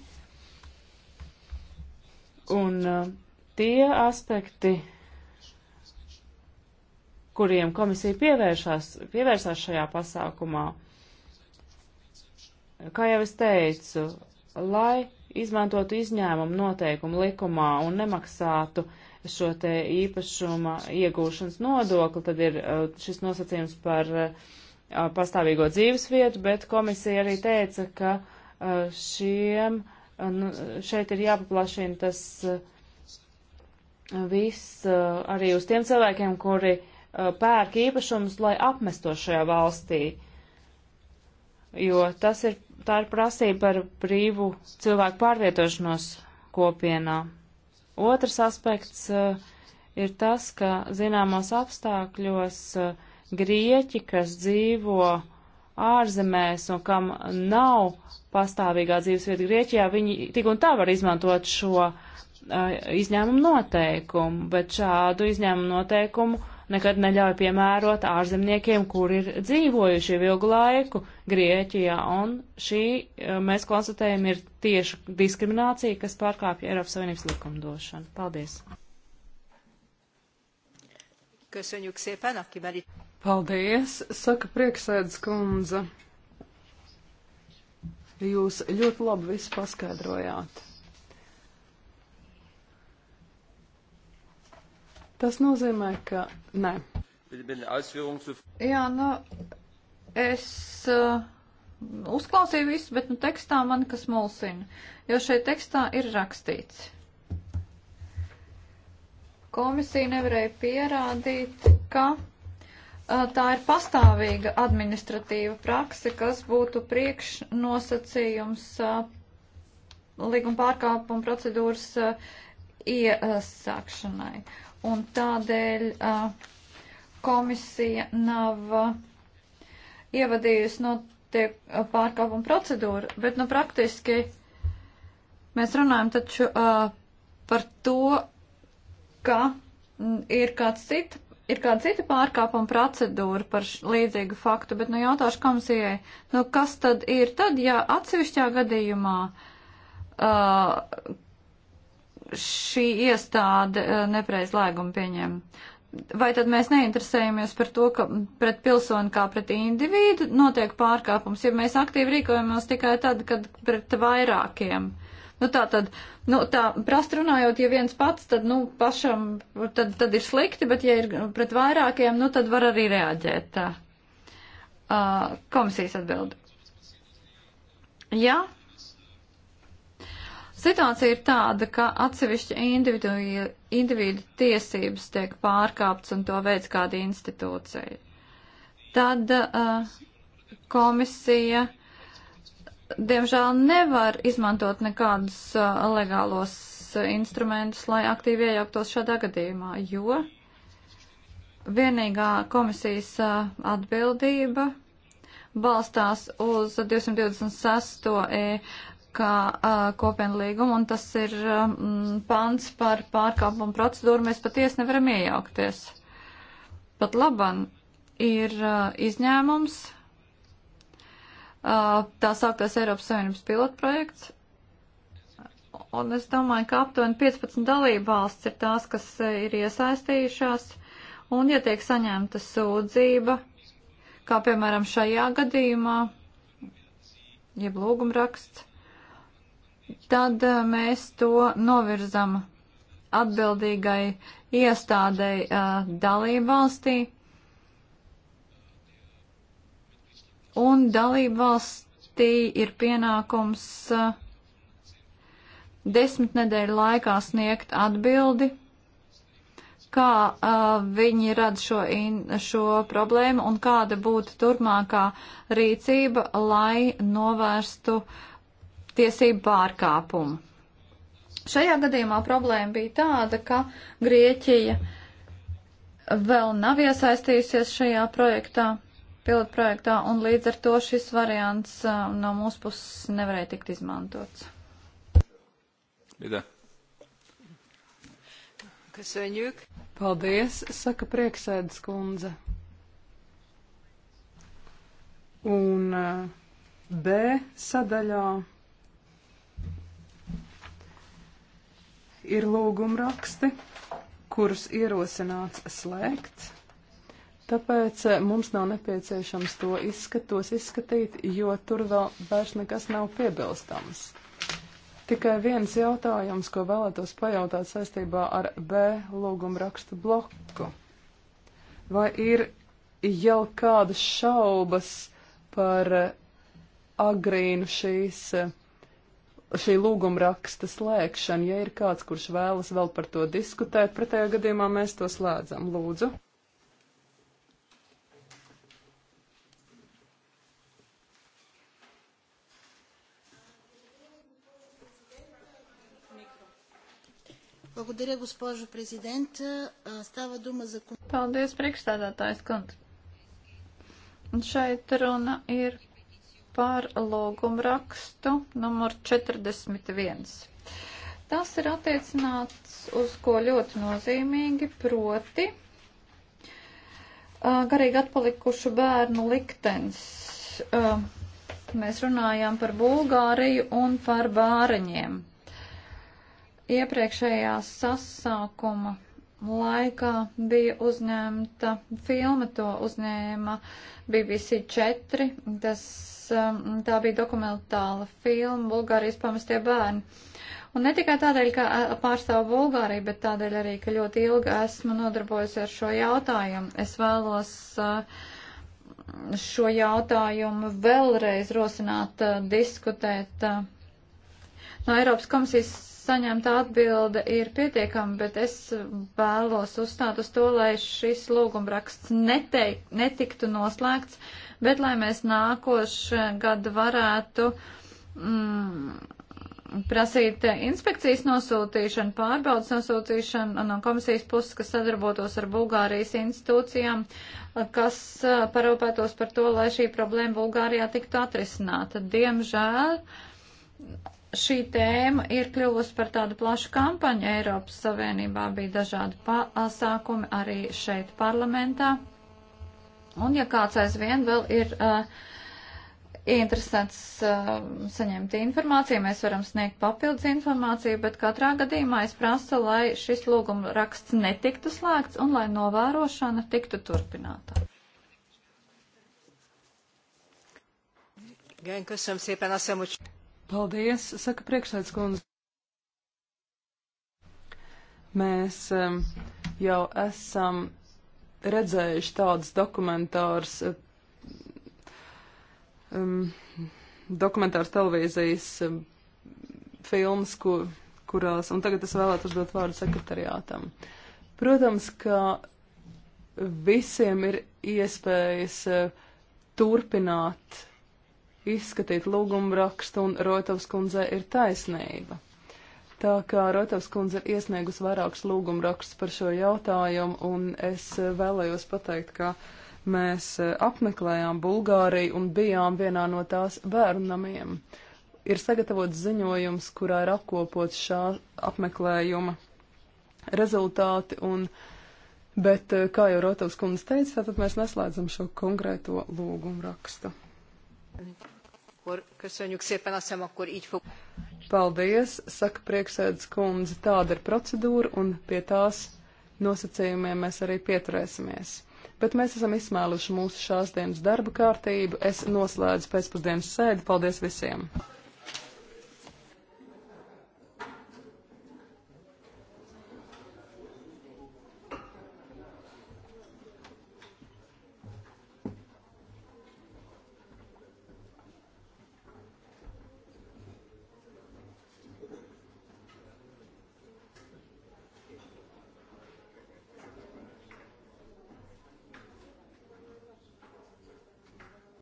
Un tie aspekti, kuriem komisija pievēršās, pievērsās šajā pasākumā. Kā jau es teicu, lai izmantotu izņēmumu noteikumu likumā un nemaksātu šo te īpašuma iegūšanas nodokli, tad ir uh, šis nosacījums par uh, pastāvīgo dzīvesvietu, bet komisija arī teica, ka uh, šiem, nu, šeit ir jāpaplašina tas viss arī uz tiem cilvēkiem, kuri uh, Uh, pērk īpašumus, lai apmesto šajā valstī. Jo tas ir, tā ir prasība par brīvu cilvēku pārvietošanos kopienā. Otrs aspekts uh, ir tas, ka zināmos apstākļos uh, grieķi, kas dzīvo ārzemēs un kam nav pastāvīgā dzīvesvieta Grieķijā, viņi tik un tā var izmantot šo uh, izņēmumu noteikumu, bet šādu izņēmumu noteikumu uh, nekad neļauj piemērot ārzemniekiem, kur ir dzīvojuši jau ilgu laiku Grieķijā. Un šī, eh, mēs konstatējam, ir tieši diskriminācija, kas pārkāpja Eiropas Savienības likumdošanu. Paldies! Paldies, saka prieksēdz kundze. Jūs ļoti labi visu paskaidrojāt. Tas nozīmē, ka nē. Jā, nu, es uh, uzklausīju visu, bet nu tekstā man kas mulsina, jo šeit tekstā ir rakstīts. Komisija nevarēja pierādīt, ka uh, Tā ir pastāvīga administratīva prakse, kas būtu priekšnosacījums uh, līguma pārkāpuma procedūras uh, iesākšanai un tādēļ komisija nav ievadījusi notiek pārkāpuma procedūru, bet nu praktiski mēs runājam taču par to, ka ir kāds cits. Ir kāda cita pārkāpuma procedūra par līdzīgu faktu, bet nu jautāšu komisijai, nu kas tad ir tad, ja atsevišķā gadījumā uh, šī iestāde eh, nepreiz lēgumu pieņem. Vai tad mēs neinteresējamies par to, ka pret pilsoni kā pret individu notiek pārkāpums, ja mēs aktīvi rīkojamies tikai tad, kad pret vairākiem? Nu tā tad, nu tā prast runājot, ja viens pats, tad, nu, pašam, tad, tad ir slikti, bet ja ir pret vairākiem, nu tad var arī reaģēt. Uh, komisijas atbildi. Jā, Situācija ir tāda, ka atsevišķi individu, individu tiesības tiek pārkāptas un to veids kāda institūcija. Tad uh, komisija uh, diemžēl nevar izmantot nekādus uh, legālos uh, instrumentus, lai aktīvi iejauktos šādā gadījumā, jo vienīgā komisijas uh, atbildība balstās uz 226. E kā uh, kopienu līgumu, un tas ir um, pants par pārkāpumu procedūru. Mēs patiesi nevaram iejaukties. Pat laban ir uh, izņēmums, uh, tā sauktais Eiropas Savienības pilotprojekts, un es domāju, ka aptuveni 15 dalību valsts ir tās, kas ir iesaistījušās, un ja tiek saņemta sūdzība, kā piemēram šajā gadījumā, jeb lūgumraksts, tad eh, mēs to novirzam atbildīgai iestādei uh, dalību valstī. Un dalību valstī ir pienākums uh, desmit nedēļu laikā sniegt atbildi, kā uh, viņi rada šo, in, šo problēmu un kāda būtu turpmākā rīcība, lai novērstu uh, tiesību pārkāpumu. Šajā gadījumā problēma bija tāda, ka Grieķija vēl nav iesaistījusies šajā projektā, pilotprojektā, un līdz ar to šis variants no mūsu puses nevarēja tikt izmantots. Ida. Köszönjük. Paldies, saka prieksēdas kundze. Un B sadaļā ir lūgumraksti, kurus ierosināts slēgt. Tāpēc eh, mums nav nepieciešams to izskatos izskatīt, jo tur vēl vairs nekas nav piebilstams. Tikai viens jautājums, ko vēlētos pajautāt saistībā ar B lūgumrakstu bloku. Vai ir jau kādas šaubas par eh, agrīnu šīs eh, šī lūguma raksta slēgšanu, ja ir kāds, kurš vēlas vēl par to diskutēt, pretējā gadījumā mēs to slēdzam. Lūdzu. Благодаря, госпожо президент. Става дума за... Paldies, priekšstādātājs kundze. Un šeit runa ir par logumrakstu numur 41. Tas ir attiecināts uz ko ļoti nozīmīgi, proti garīgi atpalikušu bērnu liktenis. Mēs runājām par Bulgāriju un par bāriņiem. Iepriekšējā sasākuma laikā bija uzņemta filma, to uzņēma BBC 4. Tas, um, tā bija dokumentāla filma Bulgārijas pamestie bērni. Un ne tikai tādēļ, ka pārstāvu Bulgāriju, bet tādēļ arī, ka ļoti ilgi esmu nodarbojusi ar šo jautājumu. Es vēlos šo jautājumu vēlreiz rosināt, diskutēt. No Eiropas komisijas saņemta atbilde ir pietiekama, bet es vēlos uzstāt uz to, lai šis lūgumraksts neteik, netiktu noslēgts, bet lai mēs nākošu gadu varētu mm, prasīt inspekcijas nosūtīšanu, pārbaudas nosūtīšanu no komisijas puses, kas sadarbotos ar Bulgārijas institūcijām, kas parūpētos par to, lai šī problēma Bulgārijā tiktu atrisināta. Diemžēl šī tēma ir kļuvusi par tādu plašu kampaņu Eiropas Savienībā, bija dažādi pasākumi arī šeit parlamentā. Un ja kāds aizvien vēl ir uh, interesants uh, saņemt informāciju, mēs varam sniegt papildus informāciju, bet katrā gadījumā es prasu, lai šis lūguma raksts netiktu slēgts un lai novērošana tiktu turpināta. Gan, köszönöm szépen, azt hiszem, hogy... Paldies, saka priekšsēdus kundze. Mēs um, jau esam redzējuši tādus dokumentārus, um, dokumentārs televīzijas um, filmas, ku, kurās, un tagad es vēlētos dot vārdu sekretariātam. Protams, ka visiem ir iespējas uh, turpināt izskatīt lūgumu rakstu, un Rotovs kundzē ir taisnība. Tā kā Rotovs kundze ir iesniegus vairākus lūgumu rakstus par šo jautājumu, un es eh, vēlējos pateikt, ka mēs eh, apmeklējām Bulgāriju un bijām vienā no tās bērnamiem. Ir sagatavots ziņojums, kurā ir apkopots šā apmeklējuma rezultāti, un, bet, eh, kā jau Rotovs kundze teica, tātad mēs neslēdzam šo konkrēto lūgumu rakstu. Thank you. Akkor köszönjük szépen, azt hiszem, akkor így fog. Paldies, saka priekšsēdus kundze, tāda ir procedūra un pie tās nosacījumiem mēs arī pieturēsimies. Bet mēs esam izsmēluši mūsu šās dienas darba kārtību. Es noslēdzu pēcpusdienas sēdi. Paldies visiem!